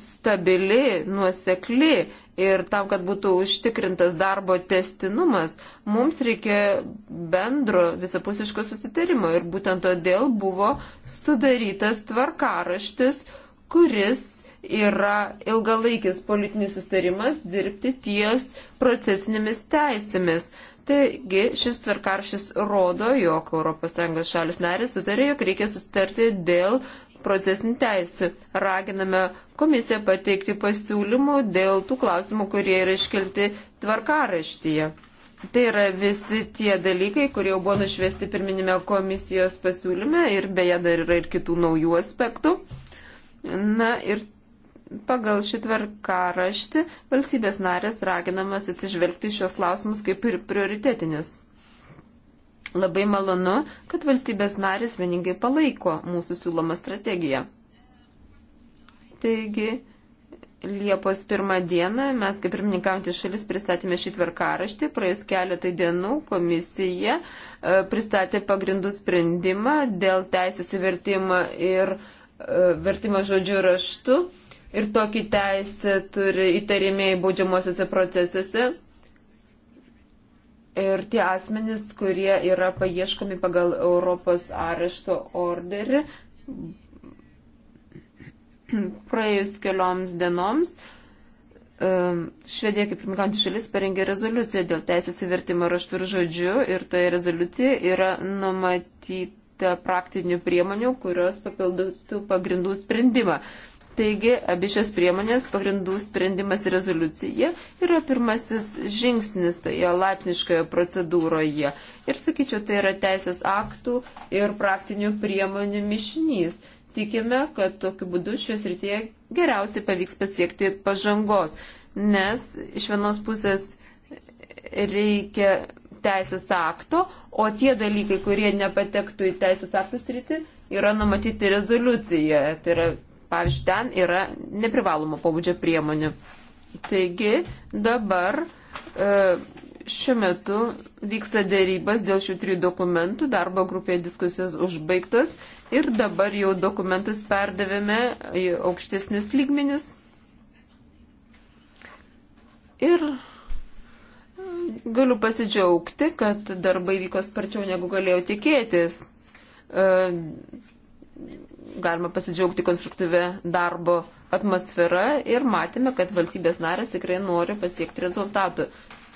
B: stabili, nuosekli ir tam, kad būtų užtikrintas darbo testinumas, mums reikia bendro visapusiško susitarimo ir būtent todėl buvo sudarytas tvarkaraštis, kuris yra ilgalaikis politinis sustarimas dirbti ties procesinėmis teisėmis. Taigi šis tvarkaršis rodo, jog ES šalis narės sutarė, jog reikia sustarti dėl procesinių teisų. Raginame komisiją pateikti pasiūlymų dėl tų klausimų, kurie yra iškelti tvarkaraštyje. Tai yra visi tie dalykai, kurie jau buvo nušvesti pirminime komisijos pasiūlyme ir beje dar yra ir kitų naujų aspektų. Na ir pagal šį tvarkaraštį valstybės narės raginamas atsižvelgti šios klausimus kaip ir prioritetinius. Labai malonu, kad valstybės narės vieningai palaiko mūsų siūlomą strategiją. Taigi, Liepos pirmą dieną mes, kaip pirmininkaujantys šalis, pristatėme šį tvarkaraštį. Praėjus keletai dienų komisija e, pristatė pagrindų sprendimą dėl teisės įvertimo ir e, vertimo žodžių raštu ir tokį teisę turi įtarimieji baudžiamosiuose procesuose. Ir tie asmenys, kurie yra paieškomi pagal Europos arešto orderį, praėjus kelioms dienoms, Švedija kaip pirmininkantys šalis parengė rezoliuciją dėl teisės įvertimo raštų ir žodžių ir toje rezoliucijoje yra numatyta praktinių priemonių, kurios papildytų pagrindų sprendimą. Taigi, abi šias priemonės, pagrindų sprendimas ir rezoliucija yra pirmasis žingsnis toje laipniškoje procedūroje. Ir sakyčiau, tai yra teisės aktų ir praktinių priemonių mišinys. Tikime, kad tokiu būdu šios rytyje geriausiai pavyks pasiekti pažangos, nes iš vienos pusės reikia teisės akto, o tie dalykai, kurie nepatektų į teisės aktų sritį, yra numatyti rezoliucijoje. Tai yra Pavyzdžiui, ten yra neprivalomo pobūdžio priemonių. Taigi dabar e, šiuo metu vyksta dėrybas dėl šių trijų dokumentų, darbo grupėje diskusijos užbaigtos ir dabar jau dokumentus perdavėme į aukštesnius lygmenis. Ir mm, galiu pasidžiaugti, kad darbai vyko sparčiau negu galėjau tikėtis. E, galima pasidžiaugti konstruktyvę darbo atmosferą ir matėme, kad valstybės narės tikrai nori pasiekti rezultatų.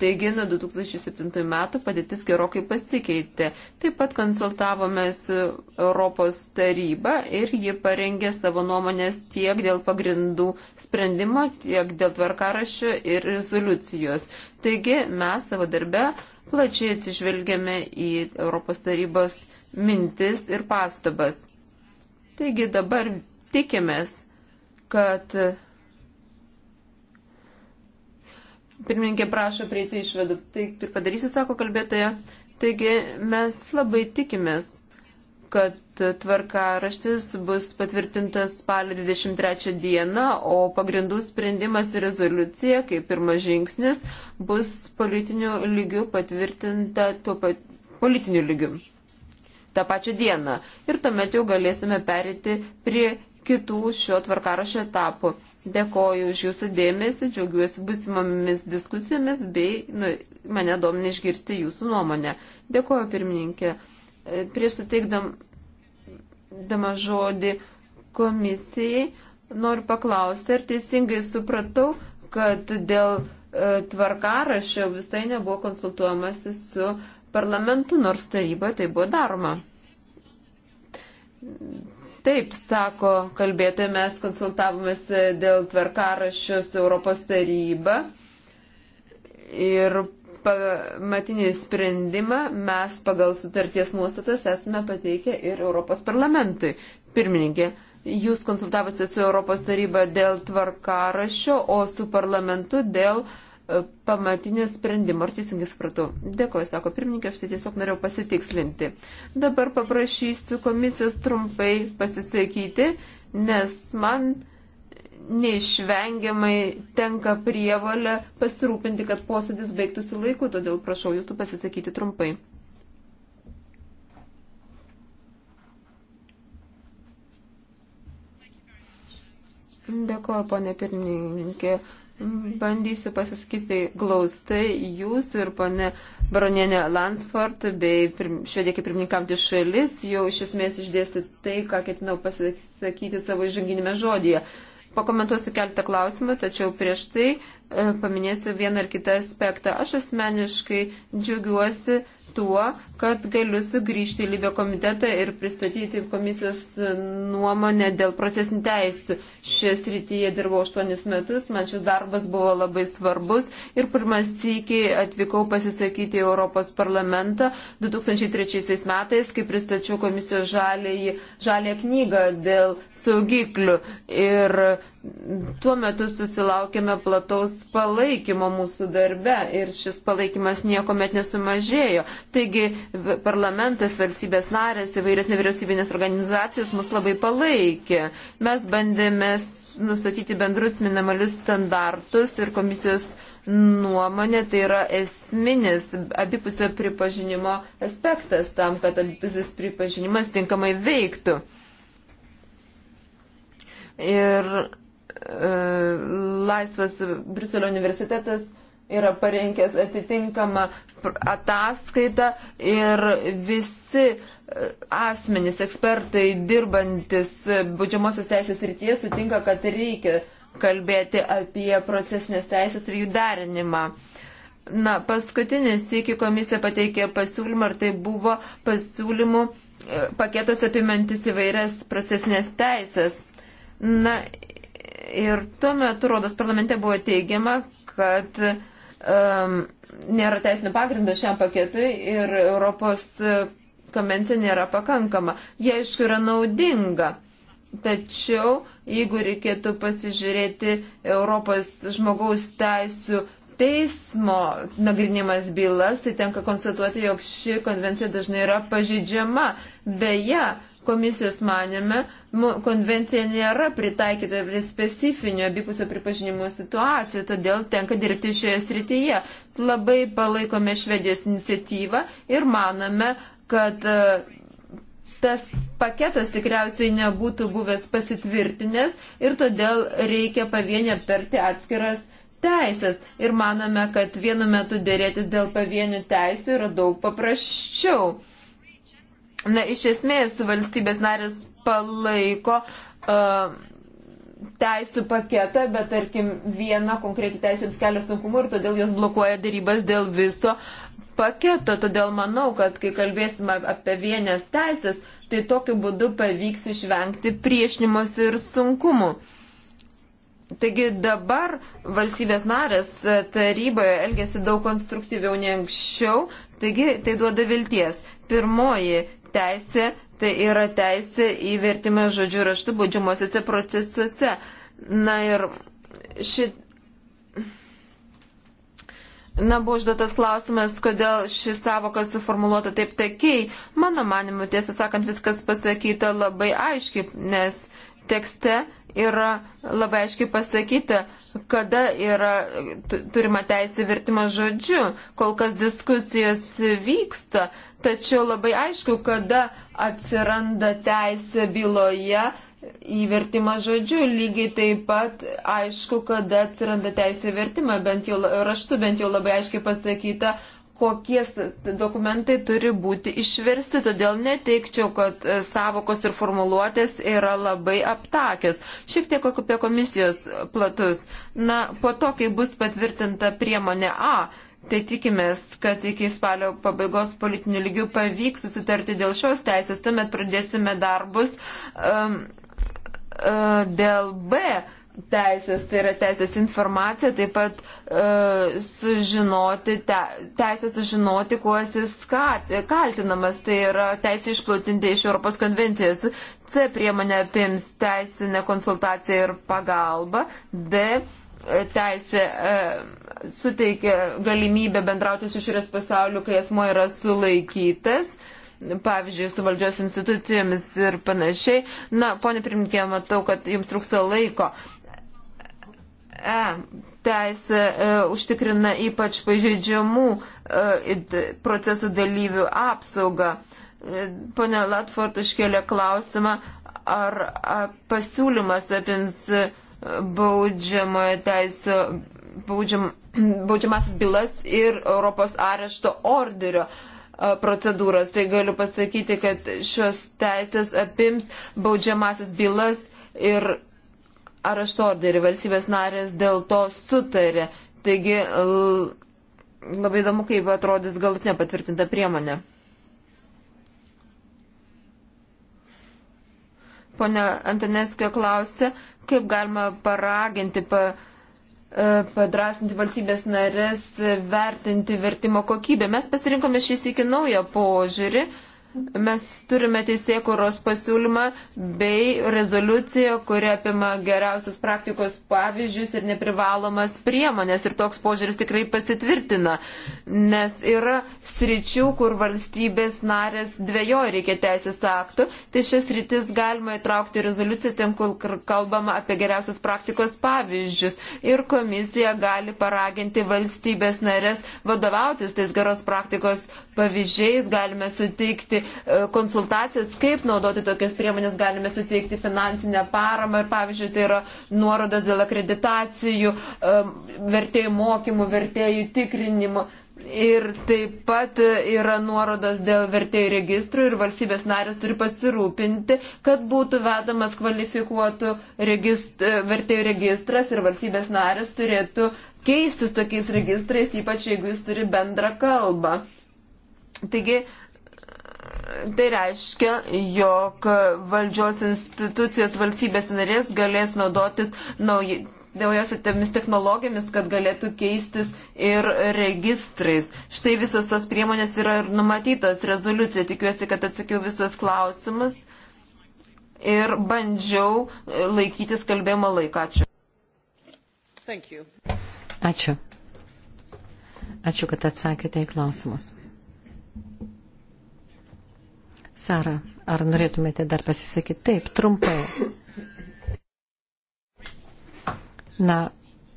B: Taigi nuo 2007 metų padėtis gerokai pasikeitė. Taip pat konsultavome su Europos taryba ir ji parengė savo nuomonės tiek dėl pagrindų sprendimo, tiek dėl tvarkaraščio ir rezoliucijos. Taigi mes savo darbe plačiai atsižvelgėme į Europos tarybos
E: mintis
B: ir pastabas. Taigi dabar tikimės, kad pirmininkė prašo prieiti išvadų. Taip ir padarysiu, sako kalbėtoja. Taigi mes labai tikimės, kad tvarkaraštis bus patvirtintas spalio 23 dieną, o pagrindų sprendimas ir rezoliucija, kaip pirmas žingsnis, bus politiniu lygiu patvirtinta tuo pat politiniu lygiu tą pačią dieną. Ir tuomet jau galėsime perėti prie kitų šio tvarkarašio etapų. Dėkoju už jūsų dėmesį, džiaugiuosi busimomis diskusijomis bei nu, mane domina išgirsti jūsų nuomonę. Dėkoju pirmininkė. E, prieš suteikdama žodį komisijai noriu paklausti, ar teisingai supratau, kad dėl e, tvarkarašio visai nebuvo konsultuojamasi su e, parlamentu, nors taryboje tai buvo daroma. Taip, sako kalbėtojai, mes konsultavomės dėl tvarkarašius Europos taryba ir pamatinį sprendimą mes pagal sutarties nuostatas esame pateikę ir Europos parlamentui. Pirmininkė, jūs konsultavote su Europos taryba dėl tvarkarašio, o su parlamentu dėl uh, pamatinio sprendimo, ar teisingai supratau. Dėkoju, sako pirmininkė, aš tai tiesiog norėjau pasitikslinti. Dabar paprašysiu komisijos trumpai pasisakyti, nes man neišvengiamai tenka prievalę pasirūpinti, kad posėdis baigtųsi laiku, todėl prašau jūsų pasisakyti trumpai. Dėkoju, ponė pirmininkė. Bandysiu pasisakyti glaustai jūs ir pane baronienė Lansford bei švedė kaip pirmininkamti šalis jau iš esmės išdėsti tai, ką ketinau pasisakyti savo įžanginėme žodėje. Pakomentuosiu keletą klausimų, tačiau prieš tai e, paminėsiu vieną ar kitą aspektą. Aš asmeniškai džiaugiuosi tuo, kad galiu sugrįžti į Libio komitetą ir pristatyti komisijos nuomonę dėl procesinių teisų. Šioje srityje dirbau 8 metus, man šis darbas buvo labai svarbus ir pirmas iki atvykau pasisakyti į Europos parlamentą 2003 metais, kai pristačiau komisijos žalę knygą dėl saugiklių. Ir tuo metu susilaukėme plataus palaikymo mūsų darbe ir šis palaikymas niekuomet nesumažėjo. Taigi parlamentas, valstybės narės, įvairias nevyriausybinės organizacijos mus labai palaikė. Mes bandėme nustatyti bendrus minimalius standartus ir komisijos nuomonė tai yra esminis abipusio pripažinimo aspektas tam, kad abipusis pripažinimas tinkamai veiktų. Ir e, laisvas Briuselio universitetas yra parengęs atitinkamą ataskaitą ir visi e, asmenys, ekspertai dirbantis būdžiamosios teisės rytyje sutinka, kad reikia kalbėti apie procesinės teisės ir jų derinimą. Na, paskutinis iki komisija pateikė pasiūlymą, ar tai buvo pasiūlymų e, paketas apimantis įvairias procesinės teisės. Na, ir tuo metu, rodos, parlamente buvo teigiama, kad um, nėra teisinio pagrindo šiam paketui ir Europos e, konvencija nėra pakankama. Jie aišku yra naudinga, tačiau jeigu reikėtų pasižiūrėti Europos žmogaus teisų teismo nagrinimas bylas, tai tenka konstatuoti, jog ši konvencija dažnai yra pažydžiama. Beje, komisijos manime, konvencija nėra pritaikyta prie specifinių abipusio pripažinimo situacijų, todėl tenka dirbti šioje srityje. Labai palaikome Švedijos iniciatyvą ir manome, kad e, tas paketas tikriausiai nebūtų buvęs pasitvirtinęs ir todėl reikia pavienį aptarti atskiras teisės. Ir manome, kad vienu metu dėrėtis dėl pavienių teisų yra daug paprasčiau. Na, iš esmės valstybės narės palaiko uh, teisų paketą, bet tarkim viena konkreti teisėms kelia sunkumų ir todėl jos blokuoja darybas dėl viso paketo. Todėl manau, kad kai kalbėsime apie vienės teisės, tai tokiu būdu pavyks išvengti priešinimus ir sunkumų. Taigi dabar valstybės narės e, taryboje elgesi daug konstruktyviau nei anksčiau, taigi tai duoda vilties. Pirmoji teisė tai yra teisė į vertimą žodžių raštų baudžiamosiuose procesuose. Na ir ši. Na, buvo užduotas klausimas, kodėl ši savoka suformuoluota taip tekiai. Mano manimu, tiesą sakant, viskas pasakyta labai aiškiai, nes tekste yra labai aiškiai pasakyta, kada yra turima teisė vertimą žodžiu. Kol kas diskusijos vyksta, tačiau labai aišku, kada atsiranda teisė byloje įvertimą žodžiu, lygiai taip pat aišku, kada atsiranda teisė vertimą, bent jau raštu, bent jau labai aiškiai pasakyta, kokie dokumentai turi būti išversti, todėl neteikčiau, kad e, savokos ir formuluotės yra labai aptakės. Šiek tiek apie komisijos platus. Na, po to, kai bus patvirtinta priemonė A, tai tikimės, kad iki spalio pabaigos politinių lygių pavyks susitarti dėl šios teisės, tuomet pradėsime darbus um, uh, dėl B teisės, tai yra teisės informacija, taip pat e, sužinoti, te, teisė sužinoti, kuo esi skat, kaltinamas, tai yra teisė išplotinti iš Europos konvencijos. C priemonė apims teisinę konsultaciją ir pagalbą. D e, teisė e, suteikia galimybę bendrauti su išorės pasauliu, kai asmo yra sulaikytas pavyzdžiui, su valdžios institucijomis ir panašiai. Na, ponė pirmininkė, matau, kad jums trūksta laiko. E teisė e, užtikrina ypač pažeidžiamų e, procesų dalyvių apsaugą. E, Pone Latford iškėlė klausimą, ar a, pasiūlymas apims e, baudžiamojo teisų, baudžiam, baudžiamasis bylas ir Europos arešto orderio e, procedūras. Tai galiu pasakyti, kad šios teisės apims baudžiamasis bylas ir arešto orderį, valstybės narės dėl to sutarė. Taigi labai įdomu, kaip atrodys galutinė patvirtinta priemonė. Pone Antoneskio klausė, kaip galima paraginti, pa, e, padrasinti valstybės narės, vertinti vertimo kokybę. Mes pasirinkome šį iki naują požiūrį. Po Mes turime teisėkuros pasiūlymą bei rezoliuciją, kuri apima geriausios praktikos pavyzdžius ir neprivalomas priemonės. Ir toks požiūris tikrai pasitvirtina, nes yra sričių, kur valstybės narės dviejoje reikia teisės aktų. Tai šias rytis galima įtraukti rezoliuciją ten, kur kalbama apie geriausios praktikos pavyzdžius. Ir komisija gali paraginti valstybės narės vadovautis tais geros praktikos pavyzdžiais, galime suteikti e, konsultacijas, kaip naudoti tokias priemonės, galime suteikti finansinę paramą, pavyzdžiui, tai yra nuorodas dėl akreditacijų, e, vertėjų mokymų, vertėjų tikrinimo. Ir taip pat e, yra nuorodos dėl vertėjų registrų ir valstybės narės turi pasirūpinti, kad būtų vedamas kvalifikuotų regist, vertėjų registras ir valstybės narės turėtų keistis tokiais registrais, ypač jeigu jis turi bendrą kalbą. Taigi, Tai reiškia, jog valdžios institucijos valstybės narės galės naudotis nauji, naujasiamis technologijomis, kad galėtų keistis ir registrais. Štai visos tos priemonės yra ir numatytos rezoliucija. Tikiuosi, kad atsakiau visus klausimus ir bandžiau e, laikytis kalbėjimo laiką.
C: Ačiū. Ačiū. Ačiū, kad atsakėte į klausimus. Sara, ar norėtumėte dar pasisakyti? Taip, trumpai. Na,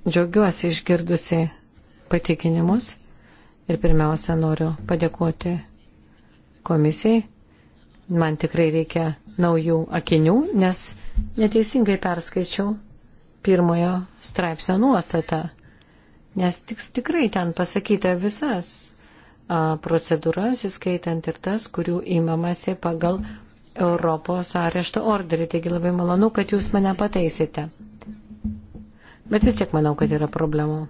C: džiaugiuosi išgirdusi patikinimus ir pirmiausia noriu padėkoti komisijai. Man tikrai reikia naujų akinių, nes neteisingai perskaičiau pirmojo straipsnio nuostatą, nes tiks tikrai ten pasakyta visas procedūras, įskaitant ir tas, kurių įmamasi pagal Europos arešto orderį. Taigi labai malonu, kad jūs mane pataisite. Bet vis tiek manau, kad yra problemų.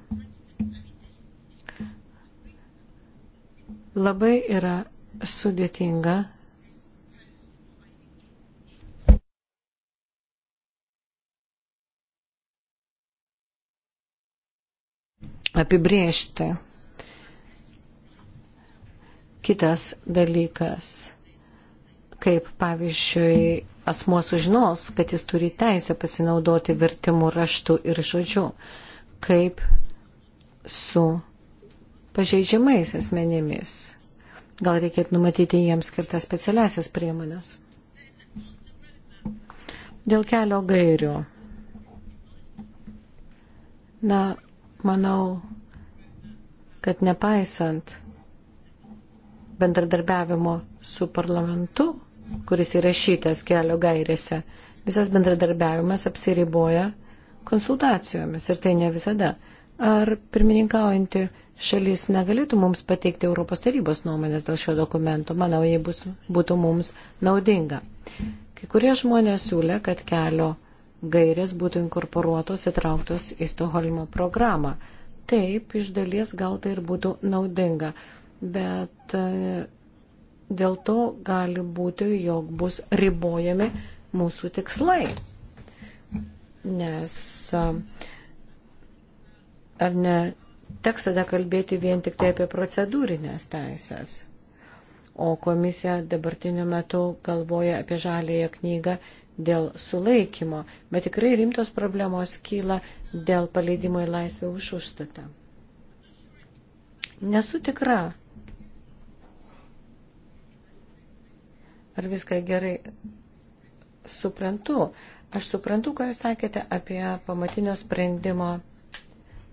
C: Labai yra sudėtinga apibriežti Kitas dalykas, kaip pavyzdžiui asmuo sužinos, kad jis turi teisę pasinaudoti vertimų raštų ir žodžių, kaip su pažeidžiamais asmenėmis. Gal reikėtų numatyti jiems skirtas specialiasias priemonės. Dėl kelio gairių. Na, manau, kad nepaisant bendradarbiavimo su parlamentu, kuris įrašytas kelio gairėse, visas bendradarbiavimas apsiriboja konsultacijomis ir tai ne visada. Ar pirmininkaujanti šalis negalėtų mums pateikti Europos tarybos nuomonės dėl šio dokumento? Manau, jei bus, būtų mums naudinga. Kai kurie žmonės siūlė, kad kelio gairės būtų inkorporuotos įtrauktos į Stoholmo programą. Taip, iš dalies gal tai ir būtų naudinga bet e, dėl to gali būti, jog bus ribojami mūsų tikslai. Nes e, ar ne teks tada kalbėti vien tik tai apie procedūrinės teisės. O komisija dabartiniu metu galvoja apie žalėją knygą dėl sulaikymo, bet tikrai rimtos problemos kyla dėl paleidimo į laisvę už užstatą. Nesu tikra, ar viską gerai suprantu. Aš suprantu, ką jūs sakėte apie pamatinio sprendimo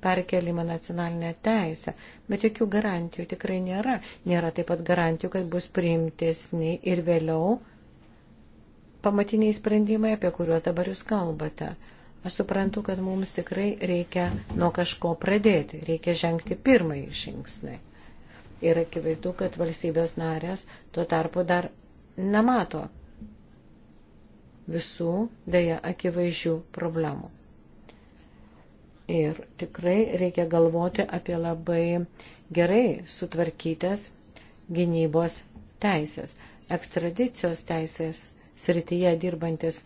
C: perkelimą nacionalinę teisę, bet jokių garantijų tikrai nėra. Nėra taip pat garantijų, kad bus priimtesni ir vėliau pamatiniai sprendimai, apie kuriuos dabar jūs kalbate. Aš suprantu, kad mums tikrai reikia nuo kažko pradėti, reikia žengti pirmąjį žingsnį. Ir akivaizdu, kad valstybės narės tuo tarpu dar nemato visų dėja akivaizdžių problemų. Ir tikrai reikia galvoti apie labai gerai sutvarkytas gynybos teisės. Ekstradicijos teisės srityje dirbantis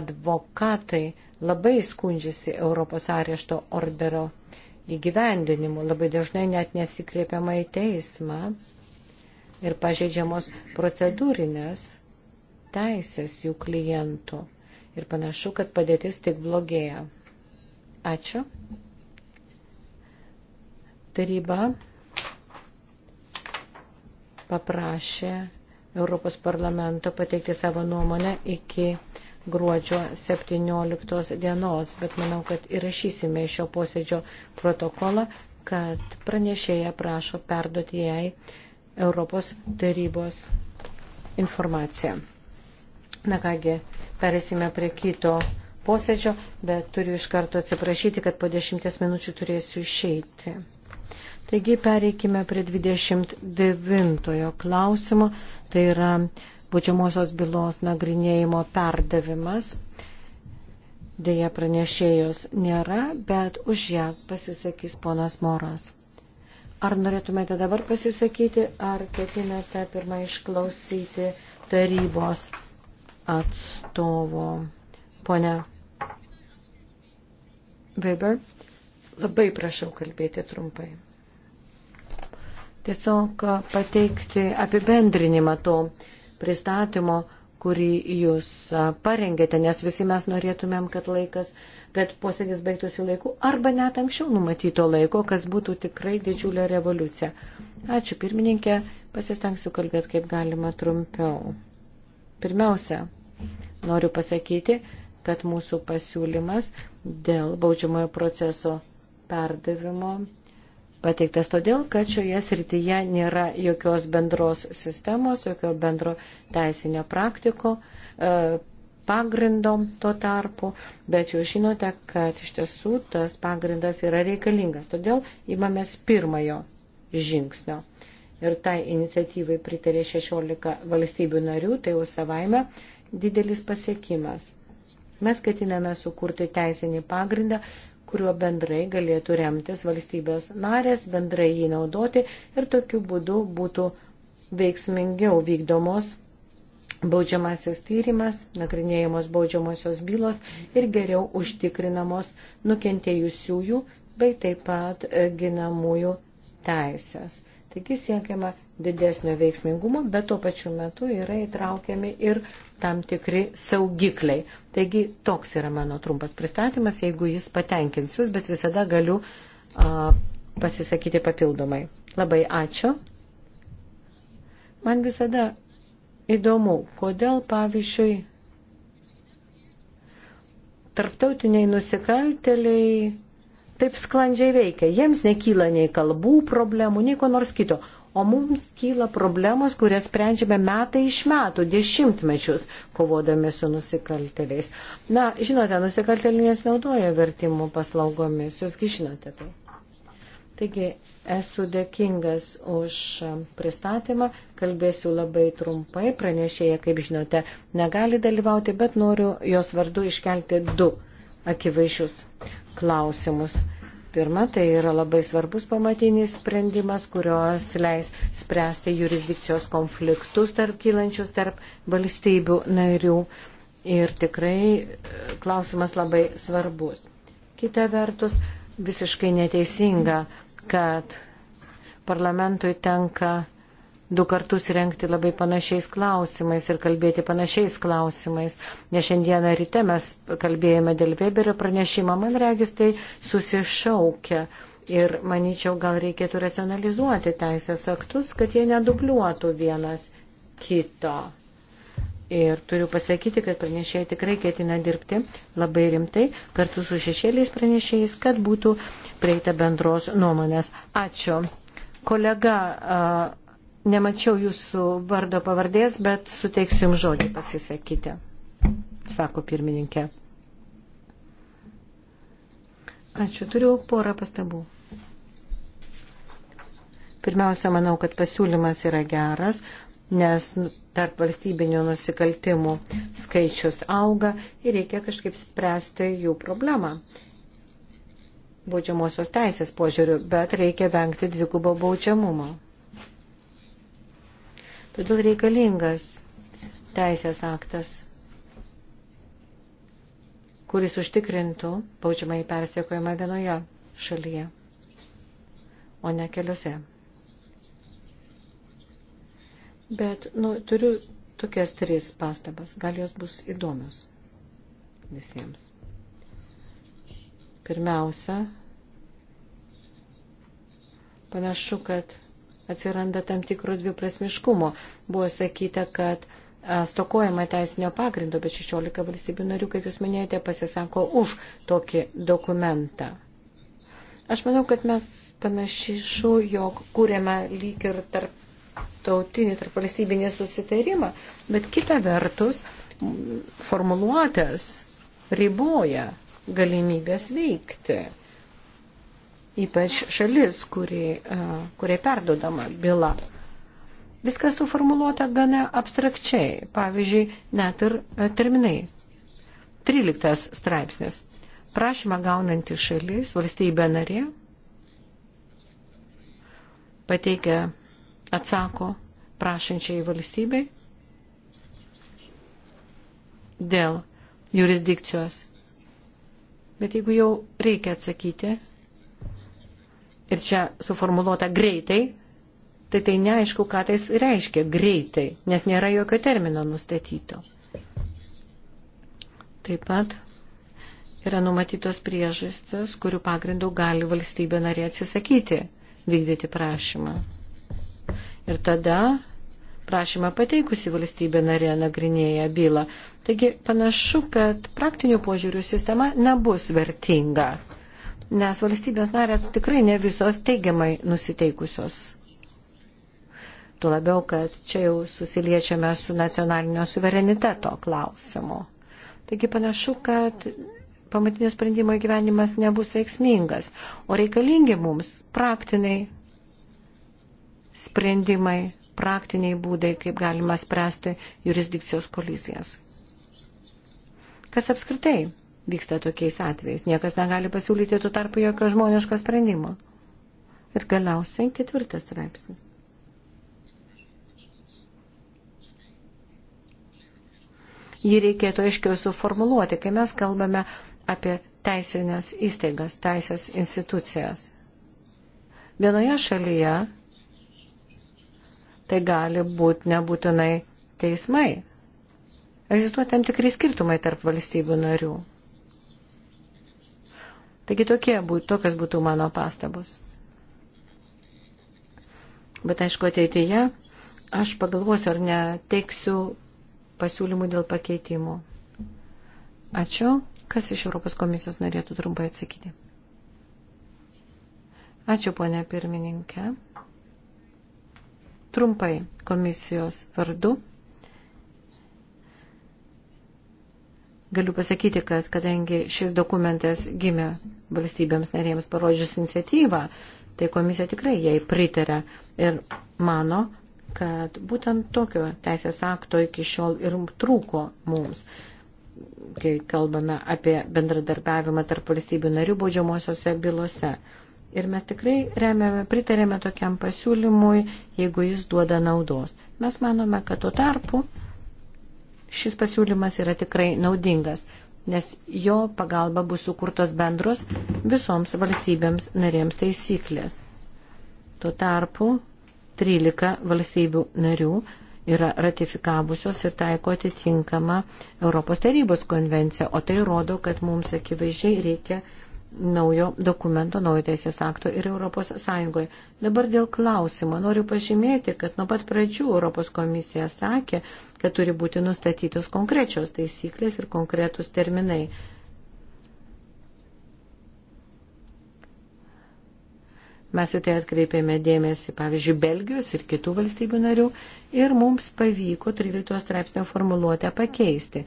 C: advokatai labai skundžiasi Europos arešto ordero įgyvendinimu, labai dažnai net nesikreipiama į teismą ir pažeidžiamos procedūrinės teisės jų klientų. Ir panašu, kad padėtis tik blogėja. Ačiū. Taryba paprašė Europos parlamento pateikti savo nuomonę iki gruodžio 17 dienos, bet manau, kad įrašysime šio posėdžio protokolą, kad pranešėja prašo perduoti jai Europos tarybos informaciją. Na kągi, perėsime prie kito posėdžio, bet turiu iš karto atsiprašyti, kad po dešimties minučių turėsiu išeiti. Taigi pereikime prie 29 klausimo, tai yra būčiamosios bylos nagrinėjimo perdavimas. Deja, pranešėjos nėra, bet už ją pasisakys ponas Moras. Ar norėtumėte dabar pasisakyti, ar ketinate pirmą išklausyti tarybos atstovo? Pone Weber, labai prašau kalbėti trumpai. Tiesiog pateikti apibendrinimą to pristatymo, kurį jūs parengėte, nes visi mes norėtumėm, kad laikas uh, kad posėdis baigtųsi laiku arba net anksčiau numatyto laiko, kas būtų tikrai didžiulė revoliucija. Ačiū pirmininkė, pasistengsiu kalbėti kaip galima trumpiau. Pirmiausia, noriu pasakyti, kad mūsų pasiūlymas dėl baudžiamojo proceso perdavimo pateiktas todėl, kad šioje srityje nėra jokios bendros sistemos, jokio bendro teisinio praktiko, e, pagrindo tuo tarpu, bet jūs žinote, kad iš tiesų tas pagrindas yra reikalingas. Todėl imamės pirmojo žingsnio. Ir tai iniciatyvai pritarė 16 valstybių narių, tai jau savaime didelis pasiekimas. Mes ketiname sukurti teisinį pagrindą, kuriuo bendrai galėtų remtis valstybės narės, bendrai jį naudoti ir tokiu būdu būtų veiksmingiau vykdomos baudžiamasis tyrimas, nagrinėjamos baudžiamosios bylos ir geriau užtikrinamos nukentėjusiųjų bei taip pat e, ginamųjų teisės. Taigi siekiama didesnio veiksmingumo, bet tuo pačiu metu yra įtraukiami ir tam tikri saugikliai. Taigi toks yra mano trumpas pristatymas, jeigu jis patenkins jūs, bet visada galiu a, pasisakyti papildomai. Labai ačiū. Man visada įdomu, kodėl pavyzdžiui tarptautiniai nusikalteliai taip sklandžiai veikia. Jiems nekyla nei kalbų problemų, nieko nors kito. O mums kyla problemos, kurias sprendžiame metai iš metų, dešimtmečius, kovodami su nusikalteliais. Na, žinote, nusikalteliai nesinaudoja vertimų paslaugomis, jūsgi žinote tai. Taigi esu dėkingas už pristatymą, kalbėsiu labai trumpai, pranešėja, kaip žinote, negali dalyvauti, bet noriu jos vardu iškelti du akivaizdžius klausimus. Pirma, tai yra labai svarbus pamatinis sprendimas, kurios leis spręsti jurisdikcijos konfliktus tarp kylančius tarp valstybių narių. Ir tikrai e, klausimas labai svarbus. Kita vertus, visiškai neteisinga kad parlamentui tenka du kartus renkti labai panašiais klausimais ir kalbėti panašiais klausimais. Ne šiandieną ryte mes kalbėjome dėl Weberio pranešimą, man regis tai susišaukia. Ir manyčiau, gal reikėtų racionalizuoti teisės aktus, kad jie nedubliuotų vienas kito. Ir turiu pasakyti, kad pranešėjai tikrai ketina dirbti labai rimtai kartu su šešėliais pranešėjais, kad būtų prieita bendros nuomonės. Ačiū. Kolega, nemačiau jūsų vardo pavardės, bet suteiksiu jums žodį pasisakyti, sako pirmininkė. Ačiū. Turiu porą pastabų. Pirmiausia, manau, kad pasiūlymas yra geras, nes tarp valstybinių nusikaltimų skaičius auga ir reikia kažkaip spręsti jų problemą baudžiamosios teisės požiūriu, bet reikia vengti dvigubo baudžiamumo. Todėl reikalingas teisės aktas, kuris užtikrintų baudžiamąjį persiekojimą vienoje šalyje, o ne keliose. Bet, nu, turiu tokias tris pastabas. Gal jos bus įdomios visiems. Pirmiausia, panašu, kad atsiranda tam tikro dviprasmiškumo. Buvo sakyta, kad stokojama teisinio pagrindo, bet 16 valstybių narių, kaip jūs minėjote, pasisako už tokį dokumentą. Aš manau, kad mes panašišu, jog kūrėme lyg ir tarp tarptautinį, tarpvalstybinį susitarimą, bet kita vertus formuluotės riboja galimybės veikti. Ypač šalis, kuriai, e, kuriai perdodama byla. Viskas suformuluota gana abstrakčiai, pavyzdžiui, net ir e, terminai. 13 straipsnis. Prašymą gaunanti šalis, valstybė narė, pateikia atsako prašančiai valstybei dėl jurisdikcijos. Bet jeigu jau reikia atsakyti, ir čia suformuoluota greitai, tai tai neaišku, ką tai reiškia greitai, nes nėra jokio termino nustatyto. Taip pat yra numatytos priežastis, kurių pagrindų gali valstybė narė atsisakyti vykdyti prašymą. Ir tada prašymą pateikusi valstybė narė nagrinėja bylą. Taigi panašu, kad praktinių požiūrių sistema nebus vertinga, nes valstybės narės tikrai ne visos teigiamai nusiteikusios. Tuo labiau, kad čia jau susiliečiame su nacionalinio suvereniteto klausimu. Taigi panašu, kad pamatinio sprendimo įgyvenimas nebus veiksmingas, o reikalingi mums praktiniai sprendimai, praktiniai būdai, kaip galima spręsti jurisdikcijos kolizijas. Kas apskritai vyksta tokiais atvejais? Niekas negali pasiūlyti tuo tarpu jokio žmoniško sprendimo. Ir galiausiai ketvirtas straipsnis. Jį reikėtų aiškiau suformuluoti, kai mes kalbame apie teisinės įstaigas, teisės institucijas. Vienoje šalyje tai gali būti nebūtinai teismai. Egzistuoja tam tikri skirtumai tarp valstybių narių. Taigi tokie būtų, tokios būtų mano pastabos. Bet aišku, ateityje aš pagalvosiu, ar neteiksiu pasiūlymų dėl pakeitimų. Ačiū. Kas iš Europos komisijos norėtų trumpai atsakyti? Ačiū, ponė pirmininkė trumpai komisijos vardu. Galiu pasakyti, kad kadangi šis dokumentas gimė valstybėms narėms parodžius iniciatyvą, tai komisija tikrai jai pritarė ir mano, kad būtent tokio teisės akto iki šiol ir trūko mums kai kalbame apie bendradarbiavimą tarp valstybių narių baudžiamosiose bylose. Ir mes tikrai remiame, pritarėme tokiam pasiūlymui, jeigu jis duoda naudos. Mes manome, kad tuo tarpu šis pasiūlymas yra tikrai naudingas, nes jo pagalba bus sukurtos bendros visoms valstybėms narėms taisyklės. Tuo tarpu 13 valstybių narių yra ratifikavusios ir taiko atitinkamą Europos tarybos konvenciją, o tai rodo, kad mums akivaizdžiai reikia naujo dokumento, naujo teisės akto ir Europos Sąjungoje. Dabar dėl klausimo noriu pažymėti, kad nuo pat pradžių Europos komisija sakė, kad turi būti nustatytos konkrečios taisyklės ir konkretus terminai. Mes į tai atkreipėme dėmesį, pavyzdžiui, Belgijos ir kitų valstybių narių ir mums pavyko 13 straipsnio formuluotę pakeisti.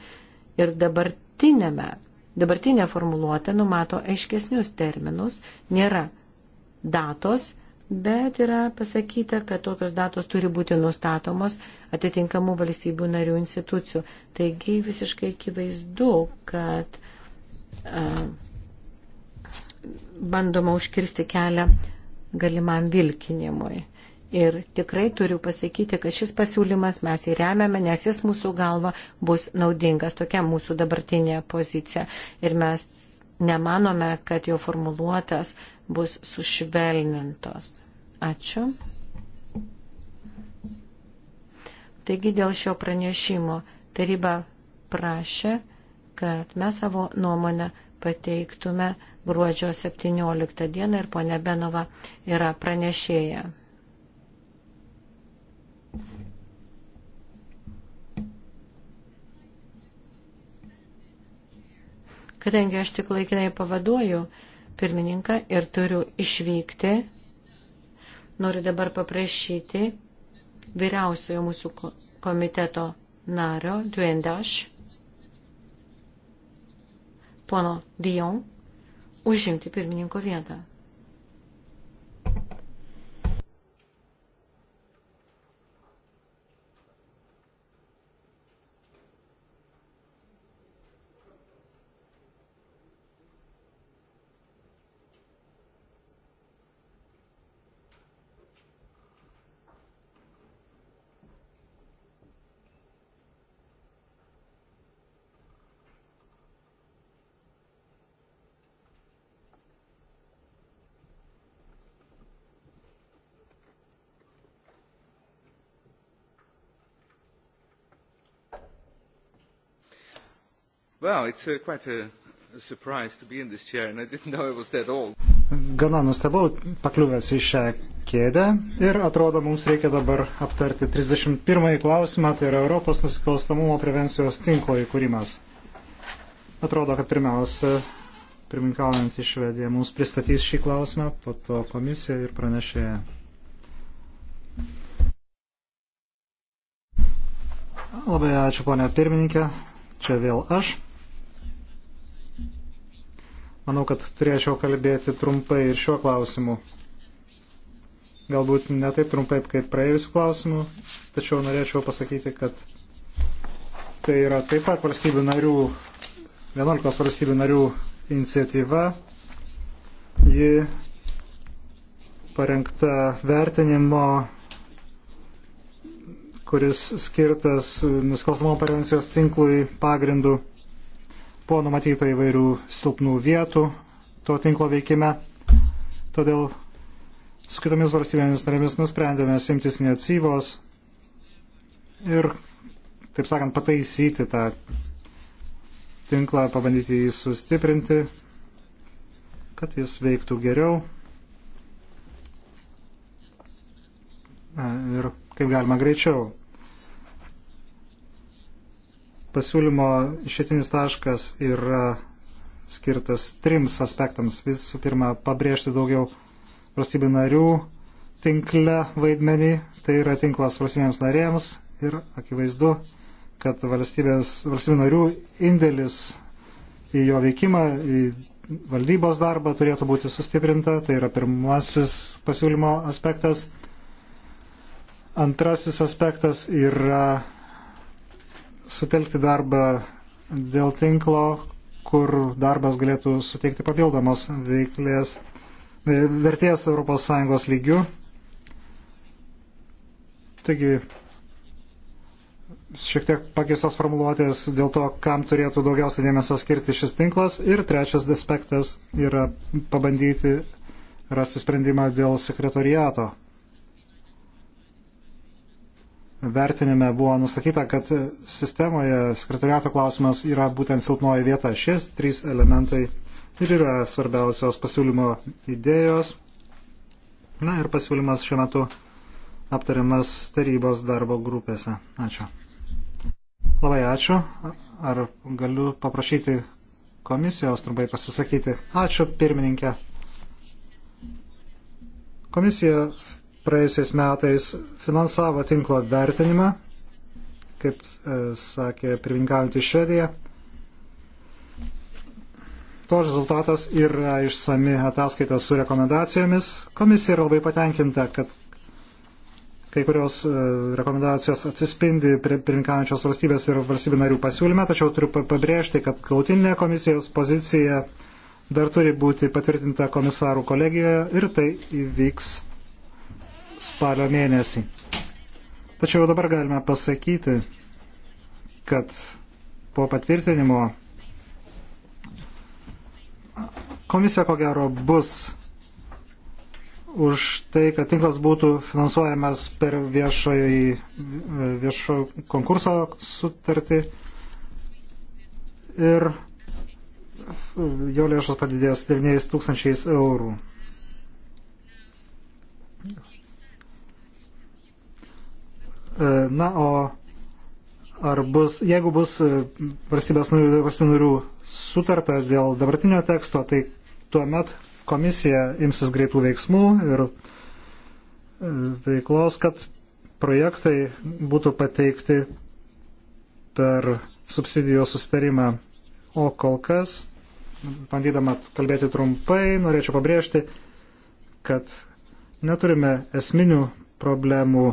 C: Ir dabartinėme Dabartinė formuluotė numato aiškesnius terminus, nėra datos, bet yra pasakyta, kad tokios datos turi būti nustatomos atitinkamų valstybių narių institucijų. Taigi visiškai akivaizdu, kad a, bandoma užkirsti kelią galimam vilkinimui. Ir tikrai turiu pasakyti, kad šis pasiūlymas mes įremiame, nes jis mūsų galva bus naudingas. Tokia mūsų dabartinė pozicija. Ir mes nemanome, kad jo formuluotas bus sušvelnintos. Ačiū. Taigi dėl šio pranešimo taryba prašė, kad mes savo nuomonę pateiktume gruodžio 17 dieną ir ponia Benova yra pranešėja. Kadangi aš tik laikinai pavaduoju pirmininką ir turiu išvykti, noriu dabar paprašyti vyriausiojo mūsų komiteto nario Duendaš, pono Dion, užimti pirmininko vietą.
A: Well, it's uh, quite a, a surprise to be in this chair, and I didn't know it was that
E: old. Gana nustebau pakliuvęs į šią kėdę ir atrodo mums reikia dabar aptarti 31 klausimą, tai yra Europos nusikalstamumo prevencijos tinklo įkūrimas. Atrodo, kad pirmiausia, pirminkaujant iš Švediją, mums pristatys šį klausimą, po to komisija ir pranešėja. Labai ačiū, ponia pirmininkė. Čia vėl aš. Manau, kad turėčiau kalbėti trumpai ir šiuo klausimu. Galbūt ne taip trumpai kaip praėjusiu klausimu, tačiau norėčiau pasakyti, kad tai yra taip pat valstybių narių, 11 valstybių narių iniciatyva. Ji parengta vertinimo, kuris skirtas nusikalstamo prevencijos tinklui pagrindų Buvo numatyta įvairių silpnų vietų to tinklo veikime. Todėl su kitomis valstybėmis narėmis nusprendėme simtis iniciatyvos ir, taip sakant, pataisyti tą tinklą, pabandyti jį sustiprinti, kad jis veiktų geriau. ir kaip galima greičiau pasiūlymo išėtinis taškas yra skirtas trims aspektams. Visų pirma, pabrėžti daugiau valstybių narių tinkle vaidmenį, tai yra tinklas valstybėms narėms ir akivaizdu, kad valstybių narių indėlis į jo veikimą, į valdybos darbą turėtų būti sustiprinta, tai yra pirmasis pasiūlymo aspektas. Antrasis aspektas yra sutelkti darbą dėl tinklo, kur darbas galėtų suteikti papildomos veiklės, e, vertės ES lygių. Taigi, šiek tiek pakeistas formuluotės dėl to, kam turėtų daugiausia dėmesio skirti šis tinklas. Ir trečias aspektas yra pabandyti rasti sprendimą dėl sekretoriato vertinime buvo nustatyta, kad sistemoje sekretoriato klausimas yra būtent silpnoji vieta. Šis trys elementai ir yra svarbiausios pasiūlymo idėjos. Na ir pasiūlymas šiuo metu aptariamas tarybos darbo grupėse. Ačiū. Labai ačiū. Ar galiu paprašyti komisijos trumpai pasisakyti? Ačiū, pirmininkė. Komisija praėjusiais metais finansavo tinklo vertinimą, kaip e, sakė pirmininkaujantį Švediją. To rezultatas yra išsami ataskaita su rekomendacijomis. Komisija yra labai patenkinta, kad kai kurios e, rekomendacijos atsispindi pirminkaujančios valstybės ir valstybių narių pasiūlyme, tačiau turiu pabrėžti, kad gautinė komisijos pozicija dar turi būti patvirtinta komisarų kolegijoje ir tai įvyks spalio mėnesį. Tačiau dabar galime pasakyti, kad po patvirtinimo komisija ko gero bus už tai, kad tinklas būtų finansuojamas per viešoji, viešo konkurso sutartį ir jo lėšos padidės 9 tūkstančiais eurų. E, na, o ar bus, jeigu bus e, valstybės narių sutarta dėl dabartinio teksto, tai tuomet komisija imsis greitų veiksmų ir e, veiklos, kad projektai būtų pateikti per subsidijos susitarimą. O kol kas, bandydama kalbėti trumpai, norėčiau pabrėžti, kad neturime esminių problemų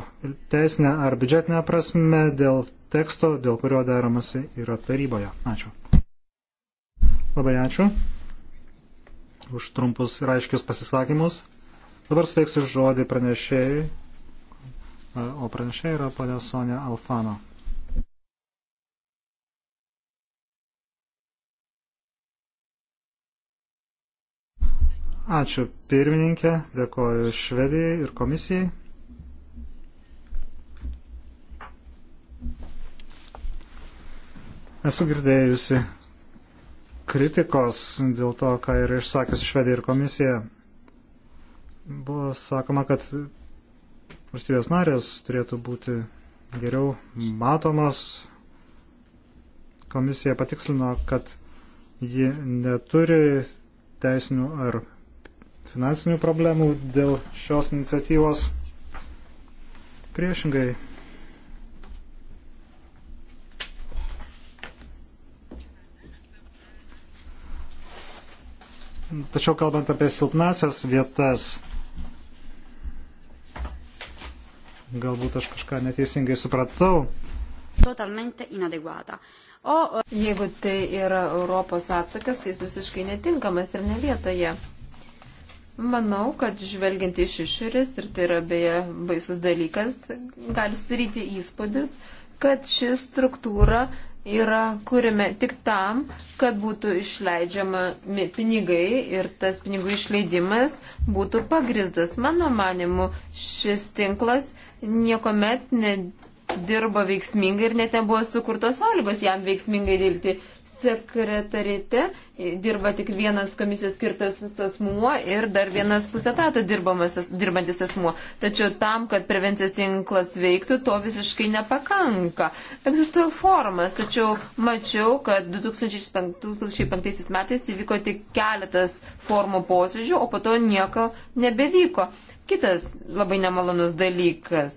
E: teisinę ar biudžetinę prasme dėl teksto, dėl kurio deramasi yra taryboje. Ačiū. Labai ačiū už trumpus ir aiškius pasisakymus. Dabar suteiksiu žodį pranešėjai, o pranešėjai yra ponia Sonia Alfano. Ačiū pirmininkė, dėkoju Švedijai ir komisijai. Esu girdėjusi kritikos dėl to, ką yra išsakęs Švedija ir komisija. Buvo sakoma, kad valstybės narės turėtų būti geriau matomos. Komisija patikslino, kad ji neturi teisinių ar finansinių problemų dėl šios iniciatyvos. Priešingai, Tačiau kalbant apie silpnasias vietas, galbūt aš kažką neteisingai supratau.
D: Totalmente inadeguata. O
B: jeigu tai yra Europos atsakas, tai jis visiškai netinkamas ir ne vietoje. Manau, kad žvelgiant iš išorės, ir tai yra beje baisus dalykas, gali sudaryti įspūdis, kad ši struktūra yra kūrime tik tam, kad būtų išleidžiama pinigai ir tas pinigų išleidimas būtų pagristas. Mano manimu, šis tinklas niekuomet nedirbo veiksmingai ir net nebuvo sukurtos sąlygos jam veiksmingai dirbti sekretarite dirba tik vienas komisijos skirtas asmuo ir dar vienas pusetato dirbantis asmuo. Tačiau tam, kad prevencijos tinklas veiktų, to visiškai nepakanka. Egzistuoja formas, tačiau mačiau, kad 2005 metais įvyko tik keletas formų posėdžių, o po to nieko nebevyko. Kitas labai nemalonus dalykas.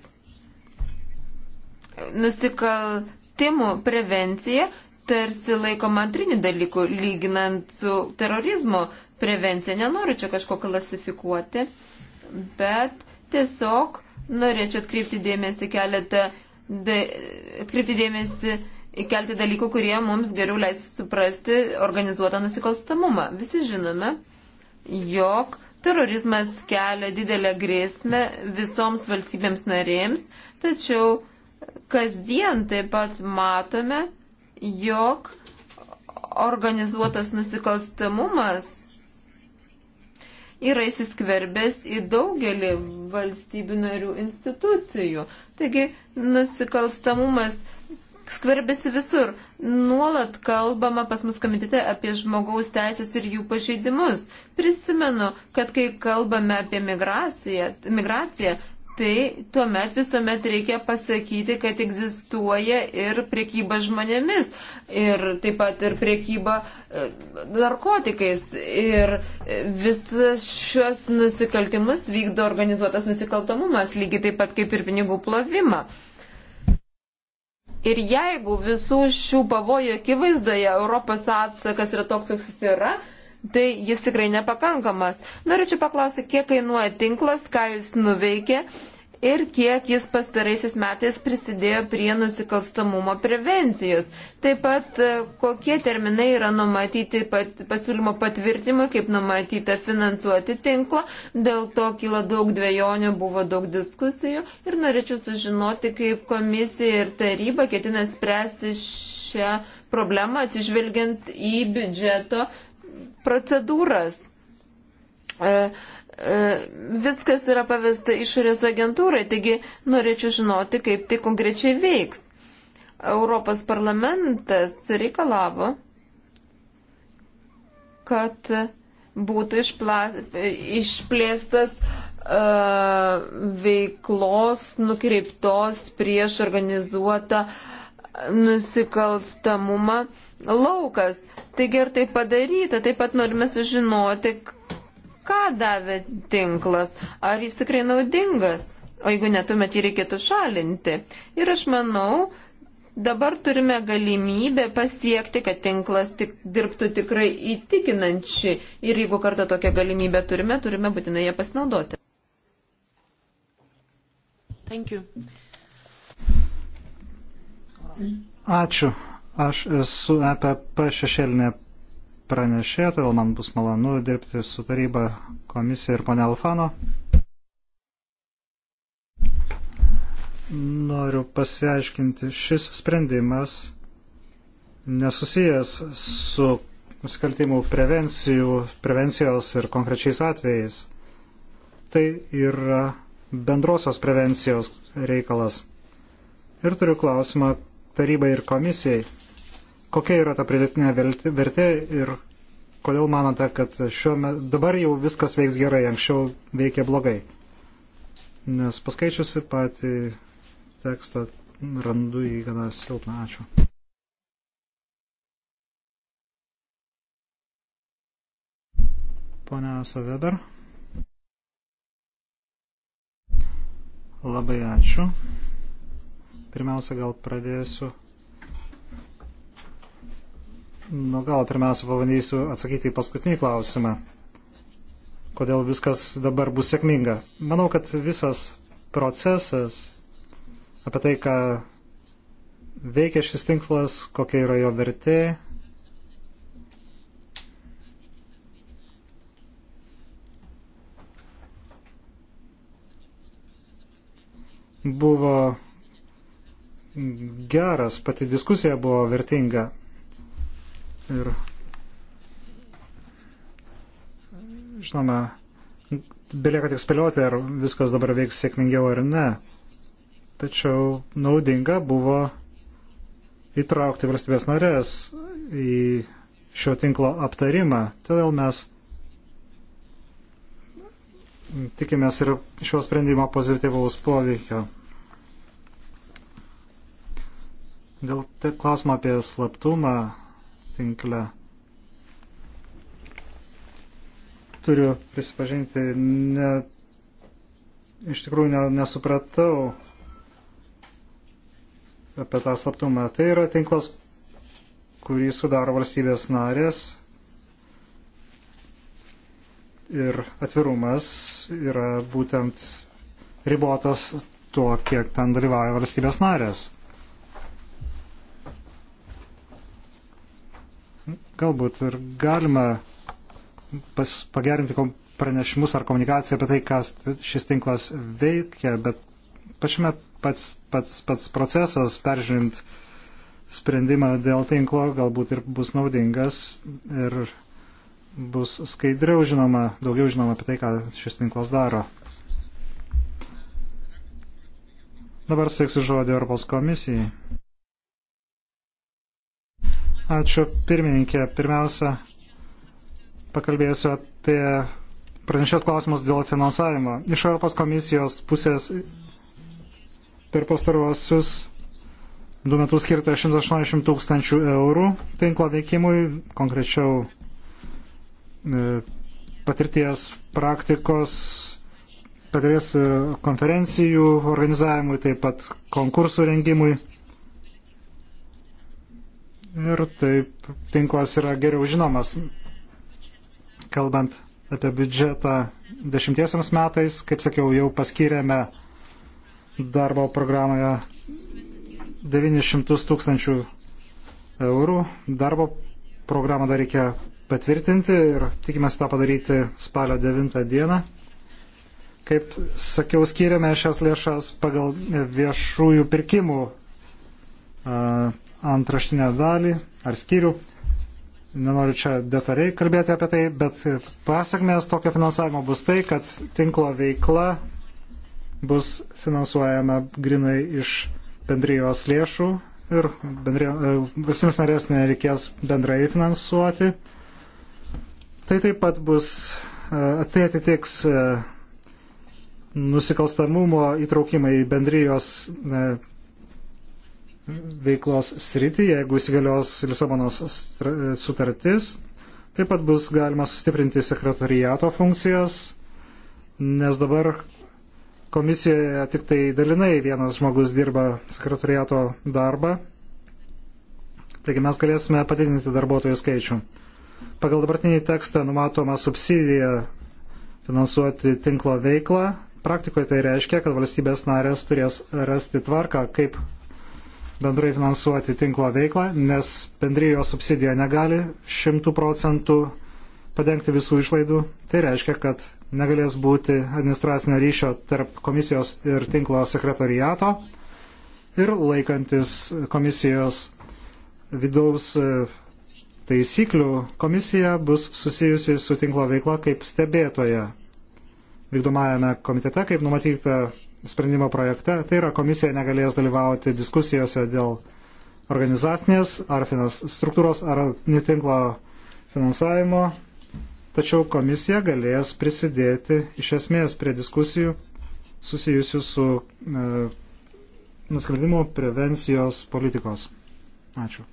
B: Nusikal timų prevencija tarsi laikoma antriniu dalyku, lyginant su terorizmo prevencija. Nenoriu čia kažko klasifikuoti, bet tiesiog norėčiau atkreipti dėmesį keletą, de, atkreipti dėmesį įkelti dalykų, kurie mums geriau leis suprasti organizuotą nusikalstamumą. Visi žinome, jog terorizmas kelia didelę grėsmę visoms valstybėms narėms, tačiau kasdien taip pat matome, jog organizuotas nusikalstamumas yra įsiskverbęs į daugelį valstybių narių institucijų. Taigi nusikalstamumas skverbiasi visur. Nuolat kalbama pas mus komitete apie žmogaus teisės ir jų pažeidimus. Prisimenu, kad kai kalbame apie migraciją, migraciją tai tuomet visuomet reikia pasakyti, kad egzistuoja ir priekyba žmonėmis, ir taip pat ir priekyba e, narkotikais. Ir visas šios nusikaltimus vykdo organizuotas nusikaltamumas, lygiai taip pat kaip ir pinigų plovimą. Ir jeigu visų šių pavojų akivaizdoje Europos atsakas yra toks, koks jis yra, tai jis tikrai nepakankamas. Norėčiau paklausyti, kiek kainuoja tinklas, ką jis nuveikė ir kiek jis pastaraisiais metais prisidėjo prie nusikalstamumo prevencijos. Taip pat e, kokie terminai yra numatyti pat, pasiūlymo patvirtimui, kaip numatyta finansuoti tinklą, dėl to kyla daug dviejonių, buvo daug diskusijų ir norėčiau sužinoti, kaip komisija ir taryba ketina spręsti šią problemą atsižvelgiant į biudžeto procedūras. E, e, viskas yra pavesta išorės agentūrai, taigi norėčiau žinoti, kaip tai konkrečiai veiks. Europos parlamentas reikalavo, kad būtų išpla, išplėstas uh, veiklos nukreiptos prieš organizuotą uh, nusikalstamumą laukas. Taigi ir tai padaryta, taip pat norime sužinoti, ką davė tinklas, ar jis tikrai naudingas, o jeigu netuomet jį reikėtų šalinti. Ir aš manau, dabar turime galimybę pasiekti, kad tinklas tik, dirbtų tikrai įtikinančiai ir jeigu kartą tokią galimybę turime, turime būtinai ją pasinaudoti.
D: Thank you.
E: Ačiū. Aš esu EPP šešėlinė pranešė, todėl man bus malonu dirbti su taryba komisija ir ponia Alfano. Noriu pasiaiškinti, šis sprendimas nesusijęs su nusikaltimų prevencijos ir konkrečiais atvejais. Tai yra bendrosios prevencijos reikalas. Ir turiu klausimą tarybai ir komisijai. Kokia yra ta pridėtinė vertė ir kodėl manote, kad šiuo metu dabar jau viskas veiks gerai, anksčiau veikė blogai? Nes paskaičiusi patį tekstą randu jį gana silpną. Ačiū. Pone Saveber. Labai ačiū. Pirmiausia, gal pradėsiu. Nu, gal pirmiausia, pabandysiu atsakyti į paskutinį klausimą. Kodėl viskas dabar bus sėkminga? Manau, kad visas procesas apie tai, ką veikia šis tinklas, kokia yra jo vertė. Buvo geras, pati diskusija buvo vertinga. Ir žinoma, belieka tik spėlioti, ar viskas dabar veiks sėkmingiau ar ne. Tačiau naudinga buvo įtraukti valstybės narės į šio tinklo aptarimą. Todėl mes tikimės ir šio sprendimo pozityvaus poveikio. Dėl klausimo apie slaptumą tinkle. Turiu prisipažinti, ne, iš tikrųjų ne, nesupratau apie tą slaptumą. Tai yra tinklas, kurį sudaro valstybės narės. Ir atvirumas yra būtent ribotas tuo, kiek ten dalyvauja valstybės narės. Galbūt ir galima pas, pagerinti pranešimus ar komunikaciją apie tai, ką šis tinklas veikia, bet pačiame pats, pats, pats procesas, peržiūrint sprendimą dėl tinklo, galbūt ir bus naudingas ir bus skaidriau žinoma, daugiau žinoma apie tai, ką šis tinklas daro. Dabar sėksiu žodį Europos komisijai. Ačiū pirmininkė. Pirmiausia, pakalbėsiu apie pranešės klausimus dėl finansavimo. Iš Europos komisijos pusės per pastaruosius du metus skirta 180 tūkstančių eurų tinklo veikimui, konkrečiau e, patirties praktikos, patirties e, konferencijų organizavimui, taip pat konkursų rengimui ir taip tinklas yra geriau žinomas. Kalbant apie biudžetą dešimtiesiams metais, kaip sakiau, jau paskyrėme darbo programoje 900 tūkstančių eurų. Darbo programą dar reikia patvirtinti ir tikimės tą padaryti spalio 9 dieną. Kaip sakiau, skiriame šias lėšas pagal viešųjų pirkimų antraštinę dalį ar skyrių. Nenoriu čia detaliai kalbėti apie tai, bet pasakmės tokio finansavimo bus tai, kad tinklo veikla bus finansuojama grinai iš bendrijos lėšų ir e, visiems narės nereikės bendrai finansuoti. Tai taip pat bus, e, tai atitiks e, nusikalstamumo įtraukimą į bendrijos veiklos sritį, jeigu įsigalios Lisabonos sutartis. Taip pat bus galima sustiprinti sekretariato funkcijas, nes dabar komisijoje tik tai dalinai vienas žmogus dirba sekretariato darbą. Taigi mes galėsime padidinti darbuotojų skaičių. Pagal dabartinį tekstą numatoma subsidija finansuoti tinklo veiklą. Praktikoje tai reiškia, kad valstybės narės turės rasti tvarką, kaip bendrai finansuoti tinklo veiklą, nes bendrijo subsidija negali šimtų procentų padengti visų išlaidų. Tai reiškia, kad negalės būti administracinio ryšio tarp komisijos ir tinklo sekretariato ir laikantis komisijos vidaus e, taisyklių komisija bus susijusi su tinklo veikla kaip stebėtoja vykdomajame komitete, kaip numatyta sprendimo projekte, tai yra komisija negalės dalyvauti diskusijose dėl organizacinės ar finans, struktūros ar netinklo finansavimo, tačiau komisija galės prisidėti iš esmės prie diskusijų susijusių su e, nusikaltimų prevencijos politikos. Ačiū.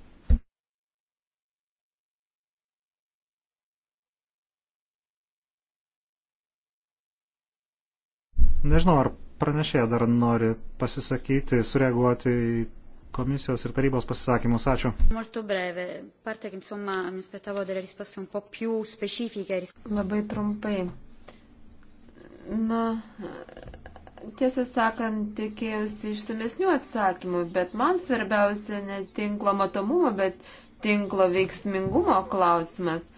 E: Nežinau, ar pranešėja dar nori pasisakyti, sureaguoti į komisijos ir tarybos pasisakymus. Ačiū.
D: Labai trumpai.
B: Na, tiesą sakant, tikėjusi išsamesnių atsakymų, bet man svarbiausia ne tinklo matomumo, bet tinklo veiksmingumo klausimas.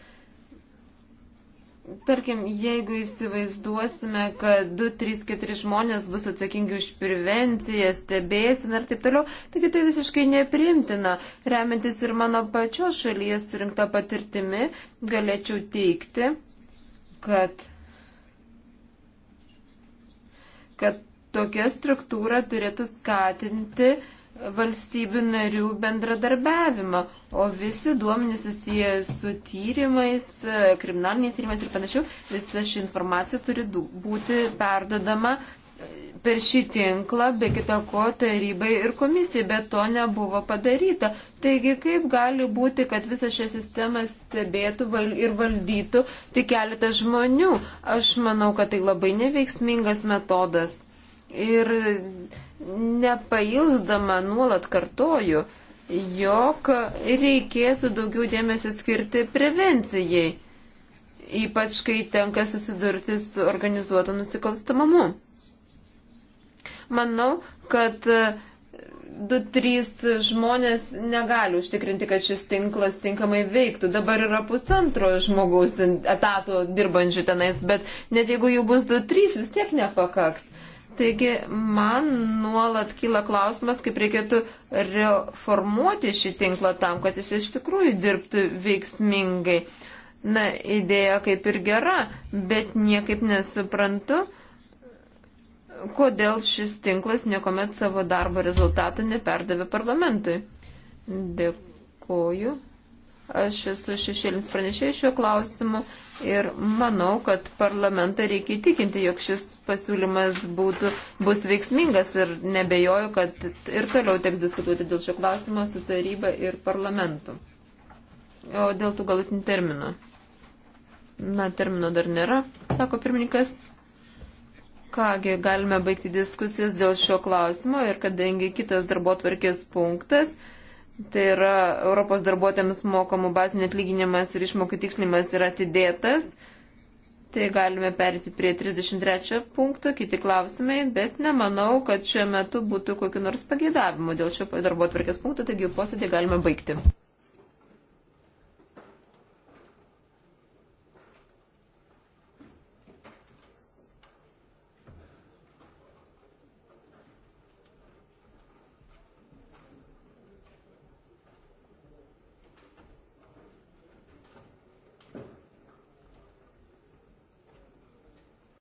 B: Tarkim, jeigu įsivaizduosime, kad 2, 3, 4 žmonės bus atsakingi už prevenciją, stebėsiną ir taip toliau, taigi tai visiškai neprimtina. Remiantis ir mano pačios šalyje surinkta patirtimi, galėčiau teikti, kad, kad tokia struktūra turėtų skatinti uh, valstybių narių bendradarbiavimą, o visi duomenys susiję su tyrimais, kriminaliniais tyrimais ir panašiau, visa ši informacija turi būti perdodama e, per šį tinklą, be kita ko, tarybai ir komisijai, bet to nebuvo padaryta. Taigi, kaip gali būti, kad visą šią sistemą stebėtų val ir valdytų tik keletas žmonių? Aš manau, kad tai labai neveiksmingas metodas. Ir nepailsdama nuolat kartoju, jog reikėtų daugiau dėmesio skirti prevencijai, ypač kai tenka susidurti su organizuotu nusikalstamamu. Manau, kad du, trys žmonės negali užtikrinti, kad šis tinklas tinkamai veiktų. Dabar yra pusantro žmogaus etato dirbančių tenais, bet net jeigu jų bus du, trys, vis tiek nepakaks. Taigi man nuolat kyla klausimas, kaip reikėtų reformuoti šį tinklą tam, kad jis iš tikrųjų dirbtų veiksmingai. Na, idėja kaip ir gera, bet niekaip nesuprantu, kodėl šis tinklas niekuomet savo darbo rezultatų neperdavė parlamentui. Dėkuoju. Aš esu šešėlis pranešėjai šiuo klausimu Ir manau, kad parlamentą reikia įtikinti, jog šis pasiūlymas būtų, bus veiksmingas ir nebejoju, kad ir toliau teks diskutuoti dėl šio klausimo su taryba ir parlamentu. O dėl tų galutinių terminų. Na, termino dar nėra, sako pirmininkas. Kągi, galime baigti diskusijas dėl šio klausimo ir kadangi kitas darbo tvarkės punktas Tai yra Europos darbuotojams mokamų bazinių atlyginimas ir išmokų tikslinimas yra atidėtas. Tai galime perėti prie 33 punkto, kiti klausimai, bet nemanau, kad šiuo metu būtų kokiu nors pageidavimu dėl šio darbo atvarkės punkto, taigi posėdį galime baigti.